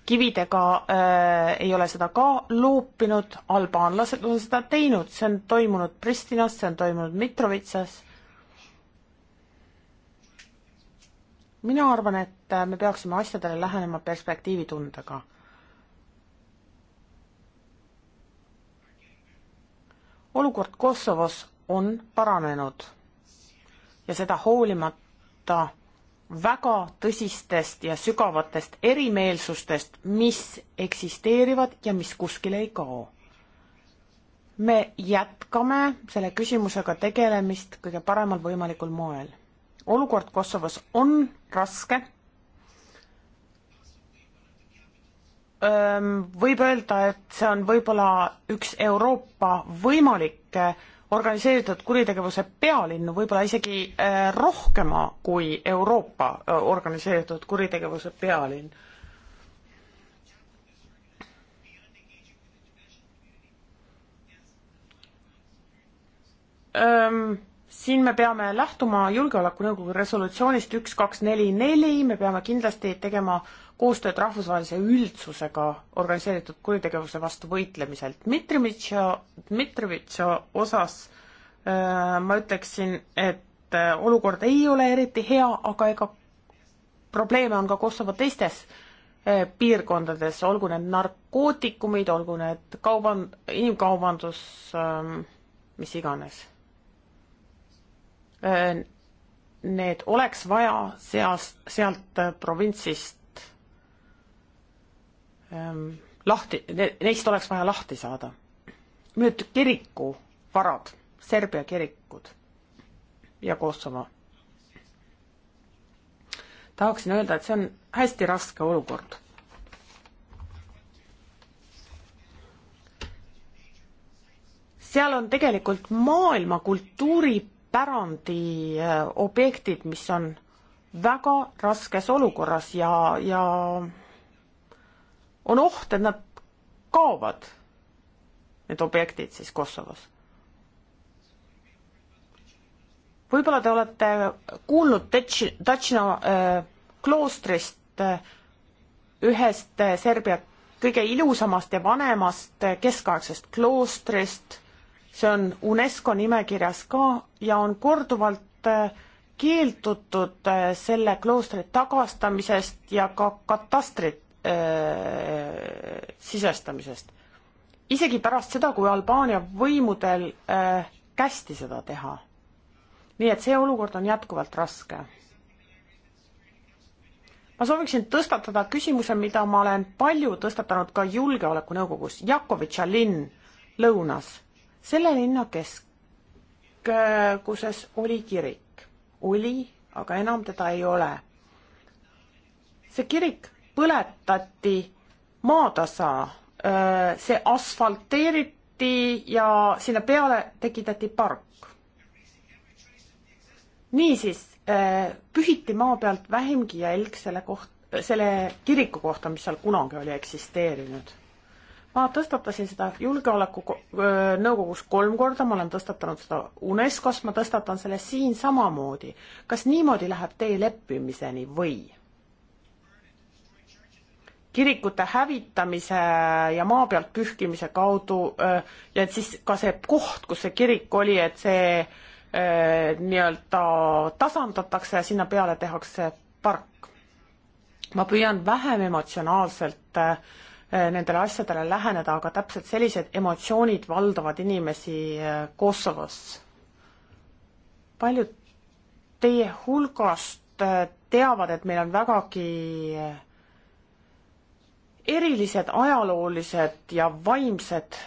kividega äh, ei ole seda ka loopinud, albaanlased on seda teinud, see on toimunud Pristinas, see on toimunud Mitrovitsas mina arvan, et äh, me peaksime asjadele lähenema perspektiivitundega. olukord Kosovos on paranenud ja seda hoolimata väga tõsistest ja sügavatest erimeelsustest, mis eksisteerivad ja mis kuskile ei kao. me jätkame selle küsimusega tegelemist kõige paremal võimalikul moel olukord Kosovos on raske. võib öelda, et see on võib-olla üks Euroopa võimalikke organiseeritud kuritegevuse pealinnu, võib-olla isegi rohkema kui Euroopa organiseeritud kuritegevuse pealinn ähm, siin me peame lähtuma Julgeolekunõukogu resolutsioonist üks, kaks, neli, neli, me peame kindlasti tegema koostööd rahvusvahelise üldsusega organiseeritud kuritegevuse vastu võitlemisel. Dmitrijevitša, Dmitrijevitša osas öö, äh, ma ütleksin, et äh, olukord ei ole eriti hea, aga ega probleeme on ka Kosovo teistes äh, piirkondades, olgu need narkootikumid, olgu need kauban-, inimkaubandus, ähm, mis iganes Äh, need oleks vaja seas, sealt äh, provintsist ähm, lahti ne,, neist oleks vaja lahti saada. nüüd kiriku varad, Serbia kirikud ja Kosovo. tahaksin öelda, et see on hästi raske olukord seal on tegelikult maailma kultuuri pärandiobjektid, äh, mis on väga raskes olukorras ja, ja on oht, et nad kaovad, need objektid siis Kosovos. võib-olla te olete kuulnud Tšina äh, kloostrist äh, ühest äh, Serbia kõige ilusamast ja vanemast äh, keskaegsest kloostrist see on UNESCO nimekirjas ka ja on korduvalt äh, keeldutud äh, selle kloostri tagastamisest ja ka katastri äh, sisestamisest. isegi pärast seda, kui Albaania võimudel äh, kästi seda teha. nii et see olukord on jätkuvalt raske. ma sooviksin tõstatada küsimuse, mida ma olen palju tõstatanud ka Julgeolekunõukogus, Jakovitša linn lõunas selle linna keskuses oli kirik. oli, aga enam teda ei ole. see kirik põletati maatasa, see asfalteeriti ja sinna peale tekitati park. niisiis, pühiti maa pealt vähimgi jälg selle koht-, selle kiriku kohta, mis seal kunagi oli eksisteerinud ma tõstatasin seda Julgeolekunõukogus kolm korda, ma olen tõstatanud seda UNESCO-s, ma tõstatan selle siin samamoodi. kas niimoodi läheb tee leppimiseni või? kirikute hävitamise ja maa pealt pühkimise kaudu ja et siis ka see koht, kus see kirik oli, et see nii-öelda tasandatakse ja sinna peale tehakse park. ma püüan vähem emotsionaalselt äh, Äh, nendele asjadele läheneda, aga täpselt sellised emotsioonid valdavad inimesi äh, Kosovos. paljud teie hulgast äh, teavad, et meil on vägagi erilised ajaloolised ja vaimsed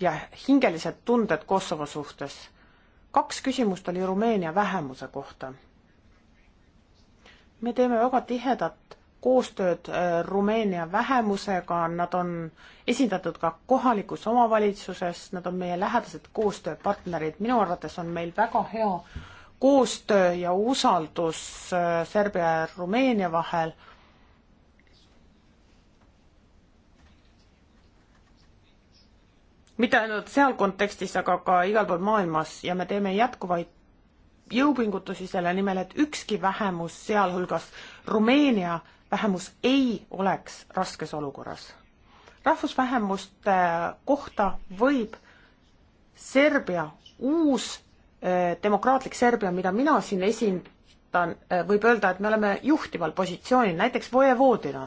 ja hingelised tunded Kosovo suhtes. kaks küsimust oli Rumeenia vähemuse kohta. me teeme väga tihedat koostööd äh, Rumeenia vähemusega, nad on esindatud ka kohalikus omavalitsuses, nad on meie lähedased koostööpartnerid, minu arvates on meil väga hea koostöö ja usaldus äh, Serbia ja Rumeenia vahel. mitte ainult seal kontekstis, aga ka igal pool maailmas ja me teeme jätkuvaid jõupingutusi selle nimel, et ükski vähemus, sealhulgas Rumeenia vähemus ei oleks raskes olukorras. rahvusvähemuste kohta võib Serbia, uus eh, demokraatlik Serbia, mida mina siin esindan, eh, võib öelda, et me oleme juhtival positsioonil, näiteks vojevoodina